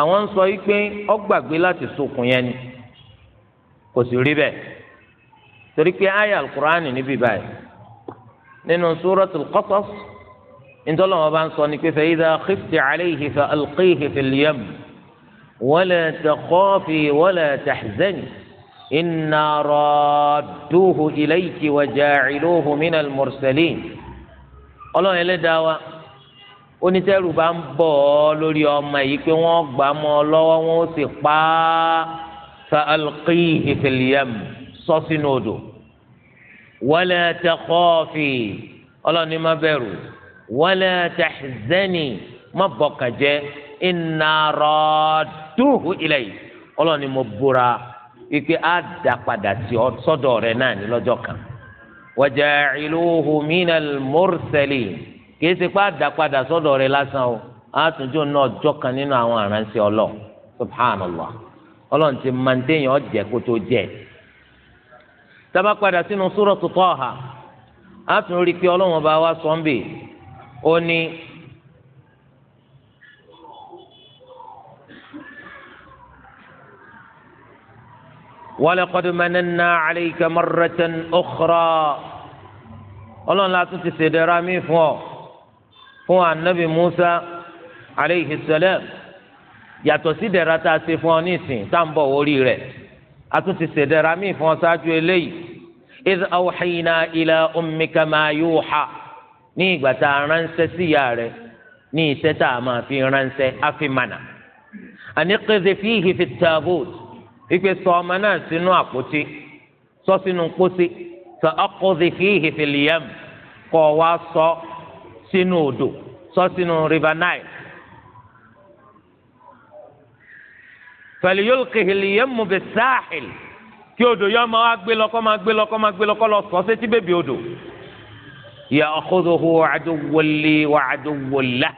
àwọn ń sọ wípé ó gbàgbé láti sókun yẹn ni kò sì rí bẹ́ẹ̀ torí pé àyà alukur'ani níbí báyìí nínú suratul Qasas ntọ́lọ́wọ́n bá ń sọ ni pé fa idha khifti alayhi fa alqihi fil yam wala takhafi wala tahzani. إنا رادوه إليك وجاعلوه من المرسلين ọlọ́run ẹlẹ́dàá wa onítẹ̀rù bá ń bọ̀ ọ́ lórí ọmọ yìí pé wọ́n gbà mọ́ ọ lọ́wọ́ wọn ó sì pa á sa alqihi fil yam sọ sínú odò wala takhafi ọlọ́run ní má bẹ̀rù wala tahzani má bọ̀kàn jẹ́ inna radduhu ilay ọlọ́run ní mo búra ike á dà padà sí ọ sọ́dọ̀ rẹ̀ náà ní lọ́jọ́ kan. wàjàìlúhu mínal mọ́rùsẹ̀lì kìí ṣe pé àdàpadà sọ́dọ̀ rẹ̀ lásán o àtúnjọ náà jọkan nínú àwọn aránṣẹ́ ọlọ́ subhanallah ọlọ́run ti máa ń déyàn ọ̀jẹ̀ kó tó jẹ́ tábà sínú súrọ̀ tó tọ́ ha àtúnrí pé ọlọ́run ọba wa sọ́ńbì ó ní. ولقد مننا عليك مرة أخرى ọlọ́run la tún ti ṣèdẹ́ra mi fún ọ fún anabi musa aleyhi salam yàtọ̀ sí dẹ̀ra tá a ṣe fún ọ nísìn tá à ń bọ̀ orí rẹ̀ a tún ti ṣèdẹ́ra mi fún ọ ṣáájú eléyìí idh awhayna ila ummika ma yuha ní ìgbà tá a ránṣẹ́ sí ìyá rẹ̀ ní iṣẹ́ tá a máa fi ránṣẹ́ àfi mànà àní qidhi fihi fi tabut wípé sọ ọmọ náà sínú àpótí sọ sínú pósí sọ ọkọọdẹ fíhì fìlíyàm kọ wá sọ sínú odò sọ sínú river nile. fẹlẹyọlùkì lìyẹmù bẹ sáàhìl kí odò yọ máa wá gbé lọkọ máa gbé lọkọ máa gbé lọkọ lọ sọ sétí bèbí odò yà ọkọọdọ hù wàdúwọlé wàdúwọlá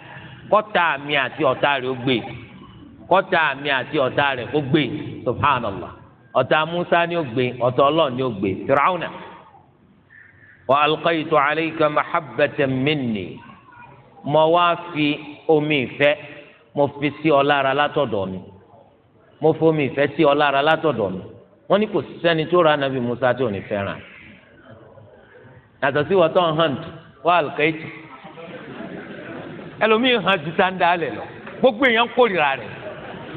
kọta mi àti ọ̀tá rẹ̀ ó gbé. kọ́tà mi àti ọta rẹ̀ kó gbé subhanallah musa ni ó gbé ọ̀tá ọlọ́run ni ó gbé firauna wa alqaytu alayka mahabbatan minni fi omi ìfẹ́ mo fi sí ọ lára látọ̀dọ̀ mi mo fomi ìfẹ́ sí ọ lára látọ̀dọ̀ mi wọ́n ní kò sẹ́ni tó ra musa tí ní fẹ́ràn yàtọ̀ sí wọ́n wá ẹlòmíì hàn sáńdà lọ gbogbo èèyàn kórìíra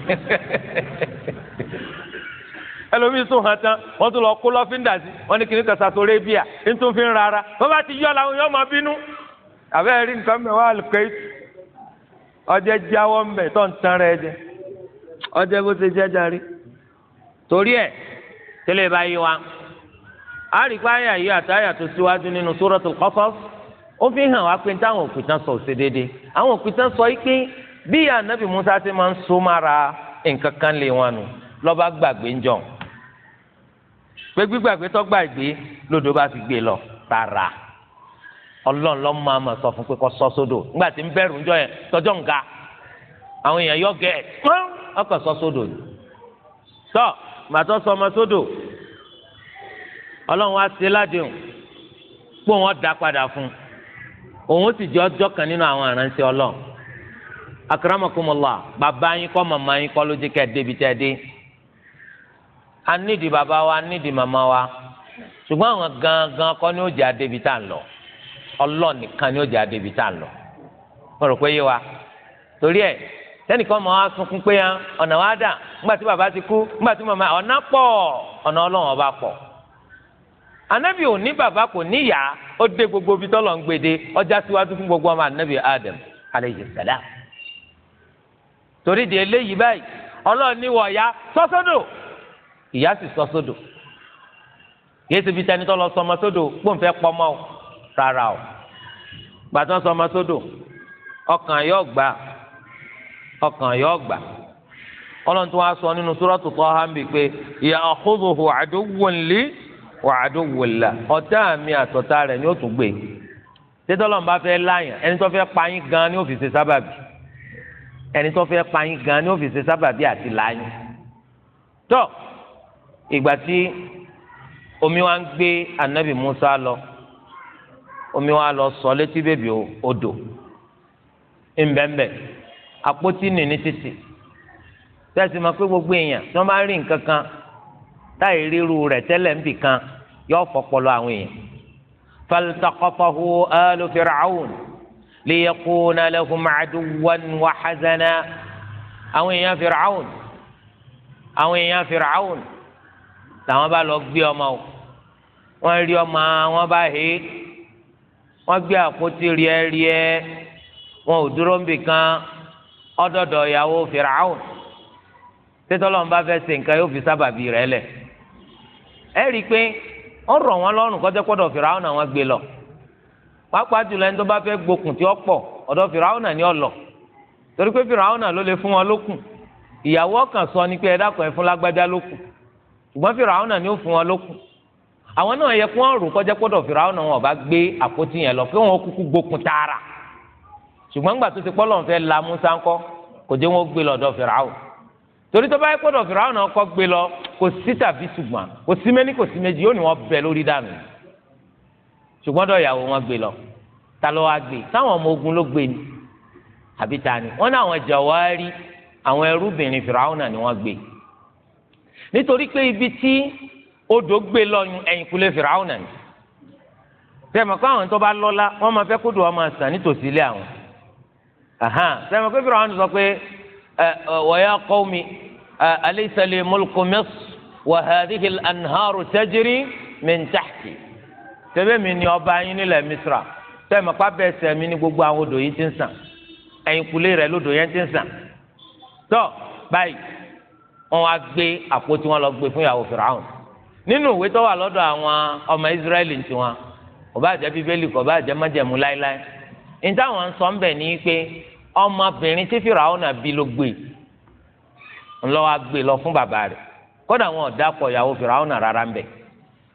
ẹlòmíín sùn hàn tán wọ́n tún lọ kó lọ́fíńdà sí wọ́n ní kíní kàṣà tó rẹ́ fi ń rara bá ti yọ làwọn máa bínú. rí nǹkan jáwọ́ tó ń tan jẹ bó torí bá wa a rí páyà yìí àtàyà tó síwájú nínú Suratul Qasas ó fi hàn wá pé táwọn òkúta sọ òṣèdédé àwọn òkúta sọ yìí bí anabi musa ṣe máa ń so mára nǹkan kan lè wọn nù gbàgbé ń jọ pé bá fi gbé lọ tààrà ọlọ́run lọ́ máa ma sọ fún pé kó sọ sódò nígbà tí ń bẹ̀rù ń jọ yẹn tọjọ́ ń ga àwọn èèyàn yọ ọkọ̀ sódò ni tọ́ màtọ́ sọ ọmọ sódò ọlọ́run fún sì jẹ́ ọjọ́ kan nínú àwọn akramakumullah bàbá yín kọ́ màmá yín kọ́ ló jẹ́ kẹ́ débi tẹ́ dé anídìí bàbá wa anídìí màmá wa ṣùgbọ́n àwọn gangan kọ́ ni ó jẹ́ adébi tá à lọ ọlọ́ọ̀ nìkan ni ó jẹ́ adébi tá à ń lọ wọ́n rò pé yé wa torí ẹ̀ tẹ́nìkan máa wá sunkún pé hàn ọ̀nà wa dà ńgbà tí bàbá ti kú ńgbà tí màmá ọ̀nà pọ̀ ọ̀nà ọlọ́run ọba pọ̀ anabi ò ní bàbá kò ní ìyá ó dé gbogbo ibi tọ́lọ̀ ń gbèdé ọjà síwájú fún gbogbo ọmọ anabi adam aleyhi salam torí di eléyìí báyìí ọlọ́run ní wọ̀ọ́yá sọ́sódò ìyá sì sọ́sódò yéé ti fi tẹni tó lọ sọmọ sódò gbòǹfẹ́ pọ́mọ́ o rárá o gbàtọ́ sọmọ sódò ọkàn yóò gbà ọkàn yóò gbà ọlọ́run tó wá sọ nínú sọ́rọ́tù tó hàn bí pé ìyá ọ̀kúndùhù àdúgbòǹlì wà àdúgbòǹlà ọ̀tá mi àtọ̀tá rẹ̀ ni ó tún gbé tẹ́tọ́lọ́mùbá fẹ́ láyàn ẹni tó fẹ́ pa yín gan ni ó fi ṣe sábàbí ẹni tó fẹ́ pa yín gan ni ó fi ṣe sábàbí àti láàyè tó ìgbà tí omi wa ń gbé anabi musa lọ omi wa lọ sọ létí bèbí odò ńbẹ́ńbẹ́ àpótí nì ní títì tẹ́sí ma pé gbogbo èèyàn tí wọ́n bá rí nǹkan kan táyì ríru rẹ̀ tẹ́lẹ̀ ń bì kan yọ fọpọlọ àwọn èèyàn faltaqatahu alu fir'aun. ليكون lahum aduwan وحزنا hazana àwọn فرعون firaun àwọn فرعون firaun làwọn bá lọ gbé ọmọ o wọn rí ọmọ wọn bá he wọn gbé àpótí rìẹrìẹ wọn ò dúró níbì kan ọdọdọ ìyàwó firaun tẹtọlọmọ bá fẹ́ ṣe nǹkan yóò fi sábàbí rẹ̀ lẹ̀ ẹ rí i pé ó rọ̀ lọ́rùn kọjá pọdọ firaun àwọn gbé lọ. pàápàá jùlọ ẹni tó bá fẹ́ gbókùn tí ó pọ̀ ọ̀dọ̀ ni ó lọ torí pé fìràwọnà ló lè fún wọn ìyàwó sọ ni pé ẹ dákun ẹ fún lágbájá ṣùgbọ́n ni ó fún wọn lókùn àwọn náà yẹ kó wọn rò kọjá wọn bá gbé àpótí yẹn lọ pé wọn kúkú tààrà ṣùgbọ́n tó ti pọ́ lọ́n fẹ́ la Musa kò wọn gbé lọ́dọ̀ fìràwọ̀ torí tó bá yẹ ṣùgbọ́n dọ̀ ìyàwó wọn gbé lọ ta ló wá gbé táwọn ọmọ ogun ló gbé ni àbí ta ni wọn ní àwọn jàwárí àwọn ẹrúbìnrin fìràwọnà ni wọn gbé nítorí pé ibi tí odò gbé lọ ẹ̀yìnkùlé fìràwọnà ni sẹ́mi kó àwọn tó bá lọ́lá wọ́n máa fẹ́ kó dùn wọ́n máa sàn nítòsí ilé àwọn sẹ́mi kó Fíráúnà sọ pé wa ya qaumi alaysa li mulku Misr wa hadhihi al-anharu tajri min tẹ́bẹ̀ mi ni ọba yín nílẹ̀ misra tẹ́ẹ̀mọ́ pábẹ́ ẹsẹ̀ mi ní gbogbo àwọn odò yìí ti ń sàn ẹ̀yìn kulé rẹ̀ lódò yẹn ti ń sàn tọ́ báyìí wọ́n wá gbé àpótí wọn lọ gbé fún ìyàwó fìràhùn nínú ìwé tó àwọn ọmọ israẹli bíbélì láéláé ní táwọn ń sọ ń ní pé ọmọbìnrin tí ló gbé gbé lọ fún bàbá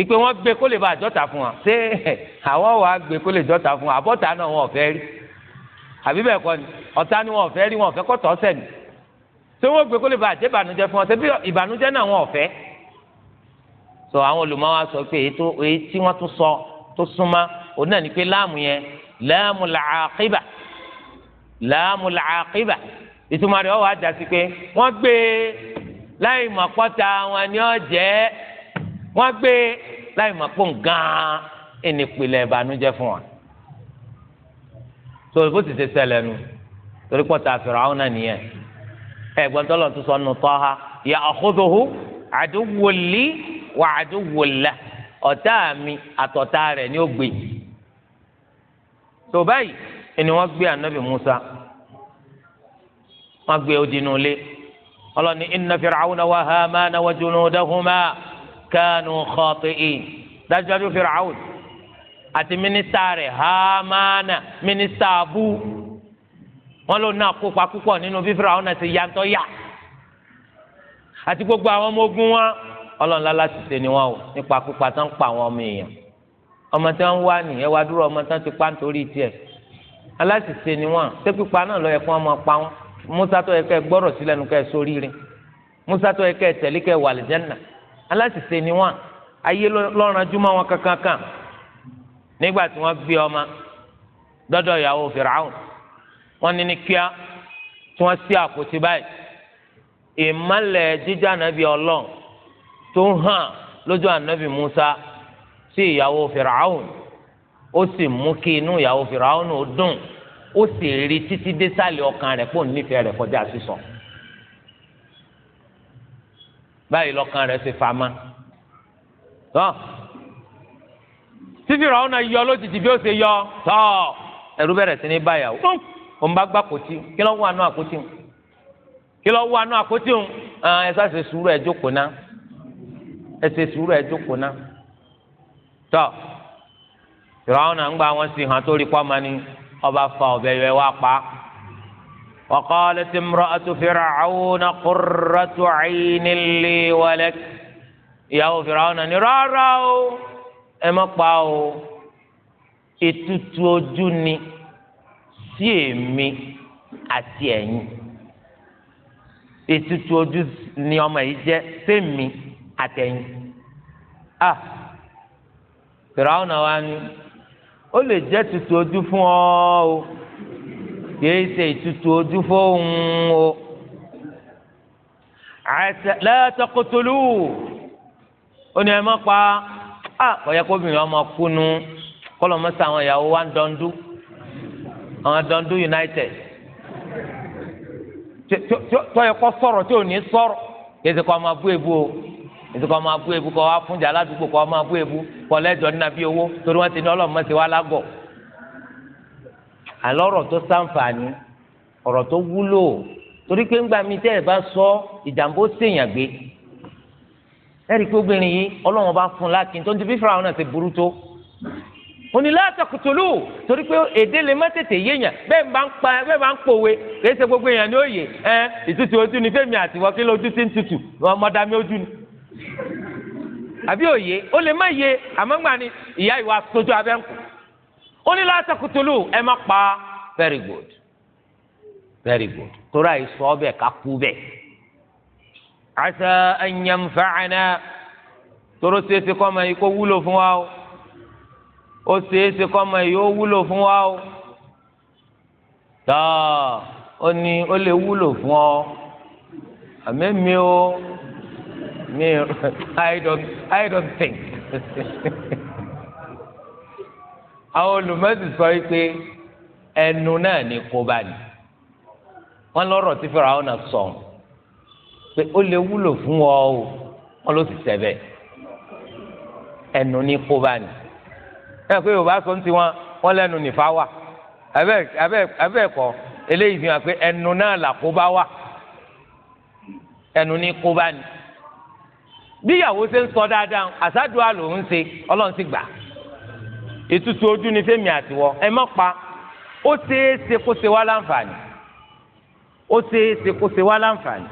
ìpè wọn gbé kó lè bá àjọta fún wa ṣé àwọn wàá gbé kó lè jọta fún wa àbọ̀tà náà wọn ò fẹ́ rí àbí bẹ́ẹ̀ kọ́ ni ọ̀tá ni wọn ò fẹ́ rí wọn ò fẹ́ kọ́ tọ́ sẹ́ni ṣé wọn gbé kó lè bá àjẹ́ ìbànújẹ́ fún wọn ṣé bí ìbànújẹ́ náà wọn ò fẹ́ sọ àwọn olùmọ̀ wa sọ pé èyí tí wọ́n tún sọ tó súnmọ́ òun náà ni pé láàmù yẹn láàmù làákìbà láàmù làákìbà ìtumọ̀ rẹ̀ wọ́n e. wá wọ́n gbé láì mọ̀ pọ̀ gan-an ẹni pilẹ̀ ìbànújẹ́ fún wa tó ìbò ti ṣe ṣẹlẹ̀ nu torí pọ̀ tà Fìràwọn náà nìyẹn ẹ̀gbọ́n tọ́lọ̀ tó sọ nù tọ́ha yà ọ̀kúndùhù àdúwòlì wà àdúwòlà ọ̀tá mi àtọ̀tá rẹ̀ ni ó gbé tó báyìí ẹni wọ́n gbé anabi Musa wọ́n gbé odinu lé ọlọ́ni inna Fìràwọn wà hàmánà wà jùnú dàhùmá kánú khati'in dájúdájú firaun àti mínísítà rẹ̀ hamana mínísítà abu wọn ló ná kópa púpọ̀ nínú bí firaun náà ti yàtọ̀ yá àti gbogbo àwọn ọmọ ogun wọn ọlọ́run lálá ti ṣe ni wọn o nípa pípa tán pa àwọn ọmọ èèyàn ọmọ tí wọn wá nìyẹn wá dúró ọmọ tí ti pa nítorí tiẹ̀ aláṣìṣe ni wọn ṣé pípa náà lọ yẹ kó ọmọ pa wọn musa tó yẹ kẹ gbọ́rọ̀ sílẹ̀ nu kẹ sórí musa tó yẹ kẹ tẹ̀lé kẹ wàlìjẹ́nà aláṣìṣe ni wọn ayé lọ́ranjú mọ́ wọn kankan kan nígbà tí wọ́n gbé ọmọ dọ́dọ̀ ìyàwó fìràhùn wọ́n ní ní kíá tí wọ́n ṣí àpótí báyìí ìmọ̀lẹ̀ jíjà ànábì ọlọ́run tó ń hàn lójú ànábì Musa sí ìyàwó fìràhùn ó sì mú kí inú ìyàwó fìràhùn ó dùn ó sì rí títí dé sàlẹ̀ ọkàn rẹ̀ pò nífẹ̀ẹ́ rẹ̀ kọjá sísọ. báyìí lọ́kàn rẹ̀ ṣe fama tọ́ títí rọ̀ ọ́nà yọ lójijì bí ó ṣe yọ tọ́ ẹ̀rú bẹ̀rẹ̀ sí ní báyàwó ó ń bá gbà kòtí kí ló wà àkótí ń kí ló a àkótí ń ẹ sá ṣe sùúrù ẹ jókòó ná ẹ ṣe sùúrù ni ọba fa yọ ẹ wá وقالت امرأة فرعون قرة عين لي ولك ìyàwó fìràwọn ni rárá o ẹ má pa o ètùtù ojú ni sí èmi àti ẹ̀yin ètùtù ojú ni ọmọ yìí jẹ́ sẹ́mi àtẹ̀yin ah fìràwọn wa ni ó lè jẹ́ ètùtù ojú fún ọ o kìí ṣe ìtutù ojú fóun o lẹ́tọ̀kọ̀tọ̀lù ó ní ẹ má pa á kọ̀yẹ́ kóbìnrin ọmọ kúnú kọlọ́mọ́sá àwọn ìyàwó wa ń dọ́ndú àwọn dọ́ndú united tọ́yẹ kọ́ sọ̀rọ̀ tí ò ní sọ̀rọ̀ kìí ṣe kọ́ ọmọ abú ebu o ètò kọ́ ọmọ abú ebu kọ́ wá fúnjà aládùúgbò kọ́ ọmọ abú ebu kọ́ lẹ́jọ́ nínú abí owó torí wọ́n ti ní ọlọ́mọ ti wá lágọ̀ọ́ àlọ́ ọ̀rọ̀ tó sàǹfààní ọ̀rọ̀ tó wúlò torí pé ńgbà mi tẹ́ ẹ bá sọ ìjàmbó ṣèyàn gbé ẹ̀rí pé obìnrin yìí ọlọ́wọ́n bá fún un lákin tó ń ti bí fúra ọ̀nà ti burú tó onílàtàkùtùlù torí pé èdè lè má tètè yéèyàn bẹ́ẹ̀ bá ń pa bẹ́ẹ̀ bá ń pòwe kìí ṣe gbogbo èèyàn ní òye ẹ ìtutù ojú ni fẹ́mi àtiwọ́ kí lójú ti ń tutù ọmọdàmí ojú ni àbí òye ó lè má yé àmọ́ngbà ni ìyá ìwà sojú abẹ́ǹkù ó ní láti kùtùlù ẹ má pa very good very good torí àìsàn ọbẹ̀ ká kú bẹ̀. àṣà ẹ̀yẹ̀mfààná tóró ṣeéṣe kọ́ ọmọ yìí kó wúlò fún wa o ó ṣeéṣe kọ́ yìí ó wúlò fún wa o tọ́ ó ní ó lè wúlò fún ọ àmì mi o mi I don't I don't think. àwọn olùmọ̀sí sọ wípé ẹnu náà ní kóbá ni wọn lọ́rọ̀ tí fẹ́ràn àwọn náà sọ pé ó lè wúlò fún ọ o wọn ló sì sẹ́bẹ̀ ẹnu ní kóbá ni ẹ pé yorùbá sọ ní tiwọn wọn lẹ́nu nìfà wà abẹ́ ẹ̀kọ́ eléyìí fi hàn pé ẹnu náà là kóbá wà ẹnu ní kóbá ni ṣe ń sọ dáadáa àṣàdúrà lòún ṣe ọlọ́run sì gbà á ètùtù ojú ni fẹ́mi àtiwọ́ ẹ má pa ó ṣeé ṣe kó ṣe wá láǹfààní ó ṣeé ṣe kó ṣe wá láǹfààní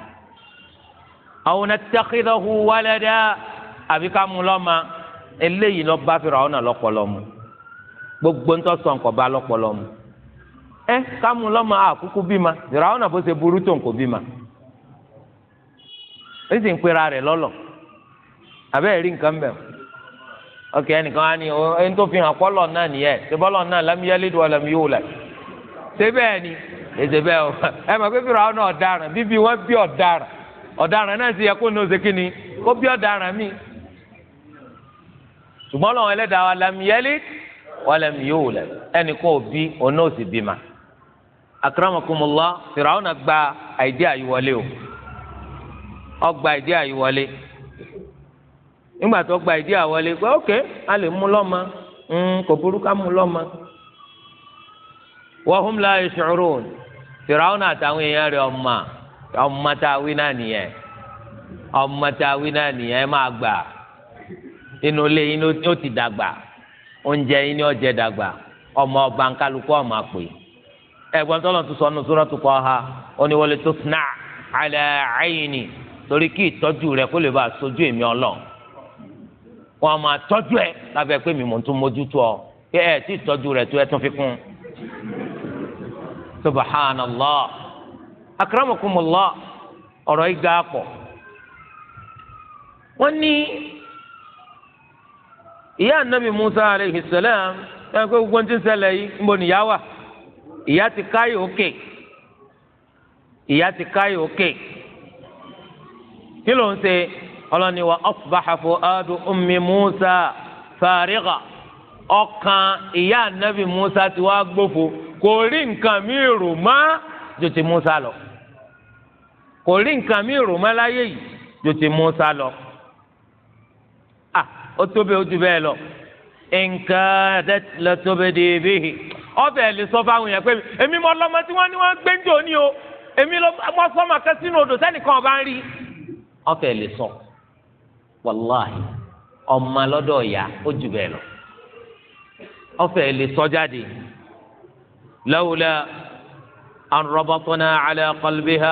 àwọn nàtàkìdọ̀hù wàlẹ́dà àbí ká mú lọ́mọ eléyìí lọ bá fìrà ọ̀nà lọ́pọ̀lọ́ mu gbogbo ń tọ́sọ̀ nǹkan bá lọ́pọ̀lọ́ mu ẹ ká mú lọ́mọ àkúkú bímọ fìrà ọ̀nà bó ṣe burú tó nǹkan bímọ ó sì ń pera rẹ̀ lọ́lọ̀ àbẹ́ẹ̀ rí nǹkan bẹ́ẹ̀ ọkẹ ẹnìkan á ní ọ ẹni tó fi hàn kọlọ náà nìyẹn ṣe náà lámúyẹlẹ ìdúró lámúyẹwò là ṣe ni èsè bẹ́ẹ̀ o ẹ mọ̀ pé fìrà ọ̀nà ọ̀daràn bíbí wọn bí ọ̀daràn ọ̀daràn náà sì yẹ kó ní oṣù kínní kó bí ọ̀daràn mi ṣùgbọ́n lọ́wọ́ ẹlẹ́dàá wa lámúyẹlẹ wà lámúyẹwò là ẹnìkan ò bí ọ̀nà òsì bí ma akramakumullah fìrà ọ̀nà gba àìdí àyíwọlé o ọgbà àìdí àyíwọlé nígbà tó gba ìdí àwọlé pé ok a lè mú lọ́mọ hmm, kò burú ká mú lọ́mọ. wahum la yash'urun fìràwọn àtàwọn èèyàn rẹ̀ ọmọ ọmọ tá a wí náà nìyẹn ọmọ tá a wí náà nìyẹn máa gbà inú ilé yín ó ti dàgbà oúnjẹ yín ni dàgbà ọmọ ọba nkálukú ọmọ àpè ẹ̀gbọ́n tọlọ tún sọnù Suratu Qaha ó ha wọlé tó sinà ala ayni torí kí ìtọ́jú rẹ kó lè bá a sojú èmi wọn máa ẹ lábẹ́ pé mi mò ń tún mójútó ọ pé ẹ tó ẹ tún fi kún subhanallah akramakumullah ọ̀rọ̀ yìí ga pọ̀ wọ́n ní ìyá anabi musa aleyhi salam ẹ pé gbogbo ti ń yìí ń ìyá ti káyè òkè ìyá ti òkè ọlọ́ni wa asbaha fuadu ummi musa fàrígà ọkàn ìyá anabi musa ti wá gbófo kò rí nǹkan mi rò mọ́ ju ti musa lọ kò rí nǹkan mi rò mọ́ láyé yìí ju ti musa lọ à ó tóbi ó ju bẹ́ẹ̀ lọ nǹkan lọ tóbi di ibihi ọbẹ̀ lè sọ fáwọn yẹn pé èmi mọ lọ́mọ tí wọ́n ní wọ́n gbé ń jò ní o èmi lọ mọ sọ́mọ kẹ́sínú odò sẹ́nìkan ọba ń rí ọbẹ̀ lè sọ wàláhì ọmọ lọ́dọ̀ ìyá ó jù bẹ́ẹ̀ lọ ọfẹ lè sọ jáde lawla an rabatna ala qalbiha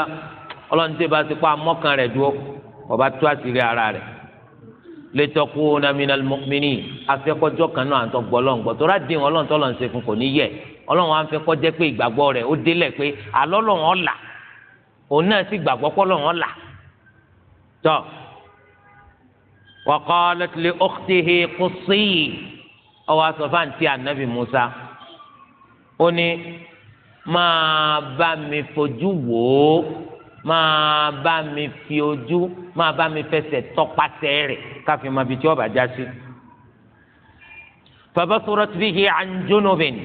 ọlọ́nìtẹ́ bá ti pa amọ́kan rẹ̀ dúró ọba tó àṣírí ara rẹ̀ litakuna minal mu'minin afẹ́kọ́jọ́ kan náà àtọ́ gbọ́lọ́ǹgbọ́ tó rà dín ọlọ́run tó kò ní yẹ ọlọ́run á pé ìgbàgbọ́ rẹ̀ ó délẹ̀ pé alọ́lọ́run ọ̀la òun náà sì gbàgbọ́ pọ́lọ́run ọ̀la tọ́ وقالت لأخته قصي أو أصفان تي النبي موسى أني máa bá mi fojú wò ó máa bá mi fi ojú máa bá mi fẹsẹ̀ tọpasẹ̀ rẹ̀ káfí máa fi tí ọba já sí. fabasurat bihi an junubin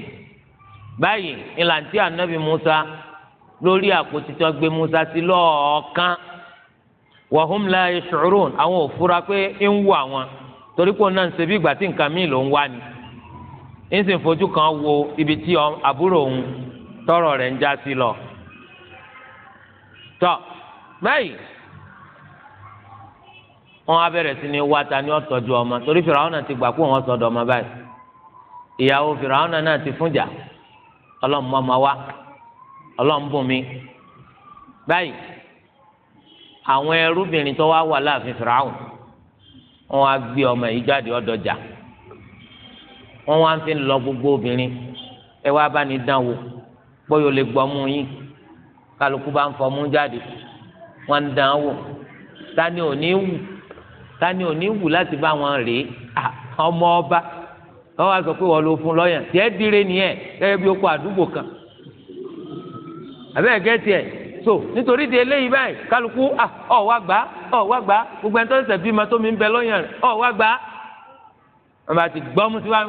báyìí ìlànà tí anabi musa lórí àpótí tó gbé musa sí lọ́ọ̀ọ́kán wa hum la yash'urun àwọn ò fura pé ń wọ àwọn torí pé náà ń ṣe bí ìgbà tí nǹkan míì ló ń wá ni ń sì fojú kan wo ibi tí àbúrò òun tọrọ rẹ̀ ń já sí lọ. tọ́ báyìí wọn á sí ni wá ta ni ó tọ́jú ọmọ torí Fìràwọ́nà ti gbà pé wọ́n sọ̀dọ̀ ọmọ báyìí ìyàwó Fìràwọ́nà náà ti fúnjà ọlọ́mọ ọmọ wa ọlọ́mọ bùnmi báyìí àwọn ẹrúbìnrin tó wá wà láàfin fìràwùn wọn wá gbé ọmọ yìí jáde ọdọjà wọn wá ń fi lọ gbogbo obìnrin ẹ wá bá ní dán wò bóyá o lè gbọ́ yín kálukú bá ń fọmú jáde wọn ń dán wò tani ò wù tani ò ní wù láti bá wọn rè é ọmọ ọba wọn wá sọ pé wọn ló fún lọ́yàn tiẹ̀ dire nìyẹn gẹ́gẹ́ bí o kọ àdúgbò kan àbẹ́ẹ̀ gẹ́tì ẹ̀ so nítorí di eléyìí báyìí kálukú à ah, ọ wá gbà ọ wá gbà gbogbo ẹni tó ń sẹ̀bí ma tó mi ń bẹ lọ́yàn rẹ̀ ọ wá gbà wọn bá ti gbọ́ mu sí wa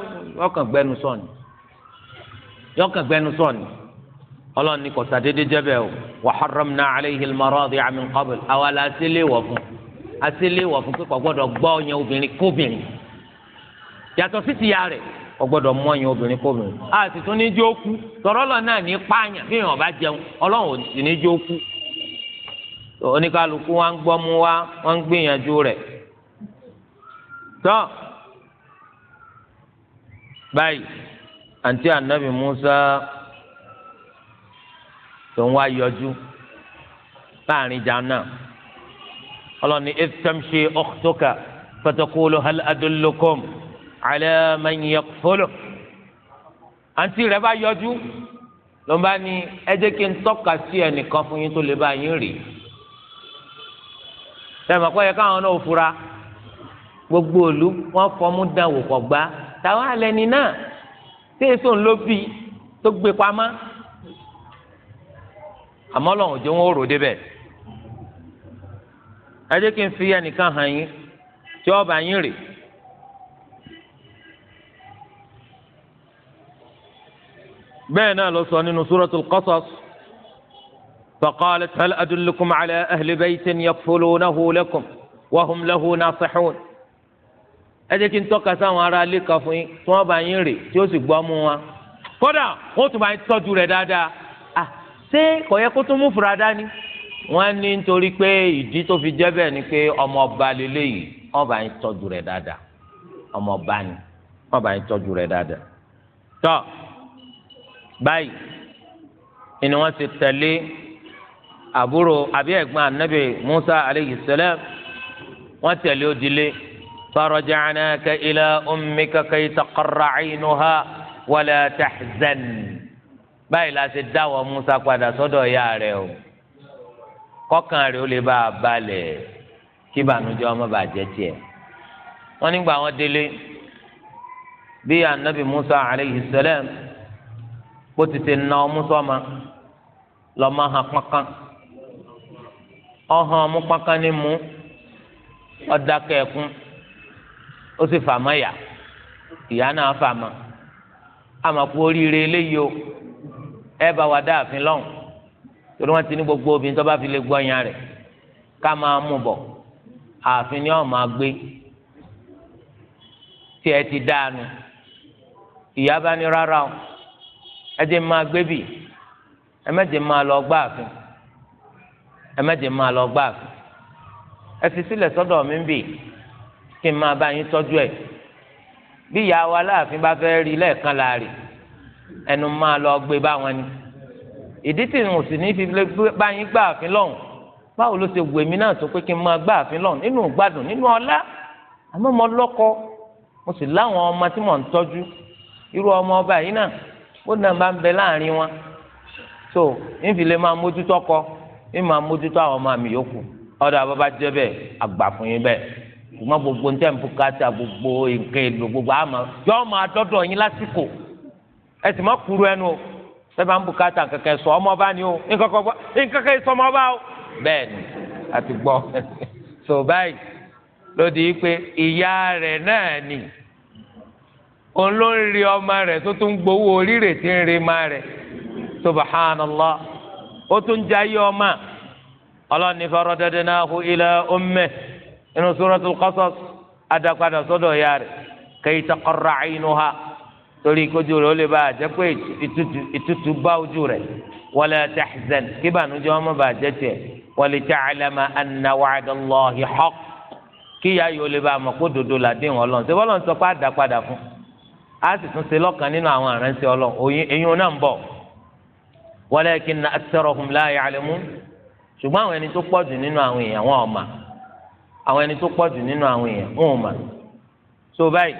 ọkàn gbẹnu sọ̀ni yọkàn gbẹnu sọ̀ni ọlọ́ọ̀ni kò sàdédé jẹ́bẹ̀ o wa harramna alayhi al-maradi'a min qabl àwa la sílé wọ̀ fún asílé wọ̀ fún pé kò gbọ́dọ̀ gbọ́ ọyàn obìnrin kóbìnrin yàtọ̀ sí rẹ̀ ọgbọ́dọ̀ mọyìn obìnrin kóbìnrin a sì tún ní jó kú tọrọlọ náà ní pààyàn bí èèyàn bá jẹun Ọlọ́run ò sì ní jó kú oníkálukú wa ń gbọ́ mu wa wọ́n ń gbìyànjú rẹ̀ tọ́ báyìí àǹtí ànábì Musa tó ń wá yọjú láàrin ìjà náà ọlọ́ni ẹ̀ tẹ́m ṣe ọ̀tọ́ka fatakulu hal ala man yaqfulu àǹtí rẹ̀ bá yọjú ló bá ní ẹ jẹ́ kí n tọ́ka sí ẹnìkan fún yín tó lè bá yín rì sẹ́mi àpọ̀ yẹ káwọn náà fura gbogbo òlu wọn fọmú dánwò kọ̀ gbá táwọn alẹ́ni náà tí èso ń ló bí tó gbé pamọ́ àmọ́ lọ́hùn jẹ́ wọn ò rò débẹ̀ ẹ jẹ́ kí n fi ẹnìkan hàn yín tí ọba yín rè بين náà سورة القصص، فقالت هل أدلكم على أهل بيت يكفلونه لكم، وهم له lakum wa kí n tọ́ka sáwọn ará ilé kan fún yín tí wọ́n bá yín rè tí ó sì gbọ́ mú wa kódà wọ́n tún bá yín tọ́jú rẹ̀ dáadáa à ah, ṣé kò yẹ kó tún mú fura dání wọ́n ní nítorí pé ìdí tó fi jẹ́ bẹ́ẹ̀ ni pé ọmọ ọba lélẹ́yìí wọ́n bá yín tọ́jú rẹ̀ dáadáa ọmọ ni wọ́n bá yín tọ́jú rẹ̀ dáadáa báyìí ni wọ́n ti tẹ̀lé àbúrò àbí ẹ̀gbọ́n anabi musa aleyhi salam wọ́n tẹ̀lé òdìlé faraja'naka ila ummika kay taqarra 'aynuha wala tahzan báyìí la ṣe dá wọn musa padà sọ́dọ̀ ìyá rẹ̀ o kọ́kàn rẹ̀ ó lè bá a balẹ̀ kí ìbànújẹ́ ọmọ bàjẹ́ tiẹ̀ wọ́n nígbà wọn délé bí anabi musa aleyhi salam. bó ti ṣe na ọmú sọ́ma lọ́mọ hàn pọ́nkán ọ̀hàn ọmú pọ́nkán ni mú ọ̀dà kẹ̀kún ó sì fà mọ́ ìyá ìyá náà fà mọ́ àmọ̀kú oríire eléyìí o ẹ bá wa dá àfin lọ́hùn torí wọ́n ti ní gbogbo obìnrin tó bá fi lè gbọ́ yan rẹ̀ ká máa mú àfin ni ọ̀ máa tí ẹ ti dáa nu ìyá bá ní rárá o. ẹdí máa gbé bì ẹmẹdì máa lọ gbá àfin ẹmẹdì máa lọ gbá àfin ẹ fi sílẹ̀ sọ́dọ̀ mi ń bì kí n máa bá yín tọ́jú ẹ̀ bí ìyá wa láàfin bá fẹ́ rí lẹ́ẹ̀kan láàrin ẹnu máa lọ gbé báwọn ni ìdí tí n ò sì ní fi bá yín gbá àfin lọ́hùn báwo ló ṣe wù èmi náà tó pé kí n máa gbá àfin lọ́hùn nínú ìgbádùn nínú ọlá àmọ́ mo lọ́kọ mo sì láwọn ọmọ tí mò ń tọ́jú irú ọmọ ọba yìí náà ó nà bá ń bẹ láàrin wọn so ìfìlẹ̀ máa mójútó kọ ìmọ̀ máa mójútó àwọn ọmọ mi yòókù ọ̀dọ̀ àbábá jẹ́ bẹ́ẹ̀ àgbà fún yín bẹ́ẹ̀ ṣùgbọ́n gbogbo ń tẹ̀m̀pù káta gbogbo nǹkan èlò gbogbo àmọ́ yọ ọmọ àdọ́dọ̀ yín lásìkò ẹ sì má kúrú ẹnu o sẹ́fà ń bùkátà kẹ̀kẹ́ sọ ọmọ bá ní o nǹkan sọ ọmọ bá o bẹ́ẹ̀ ni àti gbọ́ so báyìí ló di pé ìyá rẹ̀ náà nìyí òun ló ń rí ọmọ rẹ̀ tó tún gbowó oríire tí ń rí ma rẹ̀ subhanallah ó tún jayé ọmọ ọlọ́ni faradadnahu ila ummih inú suratul qasas adapadà sọ́dọ̀ ya rẹ̀ kay taqarra aynuha torí kojú rẹ̀ ó lè bá a jẹ́ pé ìtutù bá ojú rẹ̀ wala tahzan kí bànújẹ́ ọmọ bá a jẹ́ tiẹ̀ wali ta'lama anna wa'dallahi haqq kíyà yóò lè bá a mọ̀ kó dodo làdéhùn ọlọ́run ṣé bọ́lọ́run sọ pé àdàpadà fún a sì tún ṣe lọ́kàn nínú àwọn àránṣẹ́ ọlọ́run òyìn eyín náà ń bọ̀ walakinna aktharuhum la ya'lamun ṣùgbọ́n àwọn ẹni tó pọ̀ jù nínú àwọn èèyàn wọn ò mà àwọn ẹni tó pọ̀ jù nínú àwọn èèyàn wọn ò mà so báyìí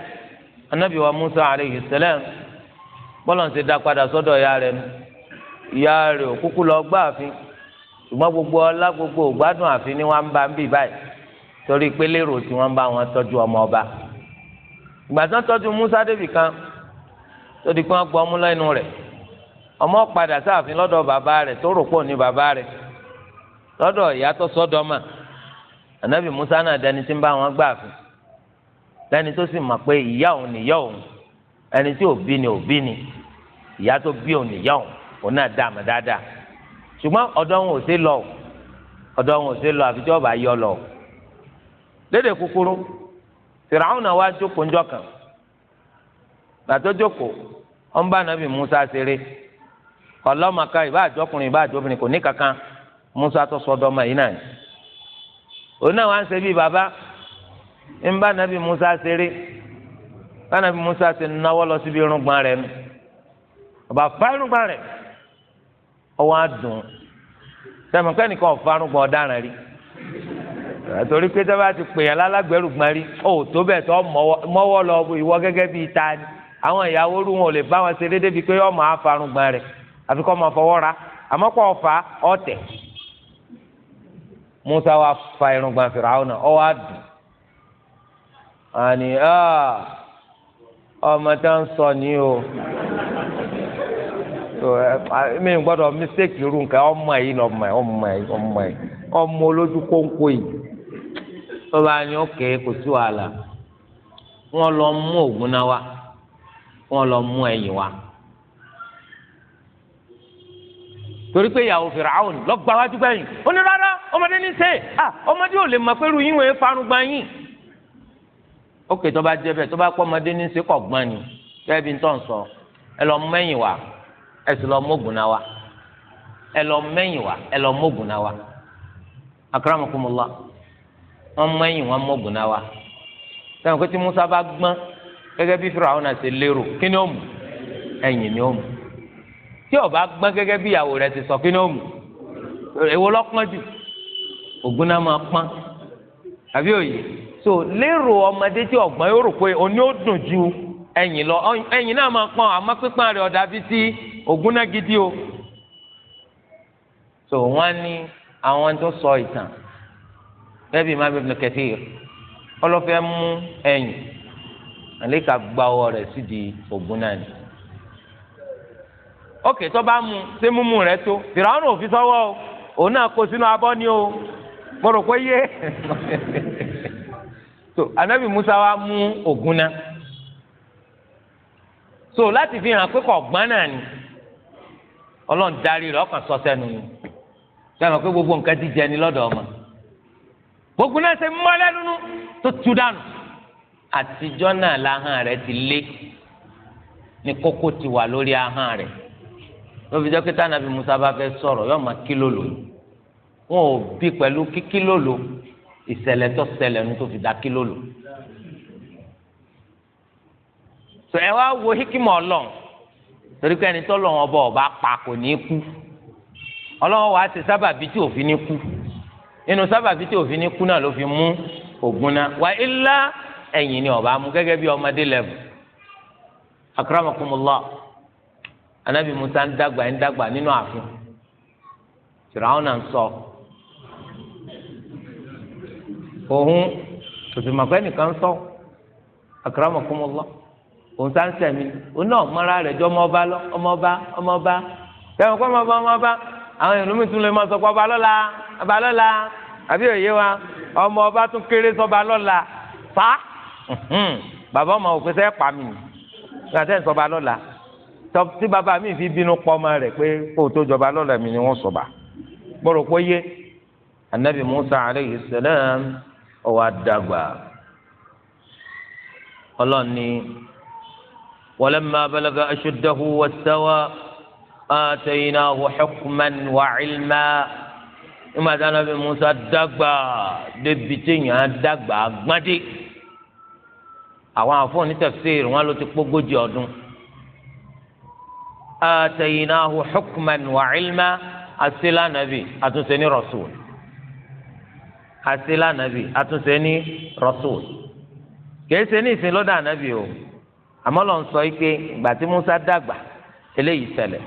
anabi wa musa aleyhi salam bọ́lá ń ṣe dá padà sọ́dọ̀ ìyá rẹ̀ nu ìyá rẹ̀ ò kúkú lọ gbá àfin ṣùgbọ́n gbogbo ọlá gbogbo ògbádùn àfin ni wọ́n ń bá ń bì báyìí torí pé lérò tí wọ́n ń bá wọn tọ́jú ọmọ ọba ìgbà tí wọ́n tọ́jú Musa débì kan tó di pé wọ́n gbọ́ ọmú lẹ́nu rẹ̀ ọmọ padà sáàfin lọ́dọ̀ bàbá rẹ̀ tó rò pọ̀ ní bàbá rẹ̀ lọ́dọ̀ ìyá tó sọ́dọ̀ mà ànábì Musa náà dẹni tí ń bá wọn gbà fún lẹ́ni tó sì mọ̀ pé ìyá òun nìyá òun ẹni tí òbí ni òbí ni ìyá tó bí òun nìyá òun òun náà dá àmọ́ dáadáa ṣùgbọ́n ọ̀dọ̀ wọn ò sí lọ ọ̀dọ̀ wọn ò sí lọ àfi tí wọ́n bá yọ lọ lédè kúkúrú fìràwọn náà wá jókòó njọ kan gbàtọ́ jókòó wọn bá nàbì musa ṣeré ọlọ́màká ìbá àjọkùnrin ìbá àjọbìnrin kò ní kankan musa tó sọdọ ọmọ yìí náà òun náà wá ń ṣe bíi bàbá ń bá nàbì musa ṣeré bá nàbì musa ṣe náwó lọ síbi irùngbọ̀n rẹ̀ nù ọba fa irùngbọ̀n rẹ̀ ọwọ́ á dùn sẹ́mi kẹ́nìkan ọ̀daràn rí. Eh, torí pé tó bá ti pè yàn lálágbẹ̀rù gbarí ó tó bẹ̀ tó mọ́wọ́ lọ ìwọ gẹ́gẹ́ bíi ta ni àwọn ìyàwó rú wọn ò lè bá wọn ṣe déédéé bíi pé ọmọ afarun gbọ́n rẹ̀ àfi kọ́ ọmọ fọwọ́ ra àmọ́ kọ́ ọ̀fà ọ̀tẹ̀ Musa wa fa irun gbọ̀n fìrà ọ̀nà ọ wa dùn àní ọmọ tá ń sọ ní o mi gbọ́dọ̀ mistake irú nǹkan ọmọ yìí lọ́mọ yìí ọmọ yìí ọmọ olójú kónkó yìí. tọ́ba ni ó kéé kò sí wàhálà lọ mú ògùn náà wá lọ mú ẹ̀yìn wá. torí pé ìyàwó fìràwọn lọ́gbà wájú gbẹ̀yìn ó ní ọmọdé ní sè é ah, ọmọdé ò lè mọ pé ruyin tọba tọba ọmọdé ni kẹ́ẹ́ bí n ń sọ ẹ lọ mẹ́yìn wá ẹ sì lọ náà wá ẹ lọ wọ́n mẹ́yìn wọ́n mọ́gùn náà wa sẹ́wọ̀n tí Musa bá gbọ́n gẹgẹ bí fúra ṣe lérò kí ni ó mú ni ó mú tí ó bá gbọ́n gẹgẹ bí ìyàwó rẹ̀ ti sọ kí ni ó mú èwo lọ́pọ́n jù máa àbí òye so lérò ọmọdé tí ọ̀gbọ́n yóò rò pé òní ó dùn ju lọ náà máa o so bẹ́ẹ̀bi Imam Ibn Kathir ọlọ́fẹ́ mú ẹ̀yìn àlékà gba ọwọ́ rẹ̀ sídìí ògùn náà ni. ókè tó bá mu ṣé mímú rẹ̀ tó fìràwọn òfin sọ́wọ́ o òun náà kó sínú abọ́ ni o mo rò pé yé so anabi Musa wa mú ògùn náà so láti fi hàn pé kò gbọ́n náà ni ọlọ́run darí rẹ̀ ọkàn sọ sẹ́nu ni sẹ́nu pé gbogbo nǹkan ti jẹ ni lọ́dọ̀ ọmọ gbogbo náà ṣe mọ́lẹ́ nínú tó tu dànù àtijọ́ náà lahàn rẹ̀ ti lé ní kókó ti wà lórí ahọ́n rẹ̀ lóbi jẹ́ pé tànàbí Musa bá fẹ́ sọ̀rọ̀ yóò máa kí lòlò wọn ò bí pẹ̀lú kíkí lòlò ìṣẹ̀lẹ̀ tó ṣẹlẹ̀ nu tó fi dá kí lòlò. sọ ẹ wá wo hikima Ọlọ́run torí pé ẹni tọ́lọ́run ọba ọba pa kò ní kú Ọlọ́run wàá ṣe sábàbí tí òfin ní kú inú sábàbí tí òfin ní kú náà ló fi mú ògùn náà wà ilá ẹ̀yìn ni ọba mú gẹ́gẹ́ bí ọmọdé lẹ́bù akramakumullah anabi musa ń dàgbà ń dàgbà nínú ààfin fìràwọn náà ń sọ òun òsùnmọ̀pẹ́ nìkan ń sọ akramakumullah òun sá ń sẹ̀mí òun náà mọ́ra rẹ̀ jọ ọmọọba lọ ọmọọba ọmọọba sẹ́wọ̀n kọ́ ọmọọba ọmọọba àwọn ènìyàn tún lè máa sọ pé ọba lọ́la ọba lọ́la àbí òye wa ọmọ ọba tún kéré sọba lọ́la fa bàbá ọmọ òpin sẹ́ pa mí gbàtẹ́ sọba lọ́la tí bàbá mi fi bínú pọ́ ọmọ rẹ̀ pé kó o tó jọba lọ́la mi ni wọ́n sọba gbọ́dọ̀ pé yé anabi musa aleyhi salam ọwọ́ adagba ọlọ́ni walamma balaga ashuddahu wastawa ataynahu hukman wa ilma nígbà tí anabi musa dàgbà débi téèyàn á dàgbà gbadé àwọn àfọ̀n ní tafsir wọn ló ti pógójì ọdún atayinahu hukman wa ilma asila nabi atunse ni rasul asila nabi atunse ni rasul kèése ní ìsìn lọ́dọ̀ ànábì o àmọ́ sọ pé ìgbà musa dàgbà eléyìí ṣẹlẹ̀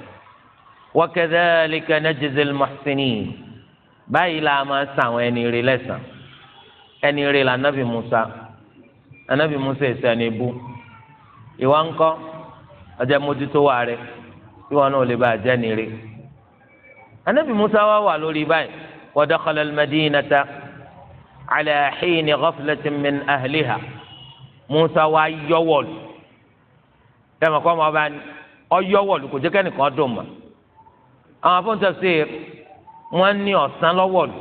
wa kadhalika najzil muhsinin báyìí la máa sa àwọn ẹni rè lẹ́sàn ẹni rè la anabi musa anabi musa ẹsẹ ẹni bú ìwà ńkọ́ ọjà mójútó wà rẹ ìwà náà lè bá àjẹ ẹni rè anabi musa wà wà lórí báyìí wa dakhala al-madinata ala hini ghaflatin min ahliha musa wà yọwọlù dẹ́mọ̀kọ́ ọmọ ọba ọ yọwọlù kò jẹ́ kẹ́nìkan dùn mọ́ àwọn afọ́ntẹ́sẹ̀ rẹ̀. wọ́n ní ọ̀sán lọ́wọ́ lù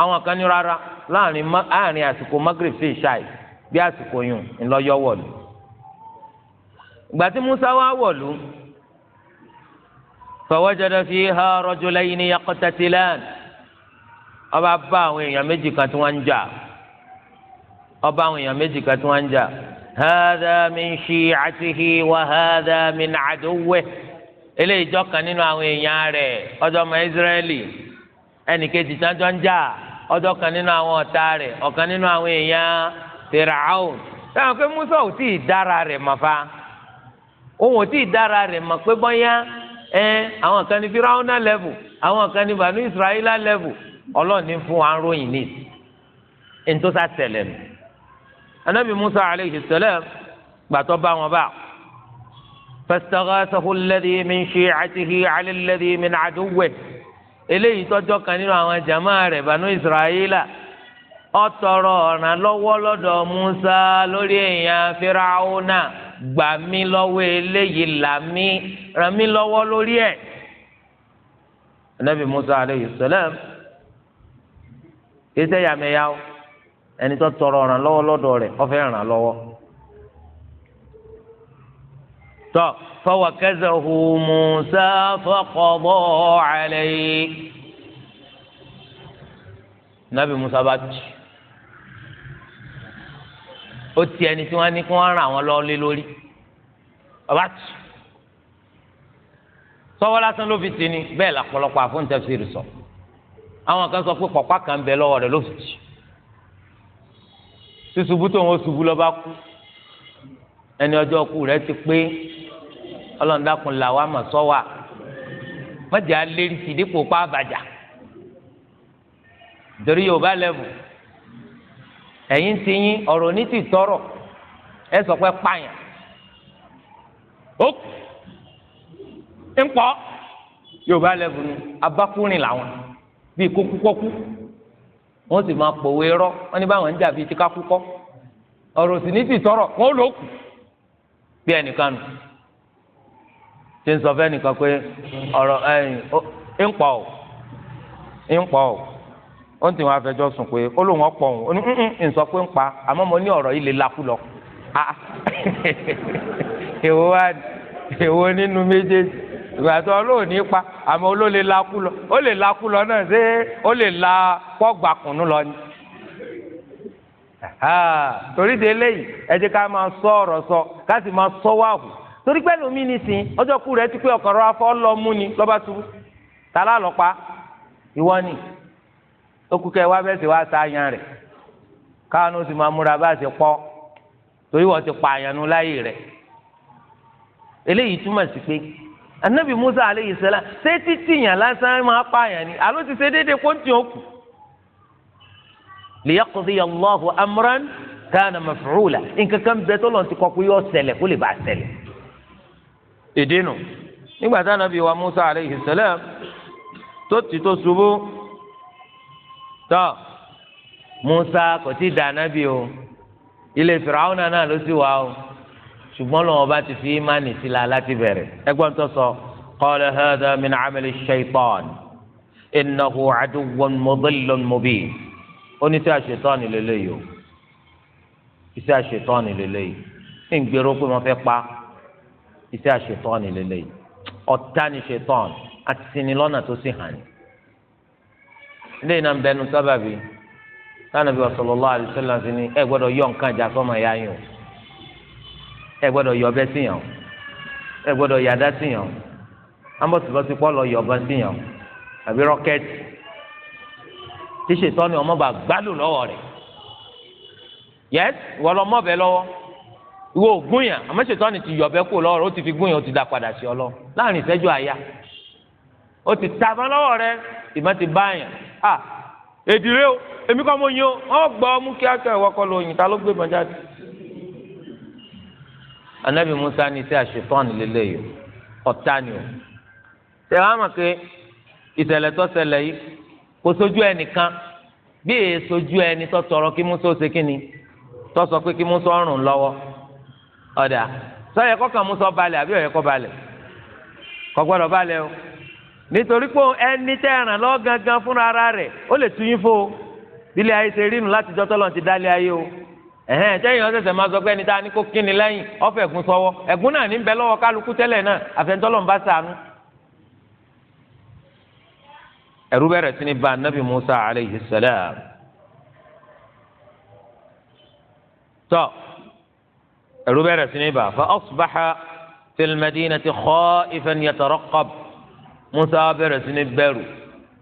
àwọn kan ní rárá láàrin àsìkò magreth sí ìṣáì bí àsìkò yùn ńlọ́yọ́ wọlụ? ìgbà tí Musa wá wọ̀lú fawajada fiha rajulayni yaqtatilan ọba bá àwọn èèyàn méjì kan tí wọ́n ń jà ọba àwọn èèyàn méjì kan tí wọ́n ń jà hadha eléyìí jọkàn nínú àwọn èèyàn rẹ̀ ọjọ́ ọmọ Ísírẹ́lì ẹnìkejì tájọ́ ń jà ọjọ́ kan nínú àwọn ọ̀tá rẹ̀ ọ̀kan nínú àwọn èèyàn Fíráùn táwọn pé Musa ò tí ì dára rẹ̀ mọ̀ fa òun ò tí ì dára rẹ̀ mọ̀ pé bọ́yá ẹ àwọn kan ní Fíráúnà level àwọn kan ní Bànú Israẹla level Ọlọ́run ní fún wa ń ròyìn ní ìtòsà tẹ̀lẹ̀ nù Ànábì Musa alayhi salam gbàtọ́ bá wọn báà. فاستغاثه الذي من شيعته على الذي من عدوه eléyìí tọjọ kan nínú àwọn jama rẹ̀ banu israẹla ó tọrọ ọ̀ràn lọ́wọ́ lọ́dọ̀ musa lórí èèyàn firaona gbà mí lọ́wọ́ eléyìí là mí ràn mí lọ́wọ́ lórí ẹ̀ anabi musa aleyhi salam kí sẹyàmẹyà ẹni tó tọrọ ọ̀ràn lọ́wọ́ lọ́dọ̀ rẹ̀ ó fẹ́ ràn lọ́wọ́ tọ fawakazahu musa faqada alayhi nabi musa bá tì ó ti ẹni tí wọn ní kí wọn ràn àwọn lọlé lórí ọba tì sọwọ lásán ló fi tì ní bẹ́ẹ̀ lọ́pọ̀lọpọ̀ àfọǹtẹfìrì sọ àwọn kan sọ pé pọpá kan bẹ lọ́wọ́ rẹ̀ ló fi tì ṣùṣùbù tó ń wọ ṣùbù lọ bá kú ẹni ọjọ́ kú rẹ̀ ti pé ọlọ́run dákun là wà mà sọ wa mọ̀jà lérí sí dípò pa àbàjá torí yorùbá lẹ́bù ẹ̀yin ti yín ọ̀rọ̀ ní ti tọrọ ẹ sọ pé pààyàn ó ń pọ̀ yorùbá lẹ́bù ni abákùnrin làwọn bíi kókúkọ́kú wọ́n sì máa pòwe rọ́ wọ́n ní báwọn ń jà bíi tíkákúkọ́ ọ̀rọ̀ sì ní ti tọrọ wọ́n lò kù bí ẹnìkan nù. ṣe ń sọ fẹ́ nìkan pé ọ̀rọ̀ ẹ̀ ń pọ̀ ọ́ ó ń tì afẹjọ́ sùn pé ó lóun ọ̀pọ̀ ó ní ń sọ pé ń pa àmọ́ mo ní ọ̀rọ̀ yìí lè lakú lọ. Ah, ah. èwo wá èwo nínú méjèèjì ìgbà tó lọ ni. torí de eléyìí ẹ jẹ́ ká máa sọ ọ̀rọ̀ sọ ká sì máa sọ torí pẹ́ lómi nìsín ọjọ́ kú rẹ̀ ti pé ọkọ̀rọ̀ afọ́ lọ mú ni lọ́ba túbú tàlá lọ́pa ìwọ ni okùnkẹ́ wa bẹ́ẹ̀ sì wá sáyàn rẹ̀ káwọn ó sì máa múra bá a ti pọ́ torí wọ́n ti pààyàn nu láyé rẹ̀ eléyìí túmọ̀ sí pé anabi musa aleyhi sẹlẹm ṣé títí yàn lásán máa pààyàn ni àló ti ṣe déédéé kó ń tì ó kù. liyaqdi allahu amran kana maf'ula nǹkan kan bẹ tó lọ́n ti kọ́ pé yóò ṣẹlẹ̀ kó lè bá a ṣẹlẹ̀ èdè nù nígbà tí anabi wa musa aleyhi salam tó ti tó ṣubú tó musa kò tí da anabi o ilé firawuna náà ló sì wá o ṣùgbọ́n lọ́wọ́ bá ti fi imáni sí la láti bẹ̀rẹ̀ ẹgbọ́n tó sọ qala hadha min amali shaytan innahu aduwwun mudillun mubin oníṣẹ́ àṣetọ́ni lélẹ́yìí o iṣẹ́ àṣetọ́ni lélẹ́yìí ń gbèrò pé wọ́n fẹ́ pa iṣẹ́ àṣetọ́ni lélẹ́yìí ọ̀tá ni ṣetọ́ni àti sinmi lọ́nà tó sì hàn ní. ilé iná ń bẹnu sábàbí tánàbí sallallahu alaihi wasallam sí ni ẹ gbọ́dọ̀ yọ nǹkan ìjà sọ́mọ ẹ̀yà yín o ẹ gbọ́dọ̀ yọ ọbẹ̀ síyàn o ẹ gbọ́dọ̀ yàdá síyàn o ambọ̀sibọ́sí pọ́lọ̀ yọ ọbẹ̀ síyàn o àbí rọ́kẹ́tì tí ṣetọ́ni ọmọ bá gbádùn lọ́wọ́ rẹ̀ yẹ́sì wọ́n lọ mọ́ ọbẹ̀ lọ́wọ́ ìwọ ògùn yàn àmọ́ ṣètọ́ni ti yọ ọbẹ̀ kó lọ́wọ́ rẹ ó ti fi gún yàn ó ti dá padà sí ọ lọ láàrin ìṣẹ́jú àyà ó ti ta àmọ́ lọ́wọ́ rẹ ìmọ̀ ti bá yàn à èdìrẹ́ o èmi kọ́ mo yin o wọ́n gbọ́ mú kí akẹ́ ìwọ kọ́ lóyìn ta ló gbé mọ́ jáde. anabi musa ní iṣẹ́ àṣetọ́ni lélẹ́yìí ọ̀tá ni o ṣe wàá mọ̀ pé ìṣẹ̀lẹ̀ tó ṣẹlẹ̀ yìí kò sojú ẹnìkan bí èè sojú ẹni tó ọ̀dà sọ̀yẹ kọ́kàn mú sọ balẹ̀ àbí ọ̀yẹ kọ́ balẹ̀ kò gbọ́dọ̀ balẹ̀ o nítorí pé ẹni tẹ́ ẹ̀ràn gangan fúnra ara rẹ̀ ó lè tún o ilé ayé ṣe rí láti jọ́ tọ́lọ́ ti dálé ayé o ẹ̀hẹ́n tẹ́yìn wọn máa sọ pé ẹni tá a ní kó kíni lẹ́yìn ọ̀fẹ́ ẹ̀gún sọ́wọ́ ẹ̀gún náà ní bẹ lọ́wọ́ kálukú tẹ́lẹ̀ náà ń bá sànú. ẹ̀rú bẹ̀rẹ̀ ẹ̀rú bẹ̀rẹ̀ sí ní bà fa asbaha fil madinati khaifan yatarqab musa bẹ̀rẹ̀ sí ní bẹ̀rù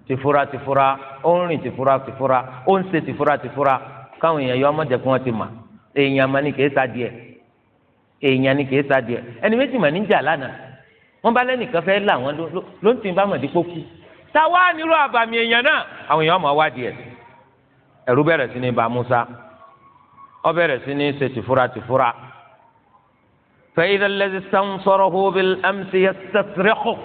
tìfura tìfura ó ń rìn tìfura tìfura ó ń ṣe tìfura tìfura káwọn èèyàn yọ ọmọdé kí wọ́n ti mà èèyàn mà ní kìí sadìẹ èèyàn ní kìí sadìẹ ẹni méjì mà ní jà lánàá wọ́n bá lẹ́nìkan fẹ́ là wọ́n ló ń tì bá màdí pókú táwa nírú àbàmì èèyàn náà àwọn èèyàn máa wádìí ẹ̀ ẹ̀rú bẹ̀rẹ̀ sí ní bà musa ó bẹ̀rẹ̀ sí ní ṣe tìfura tìfura. فإذا الذي استنصره بالأمس يستصرخه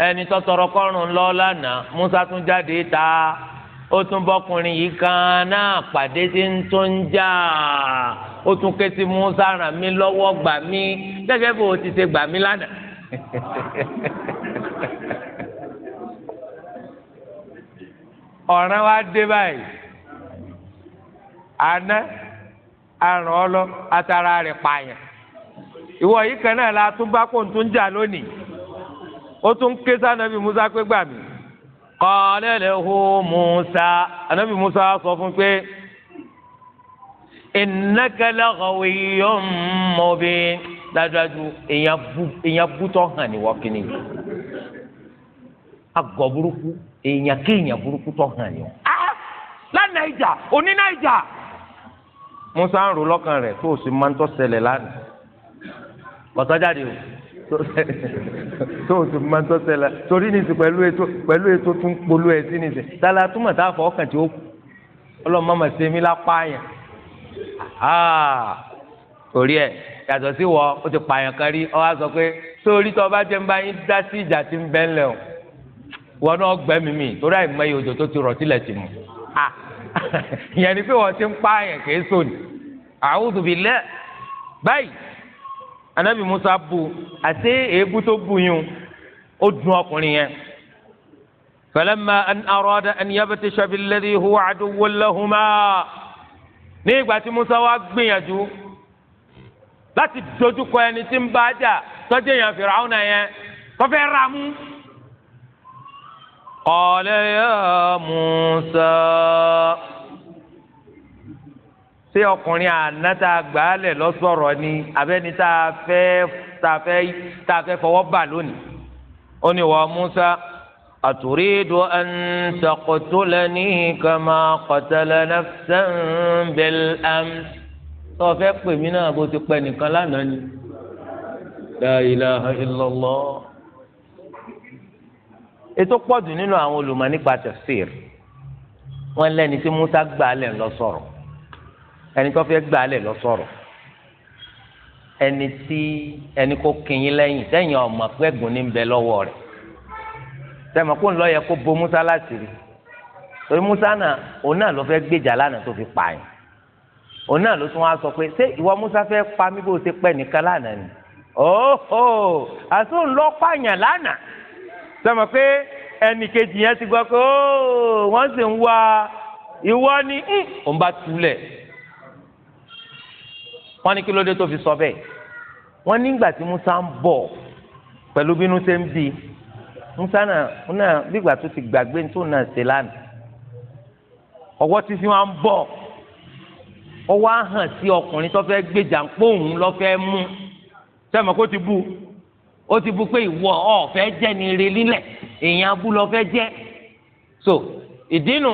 ẹni tó tọrọ kọrùn lọ lánàá musa tún jáde ta ó tún bọkùnrin yìí kan náà pàdé tí ń tó ń jà ó tún ké sí musa ràn mí lọ́wọ́ gbà mí gẹ́gẹ́ bó o ti ṣe gbà mí lánàá. ọ̀ràn wa dé báyìí àná àrùn ọlọ àtàrà rẹ̀ pààyàn ìwọ yìí kan náà la tún bá kó tún jà lónìí ó tún ké sànàbì musa pé gbà mí qala lahu musa ànàbì musa sọ fún pé innaka laghawiyyun mubin dájúdájú èèyàn bútọ́ hàn ní wọ́kìnì agọ̀ burúkú èèyàn kéèyàn burúkú tọ́ hàn ní. Ah! lánàá ìjà òní náà ìjà musa ń rò lọ́kàn rẹ̀ tó o sì máa ń tọ́ ṣẹlẹ̀ lánàá kọ̀sọ́jáde o tó o tó máa ń tọ́sẹ̀ la torí ní ti pẹ̀lú ètò pẹ̀lú ètò tó ń polú ẹ̀ sí ní ti tala túmọ̀ tá a fọ ọkàn tí ó kù ọlọ́mọ mà ṣe mí lápá yẹn torí ẹ̀ yàtọ̀ sí wọ o ti pààyàn kan rí ọ wá sọ pé sórí tó o bá jẹ́ ń bá yín dá sí ìjà tí ń bẹ́ ńlẹ̀ o wọn náà gbẹ́mí mi torí àìmọye òjò tó ti rọ̀ sílẹ̀ ti mú ìyẹn ni pé wọ́n ti ń pààyàn kì í sóni a'udhu billah báyìí anabi musa bu àti èébú tó bu yín ó dùn ọkùnrin yẹn. falamma an arada an yabtisha billadhi huwa aduwwun lahuma ní ìgbà tí musa wá gbìyànjú láti dojúkọ ẹni tí ń bá jà tọ́jú èèyàn Fìràwọ̀nà yẹn kọfẹ́ ra mú. qala ya musa ṣé ọkùnrin àná tá a gbà á lẹ̀ lọ́sọ̀rọ̀ ni abẹ́ni tá a fẹ́ tá a fẹ́ tá a fẹ́ fọwọ́ bà lónìí. ó ní wọ́n Musa àtúrídù an taqtulani kama qatala nafsan bil ams. tó o fẹ́ pè mí náà bó ti pẹ́ nìkan lánàá ni. la ilaha ètò pọ̀jù nínú àwọn olùmọ̀ nípa tafsir wọ́n lẹ́ni tí Musa gbà lọ́sọ̀rọ̀ ẹni tó fẹ́ gbà lẹ̀ lọ sọ̀rọ̀ ẹni tí ẹni kò kìnyín lẹ́yìn sẹ́yìn ọmọ pẹ́gùn ní bẹ lọ́wọ́ rẹ̀ sẹ́mi kó ń lọ yẹ kó bo musa láti rí torí musa náà òun náà ló fẹ́ gbèjà lánàá tó fi pààyàn òun náà ló tún wá sọ pé ṣé ìwọ musa fẹ́ pa mí bó ṣe pẹ́ nìkan lánàá ni ooo àti òun lọ pààyàn lánàá sẹ́mi pé ẹnì kejì yẹn ti gbọ́ pé ooo wọ́n sì ń wá ìwọ ni òun bá túlẹ̀ wọ́n ní kí ló dé tó fi sọ bẹ́ẹ̀ wọ́n nígbà tí Musa ń bọ̀ pẹ̀lú bínú ṣe ń bí Musa náà nígbà tó ti gbàgbé tó náà ṣe lánàá ọwọ́ títí wọn ń bọ̀ ọwọ́ sí ọkùnrin tó fẹ́ gbèjà ń pò òun lọ́ fẹ́ mú sẹ́mi kó ti bu ó ti bu pé ìwọ ọ̀ fẹ́ jẹ́ ni èèyàn abú lọ fẹ́ jẹ́ so ìdínú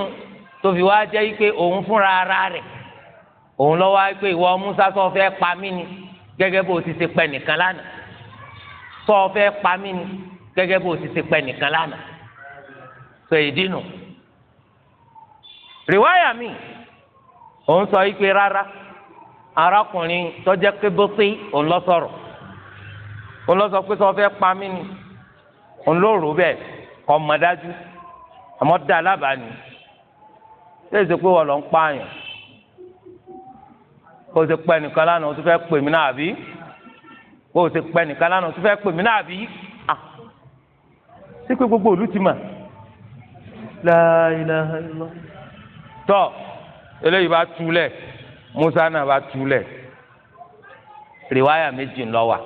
tó fi wá jẹ́ pé òun fúnra ara rẹ̀ òun lọ wá pé ìwọ musa sọ fẹ́ pa mí ni gẹ́gẹ́ bó o ti ṣe pẹ nìkan lánàá sọ fẹ́ pa mí ni gẹ́gẹ́ bó o ti ṣe pẹ nìkan lánàá sọ èdè nù rìwáyà mi òun sọ yìí pé rárá arákùnrin tọjá kébóté òun lọ sọ̀rọ̀ òun lọ sọ pé sọ fẹ́ pa mí ni òun ló rò bẹ́ẹ̀ kọ mọ dájú àmọ́ dá alábàá ni ṣé èsì pé wọn lọ ń pààyàn kó o ṣe pẹ́ nìkan lánàá o tún fẹ́ pè mí náà àbí kó o ṣe pẹ́ nìkan lánàá o tún fẹ́ pè mí náà àbí à ṣé pé gbogbo òlu ti mà la ilaha illallah tọ́ eléyìí bá túlẹ̀ Musa náà bá túlẹ̀ rìwáyà méjì ńlọ wà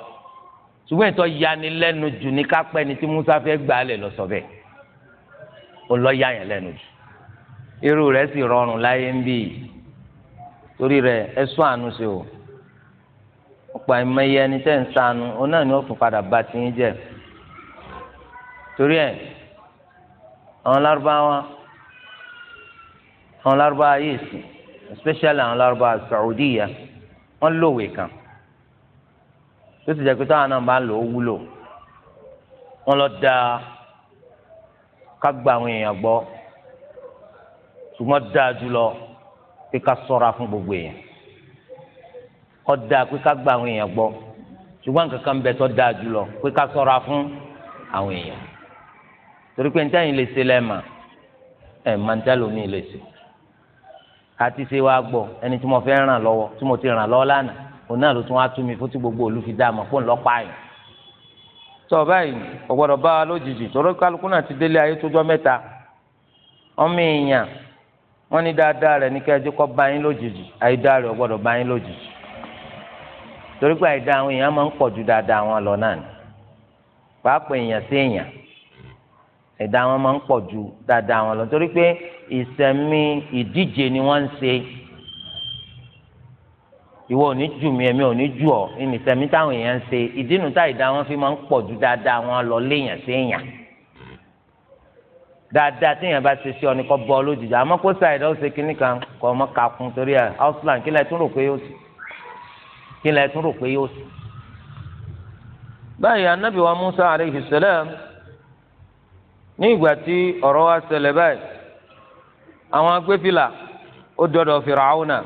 ṣùgbọ́n ìtọ́ yanilẹ́nu jù ní kápẹ́ ni tí Musa fẹ́ gbà lẹ̀ lọ́sọ̀ bẹ́ẹ̀ ó lọ́ yà lẹ́nu jù irú rẹ̀ sì rọrùn láyé ń bíi torí rẹ̀ ẹ sọ àánú sí o ọ̀pọ̀ àìmọye ẹni tẹ́ ń sànù òun náà ni ó tún padà bá tiyín jẹ́ torí ẹ̀ àwọn lárúbáwá àwọn lárúbáwá yìí sì especially àwọn lárúbáwá Saudiya wọ́n lòwe kan tó ti jẹ́ pé táwọn náà bá lò ó wúlò wọ́n lọ da ká gba àwọn èèyàn gbọ́ ṣùgbọ́n dáa jùlọ pé ká sọ́ra fún gbogbo èèyàn ọ̀dà pé ká gba àwọn èèyàn gbọ́ ṣùgbọ́n kankan bẹ tó dáa jùlọ pé ká sọ́ra fún àwọn èèyàn torí pé níta yìí lè ṣe lẹ́ẹ̀ma ẹ̀ máa ń dá lómi lè ṣe àti ṣe wá gbọ́ ẹni tí mo fẹ́ ràn lọ́wọ́ tí mo ti ràn lọ́wọ́ lánàá òun náà ló tún wá tú mi fún tí gbogbo òlu fi dá a fóun lọ́pàá yìí tọ́ báyìí ọ̀gbọ́dọ̀ bá wa lójijì torí kálukú náà ti délé ayé tó mẹ́ta ọmọ èèyàn wọ́n ní dáadáa rẹ̀ ní kẹjú kọ bá yín lójijì àìdáa rẹ̀ gbọ́dọ̀ bá yín lójijì torí pé àìdáa àwọn èèyàn máa ń pọ̀ ju dáadáa wọn lọ náà ni pàápàá èèyàn sí èèyàn àìdáa wọn máa ń pọ̀ ju dáadáa wọn lọ torí pé ìsẹ̀mí ìdíje ni wọ́n ń ṣe ìwọ ò ní jù mí èmi ò ní jù ọ́ ìsẹ̀mí táwọn èèyàn ń ṣe ìdínú táìdáa wọn fi máa ń pọ̀ ju dáadáa wọn lọ léèyàn sí èèyàn dáadáa téèyàn bá ṣe sí ọ ní kọ́ bọ́ lójijì àmọ́ kó ṣàìdá ó ṣe kínní kan kọ́ ọmọ kakùn torí ẹ̀ ausland kí lẹ́ẹ̀ rò pé yóò sì kí lẹ́ẹ̀ rò pé yóò sì. báyìí anábì wa Musa aleyhi salam ní ìgbà tí ọ̀rọ̀ wa ṣẹlẹ̀ báyìí àwọn agbẹ́fìlà ó dọ̀dọ̀ fìràwùnà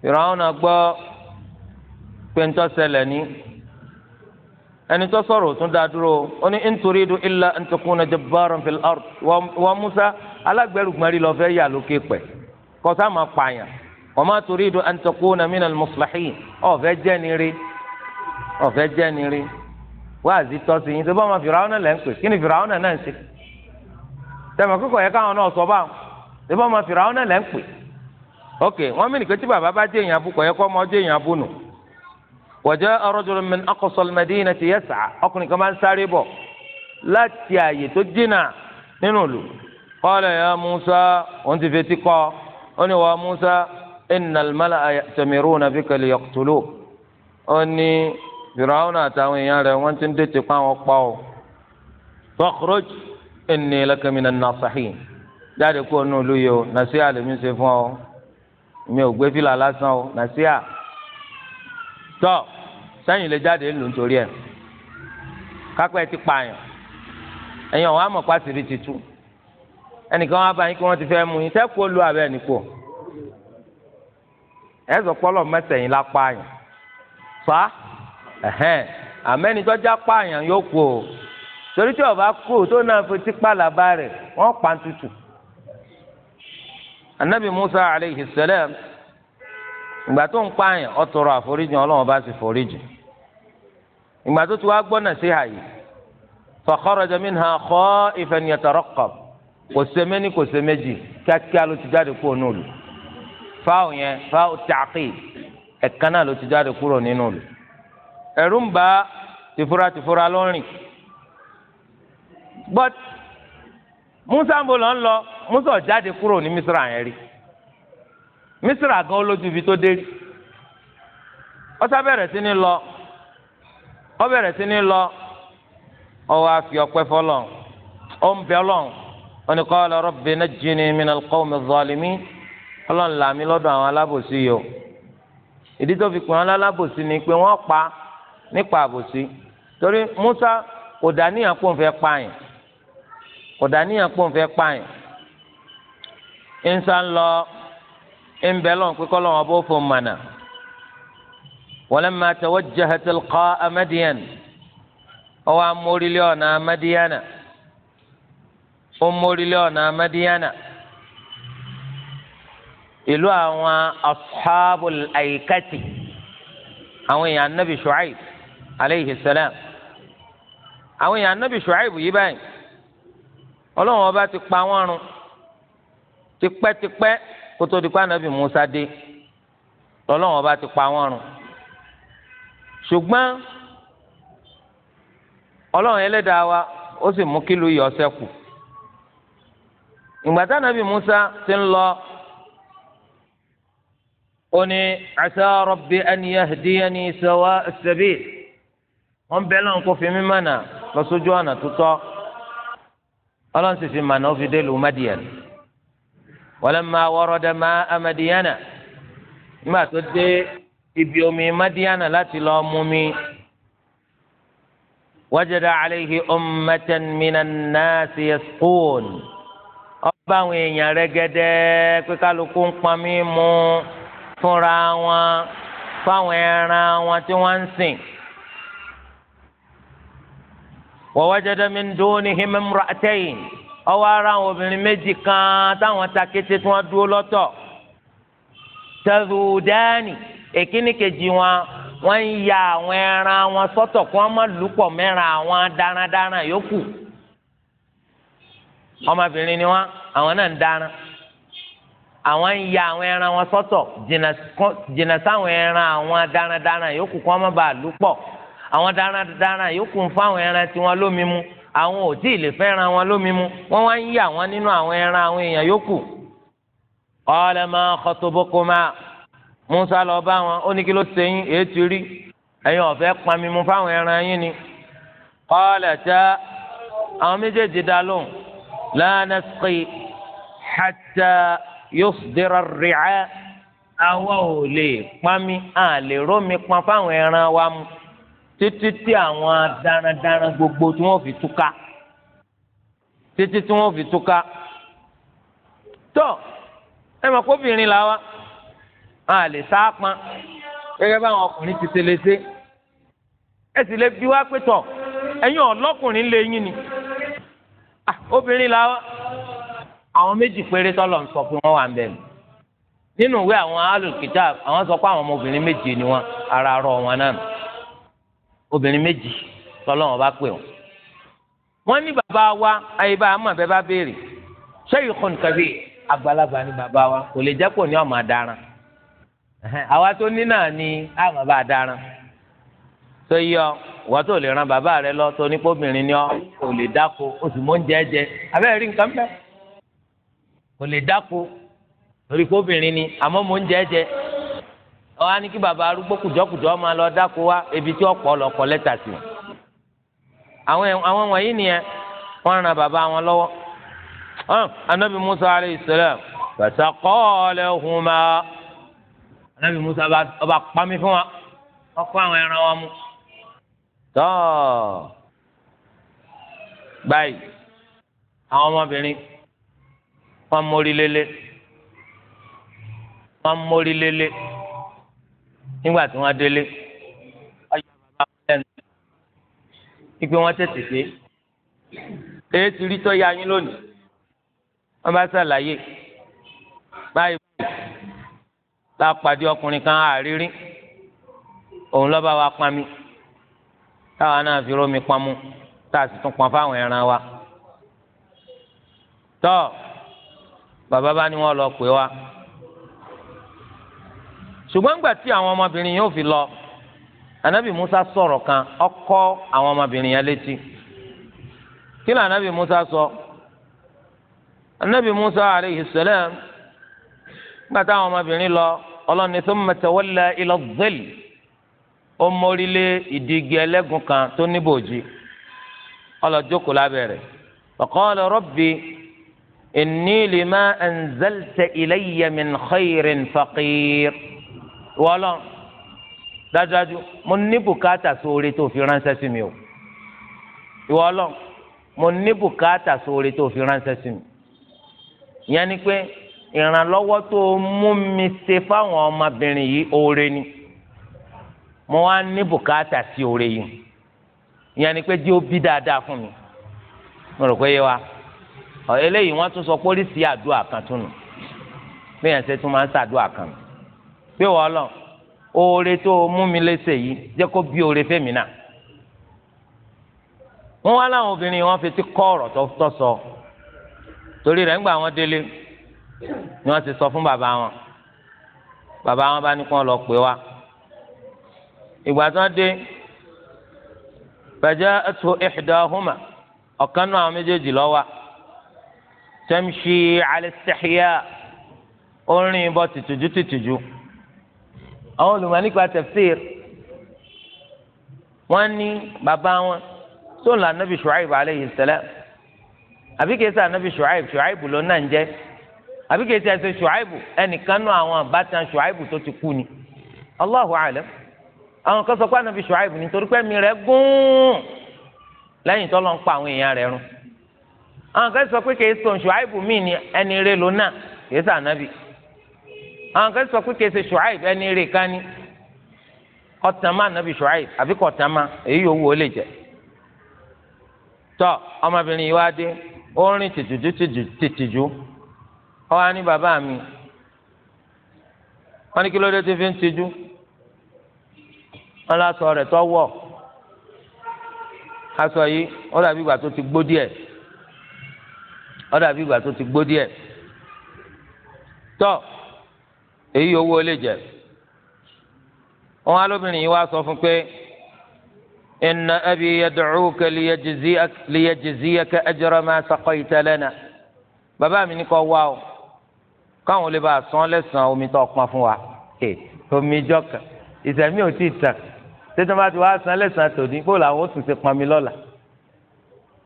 fìràwùnà gbọ́ pé ṣẹlẹ̀ ní ẹni tó sọ̀rọ̀ tún dá dúró ó ní nítorí dùn ilà ntòkùnà jabbaran fil ard wa musa alágbẹ̀rùgbọ̀nrí lọ fẹ́ yà lókè pẹ̀ kọ́sá máa pààyàn wa ma turidu an takuna mina al-muslihin ọ̀fẹ́ jẹ́nire ọ̀fẹ́ jẹ́nire wáàzí tọ́sí yín tó bá ma fìràwọ́nà lẹ́ ń pè kí ni fìràwọ́nà náà ń ṣe tẹ̀mọ̀ kíkọ̀ yẹ káwọn náà sọ báwọn tó fìràwọ́nà lẹ́ ń pè ok wọ́n mí nìkan bàbá bá jẹ́ èèyàn وجاء رجل من أقصى المدينة يسعى أقني كمان ساريبو لا تياي تجنا ننولو قال يا موسى وانت في تقى أني وموسى إن الملأ يأتمرون بك ليقتلوك أني فرعون أتاوي يا وانت ديتي وقباو فاخرج إني لك من الناصحين jáde kó nù lóye o nàṣíà lèmi ṣe fún ọ mi ò gbé fìlà lásán o nàṣíà tọ́ sẹ́yìn lè jáde ńlò nítorí ẹ̀ kápẹ́ ti pààyàn ẹ̀yin ọ̀hún àmọ̀pá sì rí titun ẹnìkan wá bá yín kí wọ́n ti fẹ́ mú yín sẹ́kù olú abẹ́ nìkú ẹ sọ pọ́lọ̀ mẹ́sẹ̀yìn la pààyàn fa ẹ̀hẹ́n àmẹ́nitọ́já pààyàn yóò kú o torí tí ọba kú tó náà fi tipa làbá rẹ̀ wọ́n pa tutù anabi musa aleyhi salam ìgbà tó ń pààyàn ó tọrọ àforíjì ọlọ́run bá sì foríjì ìgbà tó ti wá gbọ́ nasiha yìí fa kharaja minha khaifan yataraqqab kò ṣe méní kò ṣe méjì kíákíá ló ti jáde kúrò nílùú fáwọn yẹn fáwọn tààkì ẹ̀ka náà ló ti jáde kúrò nínú ìlú ẹ̀rù ń bà tìfura tìfura lọ́rìn but musa ń bọ̀ lọ́n lọ musa jáde kúrò ní misra yẹn rí mísírà gan olójú ibi tó dé ọsà bẹ̀rẹ̀ sí ní lọ ọ bẹ̀rẹ̀ sí ní lọ ọ wá fi ọpẹ́ fọ́lọ́run ó ń bẹ Ọlọ́run ó ní qala rabbi najjini minal qawmi zalimin Ọlọ́run là mí lọ́dọ̀ àwọn alábòsí yìí o ìdí tó fi pè wọn lálábòsí ni pé wọ́n pa nípa àbòsí torí Musa kò dàníyàn pò ń fẹ́ pààyàn kò dàníyàn pò ń fẹ́ pààyàn ń sá ń lọ ń bẹ lọ́n pé kọ́lọ́n ọba ولما fún mànà walamma tawajjaha tilqa'a Madyan ọwọ́ amórílẹ̀ ọ̀nà Madyana ó mórílẹ̀ ọ̀nà Madyana ìlú àwọn ashabul aikati àwọn èèyàn anabi Shu'aib aleyhi salam àwọn èèyàn anabi Shu'aib yìí báyìí ọlọ́run ọba ti pa wọ́n run tipẹ́tipẹ́ kótó di pa anabi musa dé lọ́lọ́wọ́n bá ti pa wọ́n run ṣùgbọ́n ọlọ́run ẹlẹ́dàá wa ó sì mú kílù yọ sẹ́kù ìgbà tí anabi musa ti ń lọ ó ní asa rabbi an yahdiyani sawa as-sabil wọ́n lọ́n kó fi mí mànà lọ sójú ọ̀nà tó tọ́ ọlọ́run sì fi mànà ó fi dé lu madian. ولما ورد ma'a Madiyana ما تدي dé ibi لا Madiyana وجد عليه mú من الناس alayhi ummatan minan nasi yasqun ọba àwọn èèyàn rẹ́gẹ́dẹ́ pé kálukú ń pọn mí fúnra wọn fáwọn ẹran wọn tí wọ́n ń sìn. wa wajada min dunihim imra'atayn ọwọ́ ara àwọn obìnrin méjì kan táwọn ta kété tí wọ́n dúró lọ́tọ̀ tẹ̀sùdáàní èkíní wọn wọ́n ń ya àwọn ẹran wọn sọ́tọ̀ kí wọ́n má lùpọ̀ mẹ́ra àwọn darandaran yòókù ọmọbìnrin ni wọn àwọn náà ń àwọn ń ya àwọn ẹran wọn sọ́tọ̀ jìnnà sáwọn ẹran àwọn darandaran yòókù kí wọ́n má bàa lùpọ̀ àwọn darandaran yòókù ń fáwọn ẹran tiwọn lómi mu àwọn ò tí ì lè fẹ́ràn wọn lómi mu wọ́n wá ń yà wọ́n nínú àwọn ẹran àwọn èèyàn yòókù. qala ma khatubukuma Musa lọ bá wọn ó ní kí ló ṣe yín èé ti rí ẹ̀yin ọ̀fẹ́ pami mu fáwọn ẹran yín ni. qalata àwọn méjèèjì dá lóhùn la nasqi hatta yusdira ar ò lè pami à rómi pọn fáwọn ẹran wa mu títí tí àwọn darandaran gbogbo tí wọn fi túká títí tí wọn fi túká tó ẹ mọ̀ kóbìnrin là wa a lè sá pọn gẹ́gẹ́ báwọn ọkùnrin ti ṣe lè ṣe ẹ sì lè bi wá pé tọ̀ ẹ̀yin ọlọ́kùnrin lè yín ni ah, obìnrin là wa àwọn méjì péré tọ́lọ̀ ń sọ pé wọ́n wà ń bẹ̀rù nínú ìwé àwọn alùpùpù àwọn sọ pé àwọn ọmọbìnrin méjì ni wọn ara rọ wọn náà obìnrin méjì lọ́lọ́run bá pè wọ́n. wọ́n ní bàbá wa àyèbá àmọ́ bẹ́ẹ̀ bá béèrè sẹ́yìn kan kàbí àgbàlagbà ni bàbá wa kò lè jẹ́ kó ní ọmọ adaran àwa tó ní náà ni àmọ́ bá adaran tó yọ wọ́n tó lè ran bàbá rẹ lọ tó ní kóbìnrin ni ọ kò lè dáko oṣù mọ́ ń jẹ́ jẹ abẹ́rẹ́ rí nǹkan bẹ́ẹ̀ kò lè dáko torí kóbìnrin ni àmọ́ mọ́ ń jẹ ọwọ ani kí baba arúgbó kùjọkùjọ máa lọ dáko wá ebi tí ọ̀pọ̀ lọkọ lẹ́tà sí àwọn àwọn wọ̀nyí nìyẹn wọ́n ran baba wọn lọ́wọ́ anabi musa alayhi salam fasaqā lahumā anabi musa ọba pami fún wa ọkọ àwọn ẹran wọn mu tọ báyìí àwọn ọmọbìnrin wọ́n mórí lélẹ̀ wọ́n mórí lélẹ̀ nígbà tí wọ́n délé ìgbé wọn tètè dé èyí ti rí tọ́ ya yín lónìí wọ́n bá ṣàlàyé báyìí lápàdé ọkùnrin kan àrírí òun lọ́ba wa pami táwa náà fi rómi pamú tá a sì tún pọn fáwọn ẹran wa tọ́ bàbá bá ní wọ́n lọ pè wá ṣùgbọ́n nígbà tí àwọn ọmọbìnrin yóò fi lọ anabi musa sọ̀rọ̀ kan ọkọ àwọn ọmọbìnrin yẹn létí kí ló anabi musa sọ anabi musa aleyhi salam nígbà táwọn ọmọbìnrin lọ ọlọ́ni thumma tawalla ila dhil ó mórílé ìdígi ẹlẹ́gùn kan tó níbòjì ọlọ́jókòó lábẹ́rẹ́ faqala rabbi inni lima anzalta ilayya min khayrin faqir ìwọ Ọlọ́run dájúdájú mo ní bùkátà sóore tó fi ránṣẹ́ sí mi o ìwọ Ọlọ́run mo ní bùkátà sóore tó fi ránṣẹ́ sí mi ìyẹn ni pé ìrànlọ́wọ́ tó mú mi ṣe fáwọn ọmọbìnrin yìí oore ni mo wá ní bùkátà sí oore yìí ìyẹn ni pé jí ó bí dáadáa fún mi mo rò pé yé wa eléyìí wọ́n tún sọ pé àdúrà kan tún nù bí yẹn ṣe tún máa ń ṣàdúrà kan nù pé wọ́n lọ oore tó o mú mi léṣe yìí jẹ́ kó bí oore fẹ́mi náà wọ́n wá láwọn obìnrin wọn fetí kọ́ ọ̀rọ̀ tó sọ torí rẹ̀ ńgbà wọn délé ni wọ́n ti sọ fún bàbá wọn bàbá wọn bá ní kí wọ́n lọ pè wá ìgbà tí wọ́n dé faja'atu ihdahuma ọ̀kan náà àwọn méjèèjì ló wá tamshi ala istihya ó rìn bọ́ tìtìjú tìtìjú àwọn olùmọ̀ nípa tafsir wọ́n ní bàbá wọn tó ń la anabi shuaib aleyhi salam àbí kìí sẹ anabi shuaib shuaib ló náà ń jẹ àbí kìí sẹ ẹsẹ shuaib ẹnìkan náà àwọn àbátan shuaib tó ti kú ni allahu alam àwọn kan sọ pé anabi shuaib nítorí pé mi rẹ̀ gún lẹ́yìn tó lọ ń pa àwọn èèyàn rẹ̀ run àwọn kan sọ pé kìí shuaib mi ni ẹni rẹ̀ ló náà anabi àwọn kan sọ pé kìí ṣe ṣùáìb ẹni rè ká ní ọ̀tàmá nàbì ṣùáìb àbí kọ̀tàmá èyí yòówù ó lè jẹ. tọ ọmọbìnrin yìí wá dé ó ń rìn tìtìjú tìtìjú ó wá ní bàbá mi wọ́n ní kí ló dé tí fi ń tijú wọ́n lásọ rẹ̀ tọ́ wọ̀ aṣọ yìí ó dàbí ìgbà tó ti gbó díẹ̀ ó dàbí ìgbà tó ti gbó díẹ̀ tọ́ èyí owó lè jẹ wọn alóbìnrin yìí wá sọ fún pé inna abi yad'uka liyajziyaka ajra ma saqayta lana bàbá mi ní kó wá o káwọn lè bá a sán lẹ́sàn-án omi tó pọn fún wa omi jọkà ìsẹ̀mí ò tí ì tàn tètè bá ti wá san lẹ́sàn-án tòní kó làwọn ó sì ṣe pọn mi lọ́la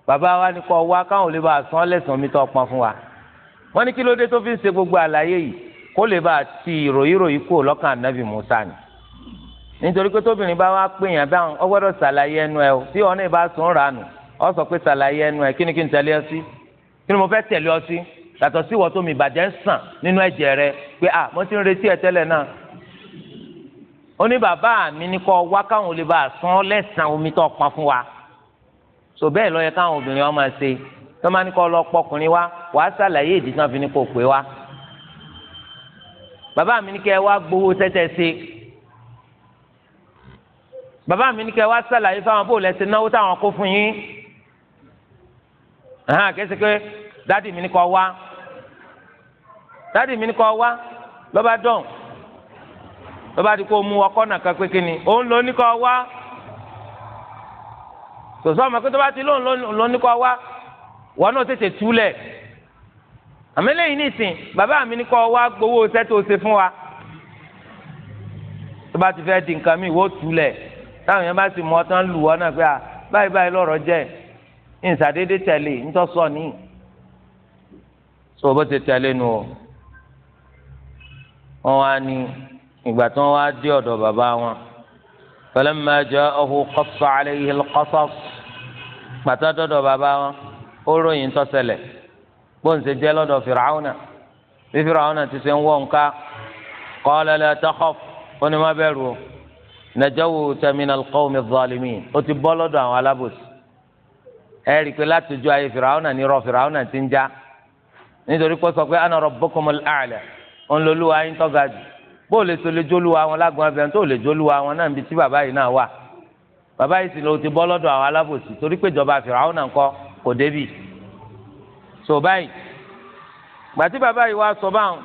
bàbá wa ní kó wá káwọn lè bá a sán lẹ́sàn-án omi tó pọn fún wa wọ́n ní kí ló dé tó fi ń ṣe gbogbo àlàyé yìí kó lè bá ti ròyìnròyìn kúrò lọ́kàn anabi musa ni nítorí pé tóbìnrin bá wá pè yàn ọ ṣàlàyé ẹnu ẹ o tí ọ náà bá sùn ọ sọ pé ṣàlàyé ni ọ sí kí ni mo fẹ́ tẹ̀lé ọ sí yàtọ̀ sí tó mi ìbàjẹ́ ń sàn nínú ẹ̀jẹ̀ rẹ pé a mo ti ń retí ẹ tẹ́lẹ̀ náà ó ní bàbá mi ní kọ́ wá káwọn olè bá sán lẹ́sàn omi tó pọn fún wa bẹ́ẹ̀ káwọn obìnrin wọn máa ṣe kọ́ lọ bàbá mi ní kẹ́ ẹ wá gbowó tẹ́tẹ́ ṣe bàbá mi ní kẹ́ ẹ wá sàlàyé fáwọn bó lẹ́sẹ̀ náwó táwọn kó fún yín hàn kẹsì pé dádì mi ní kọ́ wá dádì mi ní kọ́ wá lọ́ba dán lọ́ba di kó mú ọkọ́ nàka pé kíni òun ló ní kọ́ wá sòsọ́ ọmọ pé tó bá ti lóun ló ní kọ́ wá wọn náà tètè túlẹ̀ àmì lẹ́yìn nísìn bàbá mi ní kọ́ wá gbowó sẹ́tò ṣe fún wa tó bá ti fẹ́ di nǹkan mi ìwọ túlẹ̀ táwọn yẹn bá sì mọ tán lù ọ́ náà pé à báyìí báyìí lọ́rọ̀ jẹ́ ìsàdédé tẹ̀lé nítòsọ ní sọ bó ti tẹ̀lé nu o wọn wá ní ìgbà tí wọn wá dé ọ̀dọ̀ bàbá wọn falamma ja'ahu qassa alayhi al-qasas pàtó dọ̀dọ̀ bàbá wọn ó bóun ṣe jẹ́ lọ́dọ̀ fìràwọ́nà bí fìràwọ́nà ti ṣe ń wọ̀ nǹka qala la takhaf ó ní má bẹ̀rù o najawta min alqawmi adh-dhalimin ó ti bọ́ lọ́dọ̀ àwọn alábòsí ẹ rí i pé láti ju ayé fìràwọ́nà ní rọ fìràwọ́nà ti ń já nítorí pé sọ pé ana rabbukumul a'la òun lolúwa yín tọ́ga jù bó o lè so lè jóluwa wọn lágbọn abẹ́rẹ́ tó o lè jóluwa wọn náà níbi tí bàbá yìí náà wà bàbá yìí sì ló ti bọ́ lọ́dọ̀ àwọn alábòsí torí pé ìjọba fìràwọ́nà ńkọ́ kò débì sọ báyìí gbàtí bàbá yìí wá sọ báwọn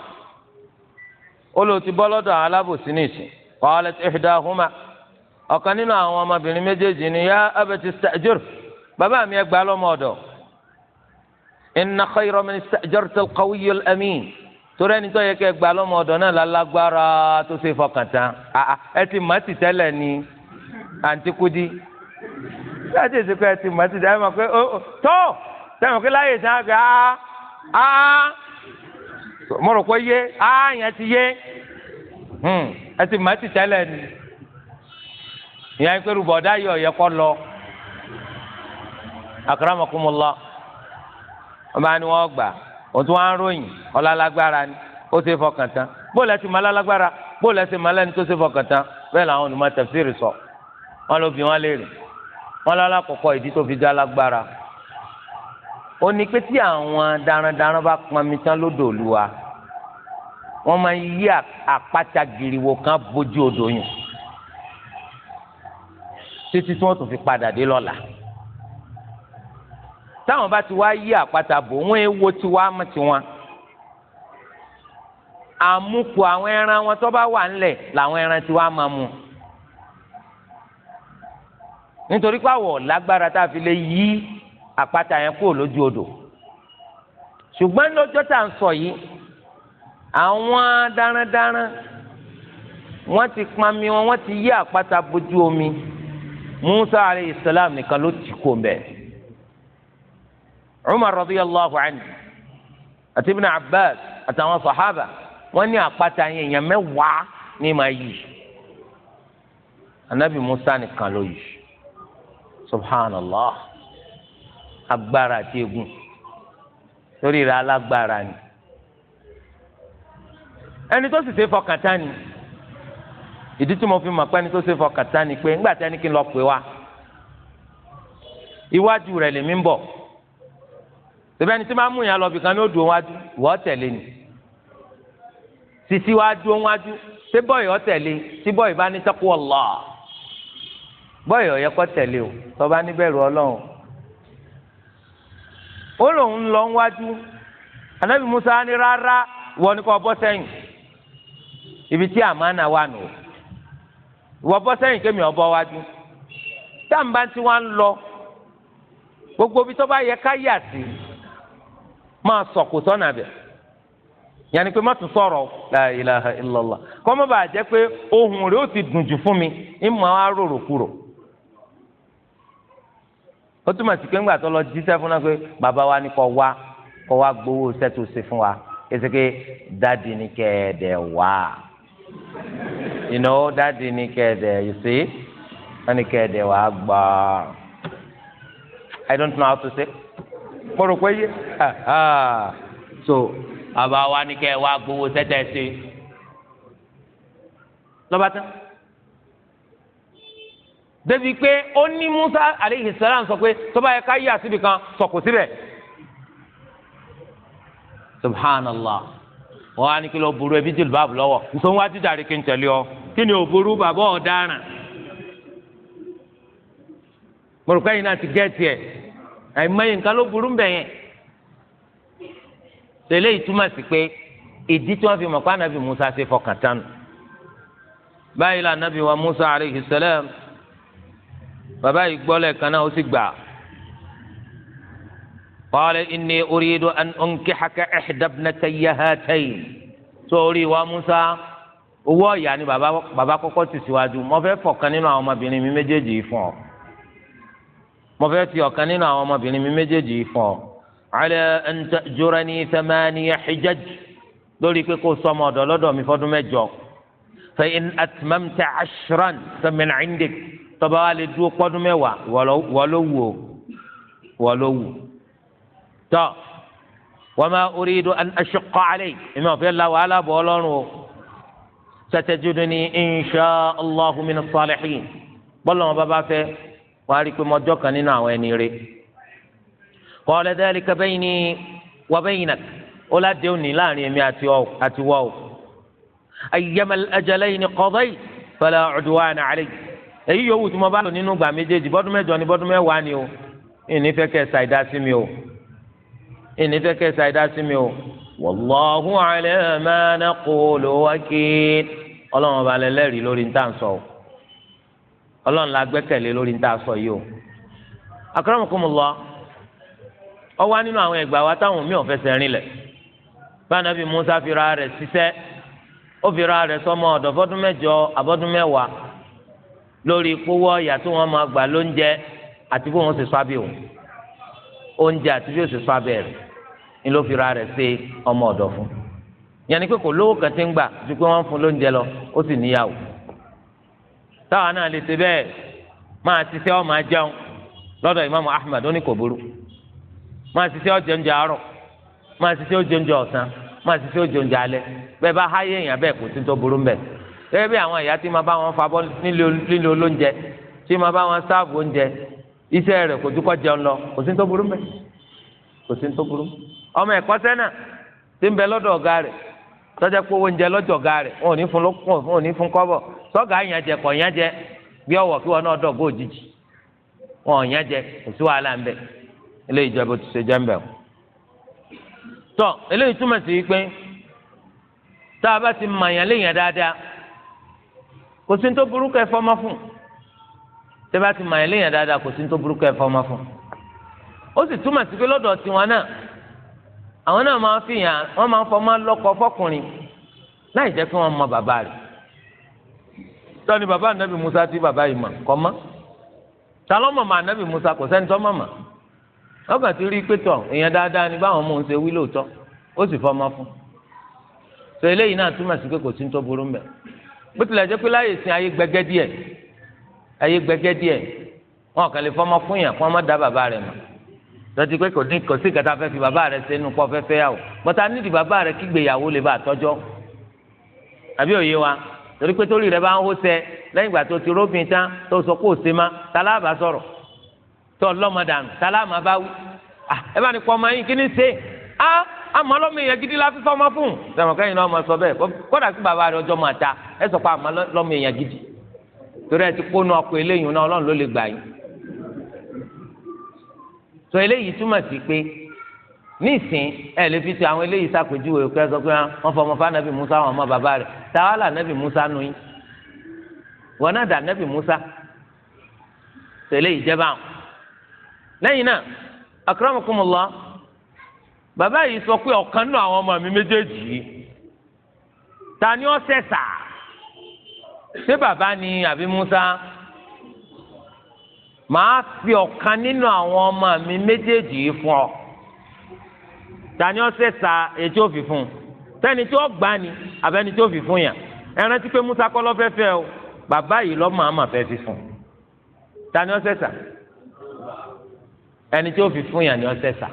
ó lò ti bọ́ lọ́dọ̀ àwọn alábòsí nìsín qalat ihdahuma ọ̀kan nínú àwọn ọmọbìnrin méjèèjì ni ya abati sta'jir bàbá mi ẹ gbà lọ́mọ ọ̀dọ̀ inna khayra man ista'jarta al-qawiyyu al-amin torí ẹni tó yẹ kẹ́ gbà lọ́mọ ọ̀dọ̀ náà lálágbára tó ṣe fọkàn tán ẹ ti mọ̀ ti tẹ́lẹ̀ ni àǹtí kudi láti èsì pé ẹ ti mọ̀ ti tẹ́lẹ̀ mọ̀ pé oh, oh, tó sẹ́wọ̀n kí láyè sàn fẹ́ á á mo rò pé yé á yẹn ti yé hmm, ẹ ti mọ̀ ẹ́ ti tẹ́lẹ̀ ni ìyá ń pẹ́rù bọ̀dá yọ ọ̀yẹ́ kọ́ lọ akaramakumullah ọba ni wọ́n gbà wọ́n tún wá ń ròyìn ọlálágbára ni ó ṣe fọkàn tán bóòlù ẹsẹ̀ máa lálágbára bóòlù ẹsẹ̀ máa lẹ́ni tó ṣe fọkàn tán bẹ́ẹ̀ làwọn olùmọ̀ tafsiri sọ wọ́n ló bí léèrè wọ́n lọ́lá kọ̀kọ́ ìdí tó fi dá lágbára ó ní pé tí àwọn darandaran bá pọnmi tán lódò olúwa wọn máa ń yí àpáta giriwo kan bójú odò yìí títí tí wọn tún fi padà dé lọ́la táwọn bá ti wá yí àpáta bò wọn èèwọ tiwa mọ tiwọn àmúkù àwọn ẹran wọn tó bá wà ńlẹ̀ làwọn ẹran tiwa máa mu nítorí pé àwọ̀ lágbára tá a fi lè yí àpáta yẹn kúrò lójú odò ṣùgbọ́n lọ́jọ́ tá à ń sọ yìí àwọn darandaran wọ́n ti pami wọn wọ́n ti yí àpáta bójú omi Musa alayhi salam nìkan ló ti kó mbẹ Umar radiyallahu anhu àti Ibn Abbas àtàwọn sahaba wọ́n ní àpáta yẹn èèyàn mẹ́wàá ní ma yí anabi Musa nìkan ló yí subhanallah agbára àti egun torí rẹ̀ alágbára ni ẹni tó sì ṣe fọkàn ni ìdí tí mo fi mọ̀ pé ẹni tó ṣe fọkàn tán ni pé ńgbà tí ẹni kí n lọ pè wá iwájú rẹ̀ lèmi ń bọ̀ tẹ̀bẹ́ ẹni tí máa mú yàn lọ bìkan ní odò wájú ìwọ́ tẹ̀lé ni sisi wájú wájú ṣé bọ́ọ̀yì ọ tẹ̀lé tí bọ́ọ̀yì bá ní taqwa Allah bọ́ọ̀yì ọ̀yẹ́kọ́ tẹ̀lé o tọ́ba níbẹ̀rù ọlọ́run ó lòun lọ wájú anabi musa ni rárá wọ́n ní kò ibi tí àmàna wà nù ìwọ bọ́ sẹ́yìn kémi ọbọ wájú táǹbà tí wọn lọ gbogbo ibi tó yẹ ká yà sí máa sọkò sọ́nà bẹ̀ yàní pé má tún sọ̀rọ̀ la ilaha pé rẹ̀ ó ti dùn jù fún mi á kúrò. ó túmọ̀ sí pé ńgbà tó lọ jíṣẹ́ fún náà pé bàbá wa ni kò wá kò wá gbowó sẹ́tò ṣe fún wa ezeke dadi ni kẹ̀ẹ́dẹ̀ wá you know dadi ni kẹ̀ẹ́dẹ̀ you see wani kẹ̀ẹ́dẹ̀ wá gbà i don't know how to say mo pé yé so bàbá wa ni kẹ̀ẹ́ wá gbowó sẹ́tẹ̀ ṣe lọ́ba tán. débi pé ó ní Musa aleyhi salam sọ pé tó bá yẹ ká yà síbi kan sọkò síbẹ̀ subhanallah wọn á ní kí ló burú ẹbí jùlọ báàbù lọ́wọ́ nsọ wá ọ kí ni ò burú bàbá náà ti nǹkan ló burú yẹn sí pé ìdí tí fi pé anabi Musa ṣe fọkàn wa Musa aleyhi bàbá yìí gbọ́ lẹ́ẹ̀kan náà ó sì gbà. qala inni uridu an unkihaka ihda ibnatayya hatayn sórí wa Musa owó ọ̀yà ni bàbá kọ́kọ́ ti síwájú mo fẹ́ fọ̀kan nínú àwọn ọmọbìnrin mi méjèèjì yìí fún ọ mo fẹ́ ọ̀kan nínú àwọn ọmọbìnrin mi méjèèjì yìí fún ọ ala an ta'jurani thamaniya hijaj lórí pé kó sọmọ ọ̀dọ̀ lọ́dọ̀ mi fọ́dún mẹ́jọ fẹyìn atmamta ashran sọmìn ẹndik tọba wa lè dúró pọdún mẹ́wàá wọlọ wù ó wọlọ wù tọ wàmà orídùn an ashukọ alẹ ìmọ̀ fẹ́ la wàhálà bọ̀ ọlọ́run o satajuduni insha allahu min salihin bọ́lá wọn bá bá fẹ́ wàá rí i pé mo jọ́ kan nínú àwọn ẹni rẹ̀ qala dhalika bayni wa baynak ó ládéhùn ní láàrin èmi àti wọ́ o ayyama al-ajalaini qadayt fala udwana alayya èyí yòówù tí mo bá lò nínú ìgbà méjèèjì bọ́dún mẹ́jọ ni bọ́dún mẹ́wàá ni o ìní fẹ́ kẹ́ ṣàìdá sí mi o ìní fẹ́ kẹ́ ṣàìdá sí mi o wallahu ala ma naqulu wakil ọlọ́run ọba lẹ́lẹ́rìí lórí ní tà ń sọ o ọlọ́run la gbẹ́kẹ̀lé lórí ní tà sọ yìí o akramakumullah ó wà nínú àwọn ẹgbàá wa táwọn mi ò fẹsẹ̀ rinlẹ̀ bá Musa fira rẹ̀ ṣiṣẹ́ obìnrin rẹ̀ sọmọ ọ̀dọ̀ fọ́dún mẹ́jọ àbọ́dún mẹ́wàá lórí ìpowó ọ̀yà tí wọ́n máa gbà lóúnjẹ àti bí wọ́n ṣe sábẹ́ òun oúnjẹ àti bí wọ́n ṣe sábẹ́ rẹ̀ ni ló fi ra rẹ̀ ṣe ọmọ ọ̀dọ̀ fún yẹn ni pé kò lówó kan ti ń gbà ju pé wọ́n ń fún lóúnjẹ lọ ó sì níyàwó táwa náà lè ṣe bẹ́ẹ̀ máa ṣiṣẹ́ ọ̀ máa jẹun ìmáàmù Ahmad ó máa ṣiṣẹ́ ọ̀ jẹun jẹ máa ṣiṣẹ́ ọ̀ jẹun jẹ má ti fi ga oúnjẹ alẹ́ bẹ́ẹ̀ bá háyé èèyàn bẹ́ẹ̀ kò sí tó burú mbẹ bẹ́ẹ̀ bí àwọn ìyá tí ma bá wọn fabọ nílé olóúnjẹ tí ma bá wọn sáàbù oúnjẹ iṣẹ́ rẹ̀ kò dúkọ jẹun lọ kò sí tó burú mbẹ kò sí tó burú ọmọ ẹ̀kọ́ṣẹ́ náà tí ń bẹ lọ́dọ̀ ọ̀gá rẹ̀ tọ́jà pé oúnjẹ lọ́jọ́ ọ̀gá rẹ̀ wọn ò ní fún lọ́kùn wọn ò ní fún kọ́bọ̀ sọ́gà ìyànjẹ ìyànjẹ kí wọn náà òjijì wọn ò tọ eléyìí túmọ̀ sí wípé tá a bá ti màyàn léèyàn dáadáa kò sí ní tó burúkú ẹ fọmọ fún tẹ bá ti màyàn léèyàn dáadáa kò sí ní tó burúkú ẹ fọmọ fún ó sì túmọ̀ sí pé lọ́dọ̀ tiwọn náà àwọn náà máa fi hàn wọ́n máa fọmọ lọ́kọ fọkùnrin láì jẹ́ kí wọ́n mọ bàbá rẹ̀ tọ́ni bàbá ànábì Musa ti bàbá yìí mà kọ́ mọ́ ta mọ̀ mọ́ Musa kò sẹ́ni tó mọ̀ mọ́ lọ́gbà tí rí i pé tọ̀ èèyàn dáadáa ni báwọn ọmọ òun ṣe wí lóòótọ́ ó sì fọmọ fún so eléyìí náà túmọ̀ sí pé kò sí tó burú mbẹ̀ bó tilẹ̀ jẹ́ pé láyè sin ayé gbẹgẹ́ díẹ̀ ayé gbẹgẹ́ díẹ̀ wọn kàn lè fọmọ fún yàn kó wọn má dá bàbá rẹ̀ mọ̀ tọ́tí pé kò ní kò sí kẹta fẹ́ fi bàbá rẹ̀ sẹ́nu kọ́ fẹ́ fẹ́yàwó bọ́tà nídìí bàbá rẹ̀ kí gbéyàwó lè bá àtọ́jọ́ àbí òye wa torí pé torí rẹ̀ bá ń hó sẹ́ lẹ́yìn ìgbà tó ti róbìn tán tó sọ kó o ṣe má tá a lábàá sọ̀rọ̀ tó ọlọ́mọdànù sálámà bá wí ẹ bá ní kọ́ ọmọ yín kí ni ṣe á àmọ́ ọlọ́mọ èèyàn gidi la fífọ́ ọmọ fún un sọ̀rọ̀ kẹ́yìn náà ọmọ sọ bẹ́ẹ̀ kódà sí bàbá rẹ ọjọ́ máa ta ẹ sọ pé àmọ́ ọlọ́mọ èèyàn gidi torí ẹ ti kónú ọkọ̀ eléyìí náà ọlọ́run ló lè gbà yín. sọ eléyìí túmọ̀ sí pé nísìn ẹ lè fi ti àwọn eléyìí sàpèjúwe kẹ́ sọ pé wọ́n fọmọ fún anabi musa àwọn ọmọ bàbá rẹ̀ tàwálà anabi musa nù yín wọn náà dà anabi musa sọ eléyìí jẹ́ báwọn lẹ́yìn náà akramakumullah bàbá yìí sọ pé ọ̀kan nù àwọn ọmọ mi méjèèjì yìí ta ni ó sẹ̀sà ṣé bàbá ni àbí Musa màá fi ọ̀kan nínú àwọn ọmọ mi méjèèjì yìí fún ọ ta ni ó sẹ̀sà ètò òfin fún un tẹni tí ó gbà ni abẹni tí ó fi fún yàn ẹran tí pé Musa kọ́ lọ́fẹ́fẹ́ o bàbá yìí lọ́mọ àmà fẹ́ fi fún tani ó sẹ̀sà ẹni tí ó fi fún yàn ni ọsẹ sà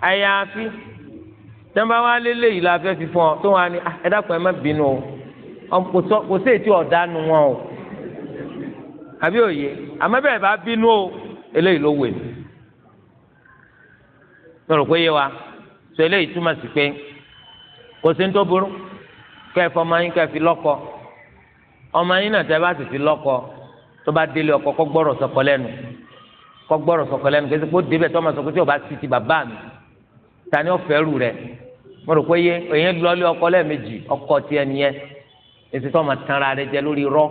àyàfi tẹnba wa lélẹ yìí la fẹ́ fi fún ọ tó wà ní ah, ẹ dákun ẹ má bínú o kò sí ètí ọ̀dánu wọn o àbí òye àmọ́ bẹ́ẹ̀ bá bínú o eléyìí ló wè mí mo rò pé yé wa sọ eléyìí túmọ̀ sí pé kò sí ní tó burú kẹ́ ẹ fọmọ yín kẹ́ fi lọ́kọ ọmọ yín náà tẹ́ bá sì fi lọ́kọ tó bá délé ọkọ kó gbọ́rọ̀ sọ́kọ lẹ́nu kọ́ gbọ́rọ̀ sọ̀kọ́ lẹ́nu kí ẹ sọ pé ó débẹ̀ tó máa sọ pé tí o bá ti ti bàbá mi ta ni ọ̀fẹ́ rù rẹ̀ mo rò pé yé èyàn lọ́lé ọkọ lẹ́ẹ̀mejì ọkọ tiẹ̀ nìyẹn èsì tó máa tanra rẹ jẹ lórí rọ́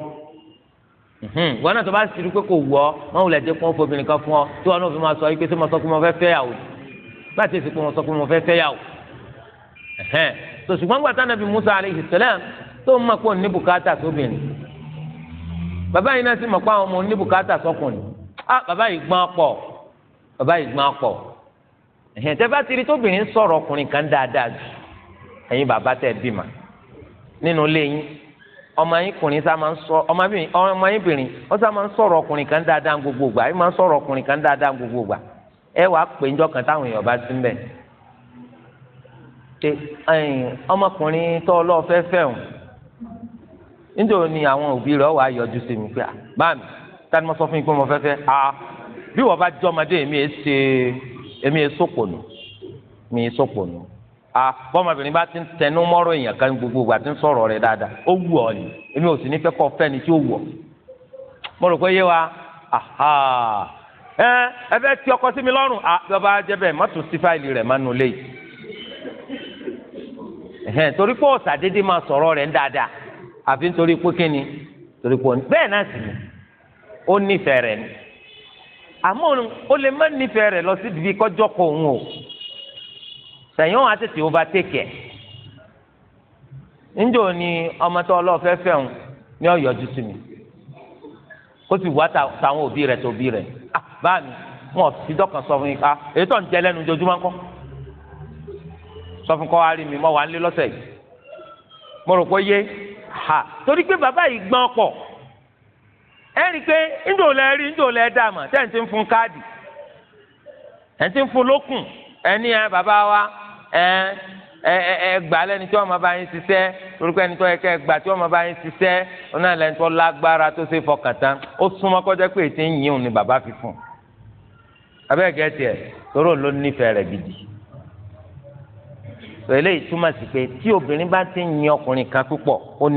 wọn náà tó bá sì rí pé kò wù ọ wọn ò lè jẹ fún obìnrin kan fún ọ tí wọn náà fi máa sọ yìí pé tí mo sọ pé mo fẹ́ fẹ́ yàwó bá ti sì pé mo sọ pé mo fẹ́ fẹ́ yàwó tó ṣùgbọ́n gbàtà nàbì Musa alayhi salam tó ń mọ̀ pé òun ní bùkátà sóbìnrin bàbá yìí náà sì mọ̀ pé àwọn ọmọ òun ní bùkátà sọkùnrin ah baba yìí gbọ́n pọ̀ bàbá yìí gbọ́n pọ̀ ẹ̀hìn tẹ́ bá ti tóbìnrin sọ̀rọ̀ ọkùnrin kan dáadáa jù ẹ̀yin bàbá tẹ̀ bímọ nínú ilé yín ọmọ yín kùnrin sá máa ń sọ ọmọ yín ọmọ yín bìnrin sá máa ń sọ̀rọ̀ ọkùnrin kan dáadáa gbogbo gbà ẹ máa ń sọ̀rọ̀ ọkùnrin kan dáadáa gbogbo gbà ẹ wàá pè ń jọkàn táwọn èèyàn bá sí mbẹ. ọmọkùnrin tó ọlọ́ọ̀fẹ́ fẹ́ hàn nítorí àwọn òbí rẹ̀ wàá yọjú sí mi ah, tani mo sọ fún yín pé mo fẹ́ fẹ́ a ah, bí wọ́n bá jẹ́ ọmọdé èmi ẹ̀ ṣe èmi ẹ̀ mi ẹ̀ a ah, bọ́mọbìnrin bá ti ń tẹnu mọ́rọ̀ èèyàn kan gbogbo ìgbà tí ń sọ̀rọ̀ rẹ̀ dáadáa ó wù ọ́ ni èmi ò sì ní fẹ́ kọ́ fẹ́ ni tí ó wù ọ́ mo rò pé yé wa aha ẹ ẹ fẹ́ ti ọkọ sí mi lọ́rùn a ah, bí wọ́n bá jẹ́ bẹ́ẹ̀ má tún sí fáìlì rẹ̀ má nu léyìí ẹ̀hẹ́n torí pé ọ̀sà dédé máa sọ̀rọ̀ rẹ̀ ń dáadáa àfi nítorí pé kíni torí pé bẹ́ẹ̀ náà sì ni ó nífẹ̀ẹ́ rẹ̀ ni àmọ́ ó lè má nífẹ̀ẹ́ rẹ̀ lọ sí ibi kọjọ́ kọ òun o sẹ̀yìn wọn á tètè overtake ẹ̀ níjọ́ ni ọmọ tó ọlọ́ọ̀fẹ́ fẹ́hùn ní ọ̀yọ́jú sí mi kó sì wá táwọn òbí rẹ̀ tó rẹ̀ ah báàmì wọn ò fi dọ́kan sọ fún yín ká ah, èyí tó ń jẹ lẹ́nu ojoojúmọ́ ńkọ́ sọ fún kọ́ arí mi mọ́ wà ń lé lọ́sẹ̀ yìí mo rò pé yé ha torí pé bàbá yìí gbọ́n pọ̀ ẹ rí pé olee lẹ rí ńjò lẹ dà mọ̀ tẹ́ ti fún káàdì wa ẹ ẹ ẹ gbà tí máa bá yín ẹni tó yẹ kẹ́ gbà tí wọ́n máa bá yín ṣiṣẹ́ ọ̀nà lẹ́ni tó lágbára tó ṣe fọkàn tán ó kọjá pé ètí ń yín òun ni bàbá fi fún un abẹ́ẹ̀ toró ló nífẹ̀ẹ́ rẹ̀ gidi eléyìí túmọ̀ sí pé tí ti yin ọkùnrin kan púpọ̀ ó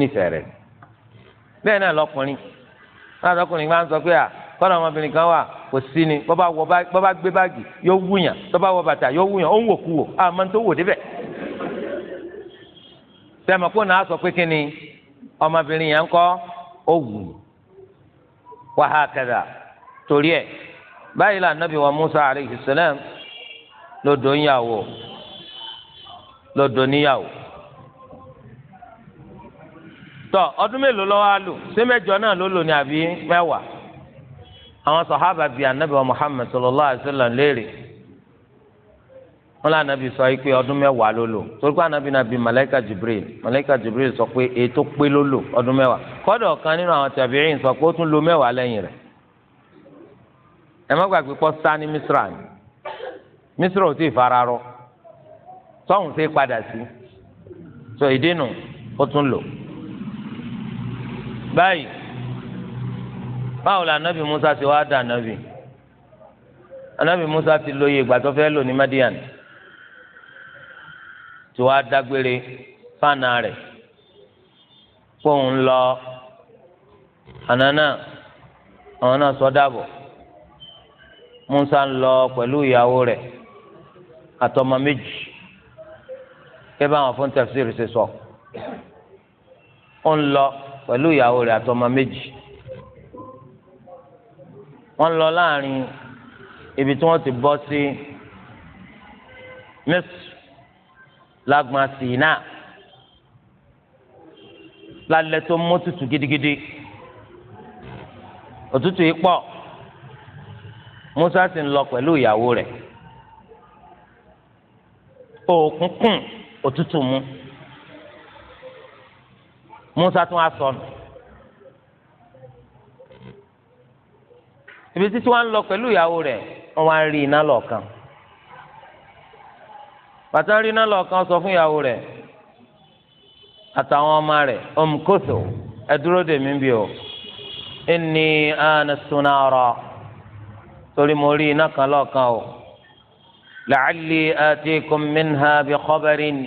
náà tọkùnrin máa ń sọ pé à kọ́nà ọmọbìnrin kan wà kò sí ni bọ́bá wọ bọ́bá gbé báàgì yóò wúyàn bọ́bá wọ bàtà yóò wúyàn ó ń wò kú wò àmọ́ tó wò débẹ̀. náà sọ pé torí ẹ̀ báyìí wa Musa alayhi salam lọ́dọ̀ níyàwó lọ́dọ̀ níyàwó. tọ ọdún mélòó ló wá lò ṣé mẹ́jọ náà ló lò ní àbí mẹ́wàá àwọn sọ̀hábà bíi anabi wa muhammed léèrè wọn lé anabi sọ yìí pé ọdún mẹ́wàá ló anabi náà bíi malaika jibril malaika jibril sọ pé ètò pé ló lò ọdún kan nínú àwọn sọ pé ó tún lo ẹ má gbàgbé fara rọ padà sí so ìdí báyìí báwo la anabi musa ti wá da anabi anabi musa ti lóye ìgbà tó fẹ́ lò ní madian tí wàá dágbére fáànà rẹ̀ fóun lọ ànánà àwọn náà sọ dàbọ̀ musa ń lọ pẹ̀lú ìyàwó rẹ̀ àtọmọ méjì kẹ́ bá àwọn fún tafsir ṣe sọ ó ń lọ. So pẹ̀lú ìyàwó rẹ̀ àtọmọ méjì wọ́n lọ láàrin ibi tí wọ́n ti bọ́ sí Misr lágbọn Sínà lálẹ́ tó mú tutù gidigidi òtútù yìí pọ̀ Musa sì ń lọ pẹ̀lú ìyàwó rẹ̀ òkùnkùn òtútù mu. Musa tún wá sọnù. ibi títí wọn lọ pẹ̀lú ìyàwó rẹ̀ wọ́n wá rí iná lọ́ọ̀kan bàtà rí iná lọ́ọ̀kan sọ fún ìyàwó rẹ̀ àtàwọn ọmọ rẹ̀ omkoso umm ẹ̀dúró dèmí bí o ẹni ànàsúnàrọ̀ torí mo rí iná kan lọ́ọ̀kan o làálì àti kùnmínà bí kọ́bẹ̀rin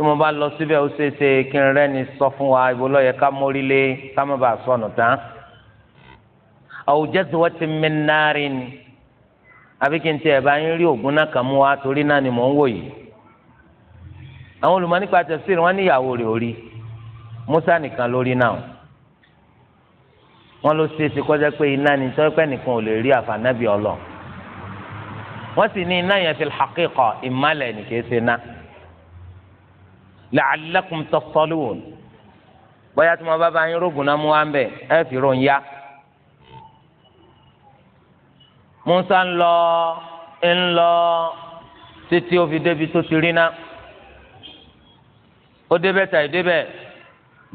tí mo bá lọ síbẹ̀ ó ṣeé ṣe kí n rẹ́ni sọ fún wa ibo ló yẹ ká mórí lé ká má bàa sọnù tán. àwùjọ tí wọ́n ti mí náírà ni àbí kí n tiẹ̀ bá yín rí ògùn náà kàn mú wa torí náà ni mò ń wò yìí. àwọn olùmọ̀ nípa tẹ̀síìrì wọ́n níyàwó rẹ̀ orí Musa nìkan lórí náà wọ́n ló ṣeé ṣe kọjá pé iná ni tọ́pẹ́ nìkan ò lè rí àfànàbì ọlọ́ wọ́n sì ní iná yẹn fi hàkíkọ̀ ìmálẹ̀ la'allakum tafsalun bóyá tí mo bá bá yín rògùn náà mú wa ń bẹ̀ ẹ fi ròyìn ya. musa ń lọ ń lọ títí ó fi débi tó ti rí náà ó débẹ̀ tàì débẹ̀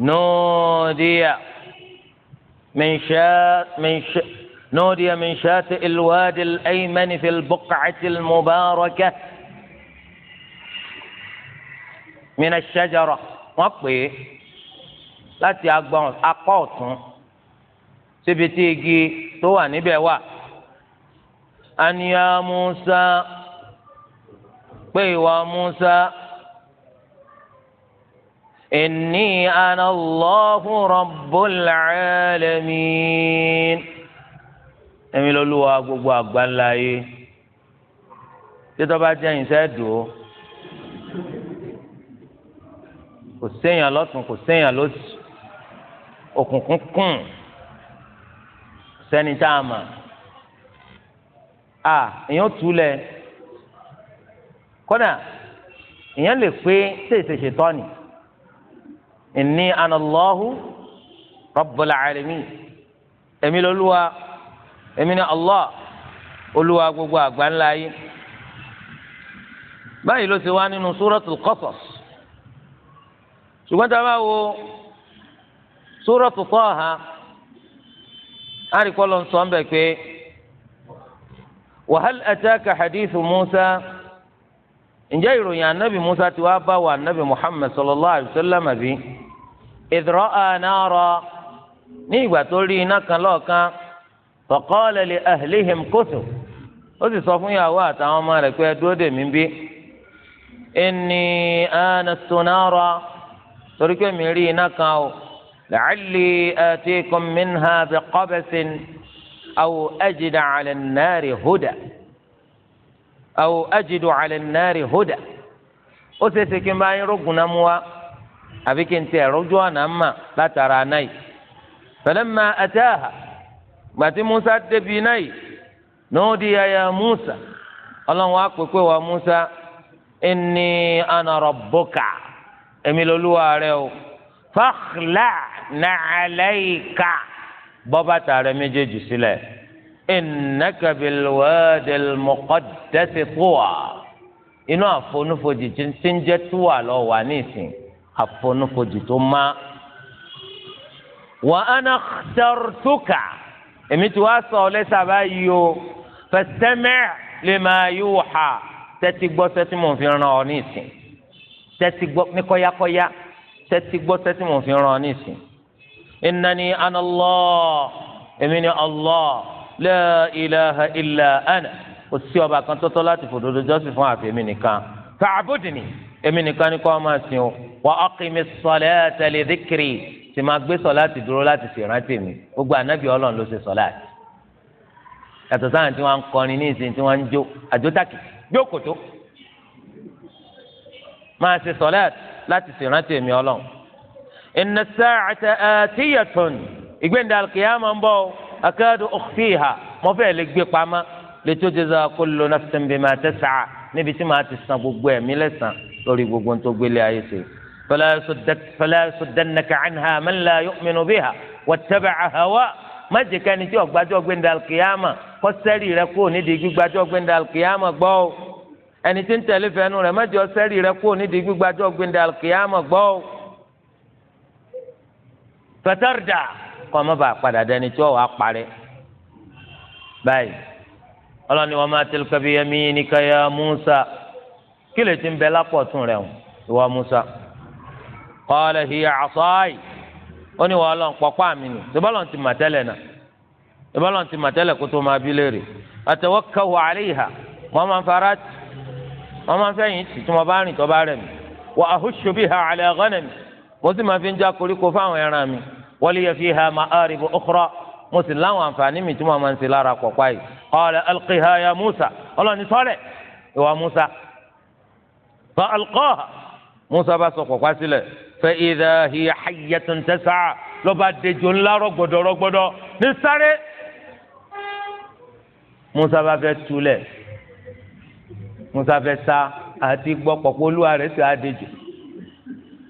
nùdíyà nùdíyà min shati ilwadi al-aymani fi al-buq'ati al-mubarakah. mina ṣẹjọrọ wọn pè é láti agbọn akọ ọ̀tún síbi tí igi tó wà níbẹ̀ wà aniya musa pé ìwà musa inni ana allahu rabbul alamin èmi lọ́lúwa gbogbo àgbáńlá yìí tí tọ́ba jẹ́ ìṣẹ́ kò séèyàn lọ́tún kò séèyàn lọ́sì òkùnkùn kùn sẹ́ni tá a mà a èèyàn túlẹ̀ kódà èèyàn lè pé tètè ṣètọ́ni inni anallahu rabbul alamin èmi lolúwa èmi ni allah olúwa gbogbo àgbáńlá yìí báyìí ló ti wá nínú suratul qasas ṣùgbọ́n tá a bá wo Suratu Taha àríkọ́ ló ń sọ ń bẹ̀ pé wa hal ataka hadithu Musa ǹjẹ́ ìròyìn anabi Musa ti wá bá wa anabi Muhammad sallallahu alayhi wa sallam àbí idh ra'a nara ní ìgbà tó rí iná kan lọ́ọ̀kan faqala li ahlihim kuthu ó sì sọ fún ìyàwó àtàwọn ọmọ rẹ̀ pé dúró dè mí bí inni anastu nara torí pé mi rí iná kan o la'alli atikum minha biqabasin aw ajida 'ala an-nari huda aw ajidu 'ala an-nari huda ó ṣe é ṣe kí n bá yín rógun náà mú wa àbí kí n tẹ ẹ̀rọ ojú ọ̀nà mà látara náà yìí falamma ataha gbàtí musa débi náà yìí nudiya ya musa ọlọ́run wa pèpè wa musa inni ana rabbuka èmi lolúwa rẹ o fakhla na'alayka bọ́ bàtà rẹ méjèèjì sílẹ̀ innaka bil wadil muqaddasi tuwa inú àfonúfojì tí ń jẹ́ tuwa lọ wà nísìn àfonúfojì tó má wa ana ikhtartuka èmi tí wàá sọ ọ báyìí o fastami' lima yuha tẹ́tí gbọ́ sẹ́tí mò fi ràn ọ nísìn tẹ́tí gbọ́ ní kọ́yákọ́yá tẹ́tí gbọ́ tẹ́tí mò ń fi ràn nísìn. innani ana Allah èmi ni Allah la ilaha illa ana kò sí ọba kan tọ́tọ́ láti fòdodo jọ́sìn fún àfi èmi nìkan fa'budni èmi nìkan ni kò máa sìn o wa aqimis salata li dhikri sì máa gbé sọláàtì dúró láti ṣèrántí mi gbogbo ànábì Ọlọ́run ló ṣe sọláàtì yàtọ̀ sáà tí wọ́n ń kọrin ní ìsìn tí wọ́n ń jó àjò tàkì jókòtó máa ṣe sọlẹ́t láti ṣèrántí èmi ọlọ́run. inna sa'ata atiyatun ìgbéǹda alkiyama ń bọ̀ akadu ukhfiha mo fẹ́ lè gbé pamọ́ lẹ́tọ́ jẹ́sà kullu nafsin bima tas'a níbi tí màá ti san gbogbo ẹ̀mí lẹ́sàn lórí gbogbo tó gbélé ayé ṣe. fala yasuddannaka anha man la yu'minu biha wattaba'a hawa má jẹ́ tí ọ̀gbájọ́ gbéǹda alkiyama kọ́ ẹni tí ń tẹ̀lé fẹ́nu rẹ̀ mẹ́jọ sẹ́rì rẹ̀ kúrò nídìí gbígbàjọ́ gbẹ̀ndẹ̀ àlùkìyàmọ̀ gbọ́ ò pẹ̀tẹ́rìdà kọ́ ọmọ bá padà dẹni tí ó wàá parẹ́ báyìí ọlọ́ni wa ma tilka bi yaminika ya Musa kí lè ti ń bẹ lápọ̀tún rẹ̀ hùn ìwọ Musa qala hiya asaayi ó ní wọ́n lọ́n pọ̀pọ́ àmì nù ìbọ́lọ́n ti náà ìbọ́lọ́n wọn máa ń fẹ̀yìn tì tí wọn bá rìn tó bá rẹ̀ mí wà áhùṣù biha ala ghanami mo sì máa fi ń já koríko fáwọn ẹran mi wa liya fiha ma'aribu ukhra mo sì láwọn àǹfààní mi tí wọn máa ń ṣe lára pọ̀pá yìí qala alqiha ya Musa ọlọ́ni sọ́lẹ̀ ìwà Musa fa alqaha Musa bá sọ pọ̀pá sílẹ̀ fa idha hiya hayyatun tas'a lọ́ba dejò ńlá rọ̀gbọ̀dọ̀ rọ̀gbọ̀dọ̀ ní sáré Musa bá fẹ́ tulẹ̀ musa fẹ́ sá àti gbọ́ pọ̀pọ̀ olúwa rẹ̀ sì á dejò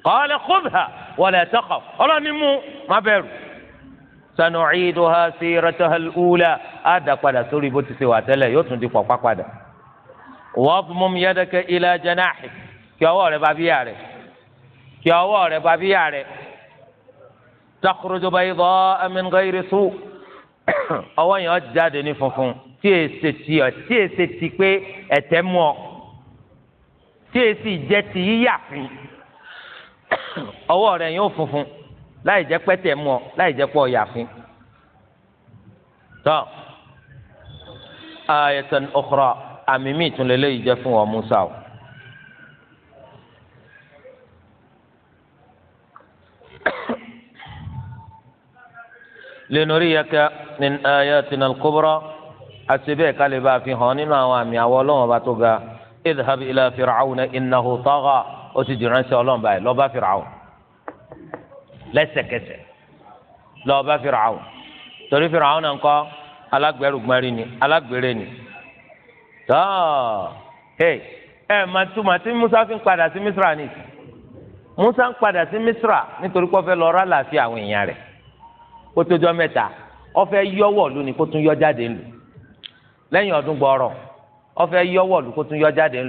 qala khudha wala taqaf ọlọ́ni mú má bẹ̀rù sanu'iduha sirataha al-ula á dà padà sórí bó ti ṣe wà tẹ́lẹ̀ yóò tún di pọ̀pá padà wadmum yadaka ila janahik kí ọwọ́ rẹ̀ bá bíyà rẹ̀ kí ọwọ́ rẹ̀ bá bíyà rẹ̀ takhruju baydaa min ghayri su ọwọ́ yẹn ó jáde ní funfun tí èsè ti ọ tí èsè ti pé ẹ̀tẹ̀ mú ọ tí èsì jẹ́ ti yíyàfin ọwọ́ rẹ̀ yóò funfun láì jẹ́ pẹ́tẹ̀ mú ọ láì jẹ́ pọ̀ yàfin tọ́ ayatan ukhra àmì míì tún lè léyìí fún ọ Musa o. لنريك من آياتنا الكبرى àṣebẹ́ ká lè bá a fi hàn nínú àwọn àmì àwọ̀ ọlọ́wọ́n bá tó ga idhab ila fir'auna innahu tagha ó ti di ránṣẹ́ ọlọ́wọ́n báyìí lọ bá Fir'aun lẹ́sẹ̀kẹsẹ̀ lọ bá Fir'aun torí Fir'aun náà kọ́ alágbèrúgbárí ni alágbèrè ni tọ́ọ̀ hey ẹ mà túmọ̀ tí Musa fi ń padà sí Misra ni Musa ń sí Misra nítorí kó fẹ́ lọ àwọn èèyàn rẹ̀ kó tó jọ mẹ́ta ó fẹ́ yọwọ́ lónìí lẹ́yìn ọdún gbọrọ ọfẹ yọwọ lù kó tún yọ jáde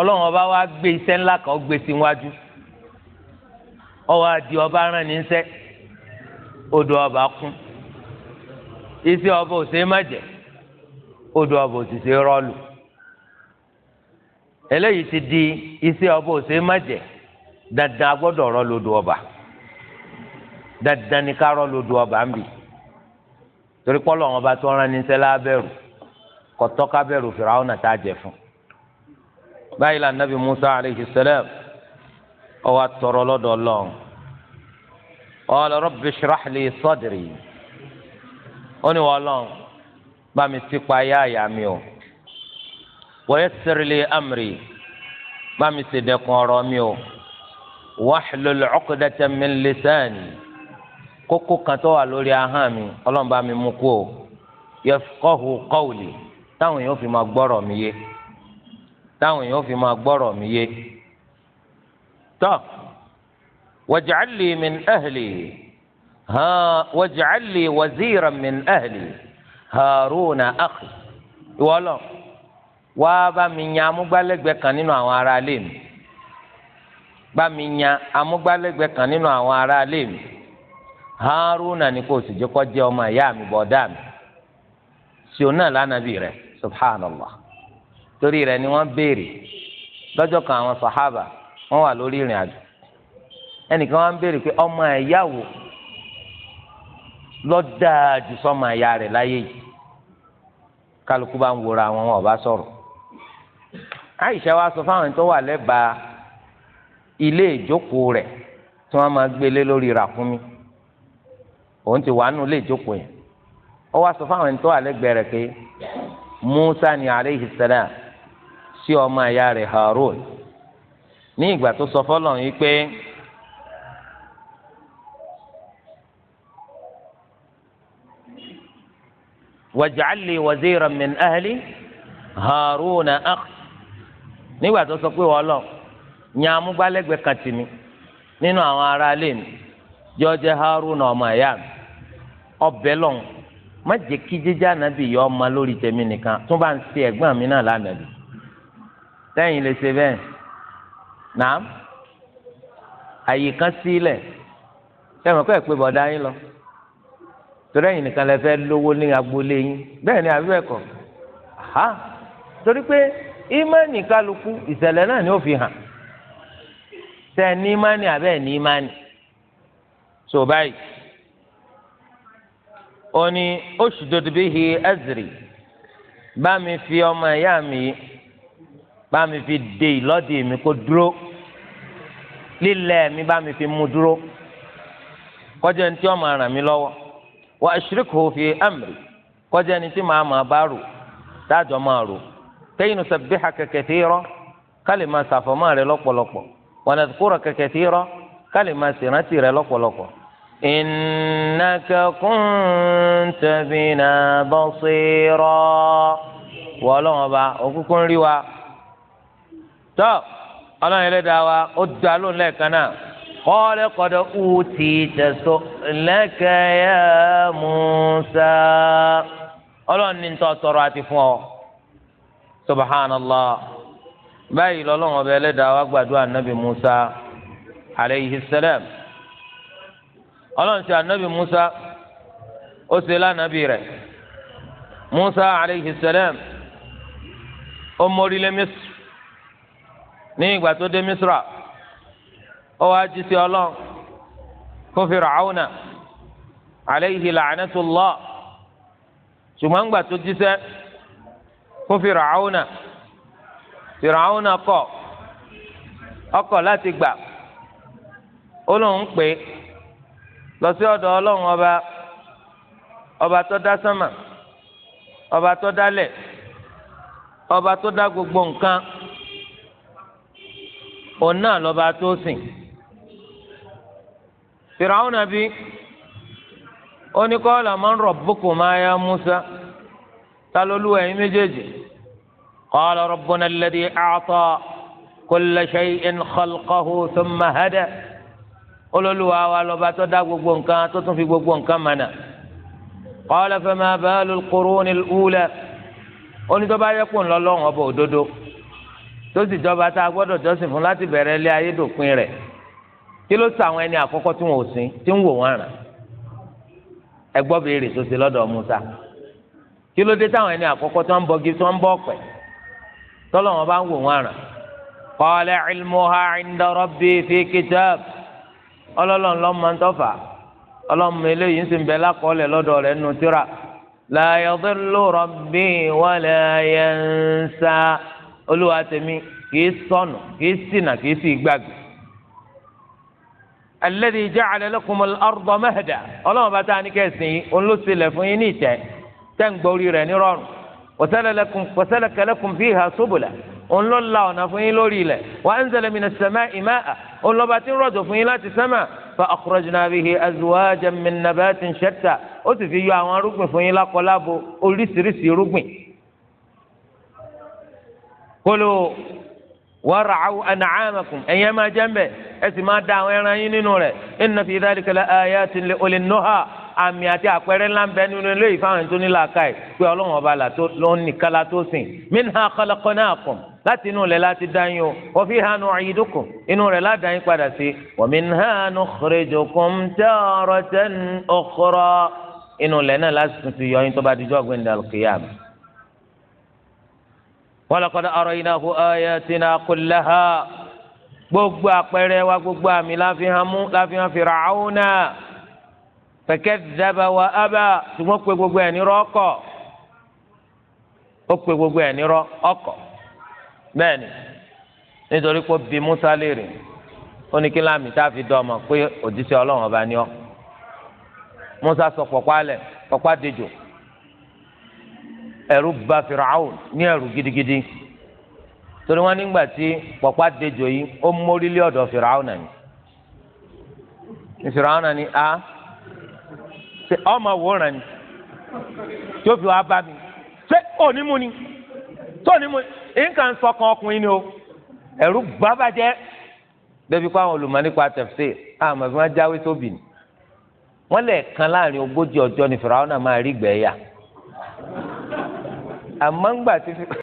Ọlọ́run ọba wa gbé iṣẹ́ ńlá kan gbé sí wájú ọba rán ní odò ọba kún iṣẹ́ ọba ò ṣeé má jẹ odò ọba ò rọlù ti di iṣẹ́ ọba ò má jẹ dandan ọba. dandan ni kárọ̀ lodò ọba ń bì torí pọ́lọ́ àwọn ọba tó rán ní sẹ́lá abẹ́rù kọ́tọ́ kábẹ́rù Fìráúnà tá a jẹ fún. báyìí la Nabi Musa alayhi salam ó wá tọrọ lọ́dọ̀ Ọlọ́run qala rabbi shrah li sadri ó ní wọ́n lọ́n o wa yassir amri bá mi sì dẹkun mi o wahlul uqdatan min lisani kókó kan tó wà lórí ahọ́n mi ọlọ́run bá mi mú kú o yafqahu qawli táwọn èèyàn fi máa gbọ́rọ̀ mi yé táwọn èèyàn fi máa gbọ́rọ̀ mi yé tọ́ waj'al min ahli ha waj'al li min ahli haruna akhi ìwọ́lọ̀ wá bá mi yan amúgbálẹ́gbẹ̀ẹ́ kan nínú àwọn ará ilé mi bá mi yan amúgbálẹ́gbẹ̀ẹ́ kan nínú àwọn ará ilé mi. haruna ni kò sì jẹ́ kó jẹ́ ọmọ ìyá mi bọ̀dá mi ṣòun náà lánàbì rẹ̀ subhanallah torí rẹ̀ ni wọ́n béèrè lọ́jọ́ kan àwọn sàhábà wọ́n wà lórí ìrìn àjò ẹnìkan wọ́n béèrè pé ọmọ ìyá wo ló dáa jù sọ́mọ ìyá rẹ̀ láyé yìí kálukú bá ń wòra àwọn ọba sọ̀rọ̀ Aisha wa sọ fáwọn tó wà lẹ́bàá ilé ìjókòó rẹ tí wọ́n máa gbélé lórí ràkúnmí òun ti wà nù lè jókòó yẹn ó wá sọ fáwọn ẹni tó pé Musa ni aleyhi salam sí ọmọ ìyá rẹ̀ Harun ní ìgbà tó sọ fọlọ yìí pé waziran min ahli Harun nígbà tó sọ pé wọ́n lọ yan amúgbálẹ́gbẹ̀ẹ́ kan nínú àwọn ará mi ọbẹ lọ́n má jẹ́ kí jíjẹ́ ànábì yọ ọmọ lórí nìkan tún bá ń ṣe ẹ̀gbọ́n mi náà lánàbì sẹ́yìn lè ṣe bẹ́ẹ̀ náà àyè kan sílẹ̀ sẹ́yìn pé lọ torí ẹ̀yin nìkan lè lówó ní agboolé yín bẹ́ẹ̀ ni àbí bẹ́ẹ̀ ha torí pé ìmánì kálukú náà ni ó fi hàn ní ìmánì ní ìmánì so báyìí. ó o ushdud bihi azri bá mi fi ọmọ ẹ̀yà mi bá mi fi de ìlọ́dì mi kó dúró lílẹ̀ mi bá mi fi mú dúró kọjá ní tí ọmọ ara mi lọ́wọ́ wa ashrikhu fi amri kọjá ní tí màá máa bá rò dájọ́ máa rò kay nusabbihaka kathira kálí máa ṣàfọ̀mọ́ rẹ lọ́pọ̀lọpọ̀ wa nadhkuraka kathira kálí máa ṣèrántí rẹ lọ́pọ̀lọpọ̀. إنك كنت بنا بصيرا ولو با أكون روا تو أنا إلى دعوة أدعو لك أنا قال قد أوتيت سؤلك يا موسى ọlọ́run ní ntọ́ tọrọ àti fún ọ subhanallah báyìí lọ́lọ́run ọba ẹlẹ́dàá wa gbàdúrà nàbì musa aleyhi salam ọlọ́run ṣe anabi musa ó ṣe lánàbì rẹ̀ musa aleyhi salam ó mórílé misr ní ìgbà tó dé misra ó wá jí sí ọlọ́run kó Fir'auna aleyhi la'natullah ṣùgbọ́n ìgbà tó jíṣẹ́ kó Fir'auna Fir'auna kọ̀ ọkọ̀ láti gbà ó lóun pè é lọ sí ọ̀dọ̀ ọlọ́run ọba ọba tó dá sánmà ọba tó dálẹ̀ ọba tó dá gbogbo nǹkan òun náà lọ́ba tó sìn fìràwọn nàbí ó ní qala man rabbukuma ya Musa ta lolúwa ẹ̀yin méjèèjì qala rabbuna alladhi a'ta kulla shay'in khalqahu thumma hada. olólùwà wa lọ́ba tó dá gbogbo nǹkan tó tún fi gbogbo nǹkan mọ̀nà qala fama balul qurunil ula onítọ́ba yẹ́pọ̀ ńlọ́lọ́run ọba òdodo tó sì jọba tá a gbọ́dọ̀ jọ́sìn fún láti bẹ̀rẹ̀ ilé ayé dòpin rẹ̀ kí ló sọ àwọn ẹni àkọ́kọ́ tí wọn ò sìn tí ń wò ẹ gbọ́ tó lọ́dọ̀ Musa kí ló dé táwọn ẹni àkọ́kọ́ ń gí ń ọlọ́lọ́n lọ́mọ ń tọ́fà ọlọ́mọ eléyìí ń sì ń bẹ lákọọ́lẹ̀ lọ́dọ̀ rẹ̀ nù tíra la yadillu rabbi wala yansa olúwa tèmi kìí sọnù kìí ṣìnà kìí sì gbàgbé. alladhi ja'ala lakumul arda mahda ọlọ́mọ bá tá a ní kẹ́sìn yìí òun ló ṣílẹ̀ fún yín ní ìtẹ́ tẹ́ ń gbórí rẹ̀ ní rọrùn wa salaka lakum fiha òun ló la ọ̀nà fún yín lórí ilẹ̀ wa anzala minas sama'i ma'a olọba tí ń rọ̀jò fún yín láti sánmà fa akhrajna bihi azwajan min nabatin shatta ó sì fi yọ àwọn arúgbìn fún yín lákọlábo oríṣiríṣi irúgbìn. kóló wara'u an'amakum ẹ̀yẹ́ máa jẹ́ ń bẹ̀ ẹ sì máa da àwọn ẹran yín nínú rẹ̀ inna fi dhalika la ayatin li ulil àmì àti àpẹẹrẹ ńlá ń bẹ nínú ilé ìfáwọn tó ní làákàyè pé ọlọ́run ọba ló ń nìkan la tó sìn minha khalaqnakum láti inú rẹ̀ láti dá yín o wa fiha nu'idukum inú rẹ̀ láti dá yín padà sí wa minha nukhrijukum taratan ukhra inú rẹ̀ náà láti tuntun yọ yín tó bá dijọ́ ọ̀gbìn dàlùkìyàm. wa laqad fẹkẹdẹbẹ wa ẹbẹ ṣùgbọ́n pé gbogbo ẹ̀ nírọ́ ọkọ ó pé gbogbo ẹ̀ nírọ́ ọkọ bẹ́ẹ̀ ni nítorí pé bí Musa léèrè ó ní kí láàmì tá a fi dọ́ọ̀mọ̀ pé òjíṣẹ́ Ọlọ́run ọba ni ọ́ Musa sọ pọ̀pọ̀ alẹ̀ pọ̀pọ̀ àdejò ẹ̀rù bà Fìràwùn ní ẹ̀rù gidigidi torí wọn nígbà tí pọ̀pọ̀ àdejò yìí ó mórí lé ọ̀dọ̀ Fìràwùn náà ni Fìràwùn a. Ah, ṣe ọmọ wòran ni tó fi wá bá mi ṣé òní mu ni tó ní mu nǹkan sọkàn ọkùnrin ni o ẹ̀rù bàbàjẹ́ débi kó àwọn olùmọ̀ nípa tafsir àmọ́ fi wọ́n jáwé sóbì ni wọ́n lè kan láàrin ogójì ọjọ́ ni fìràwọ́n náà máa rí gbẹ̀ẹ́yà àmọ́ ń gbà tí.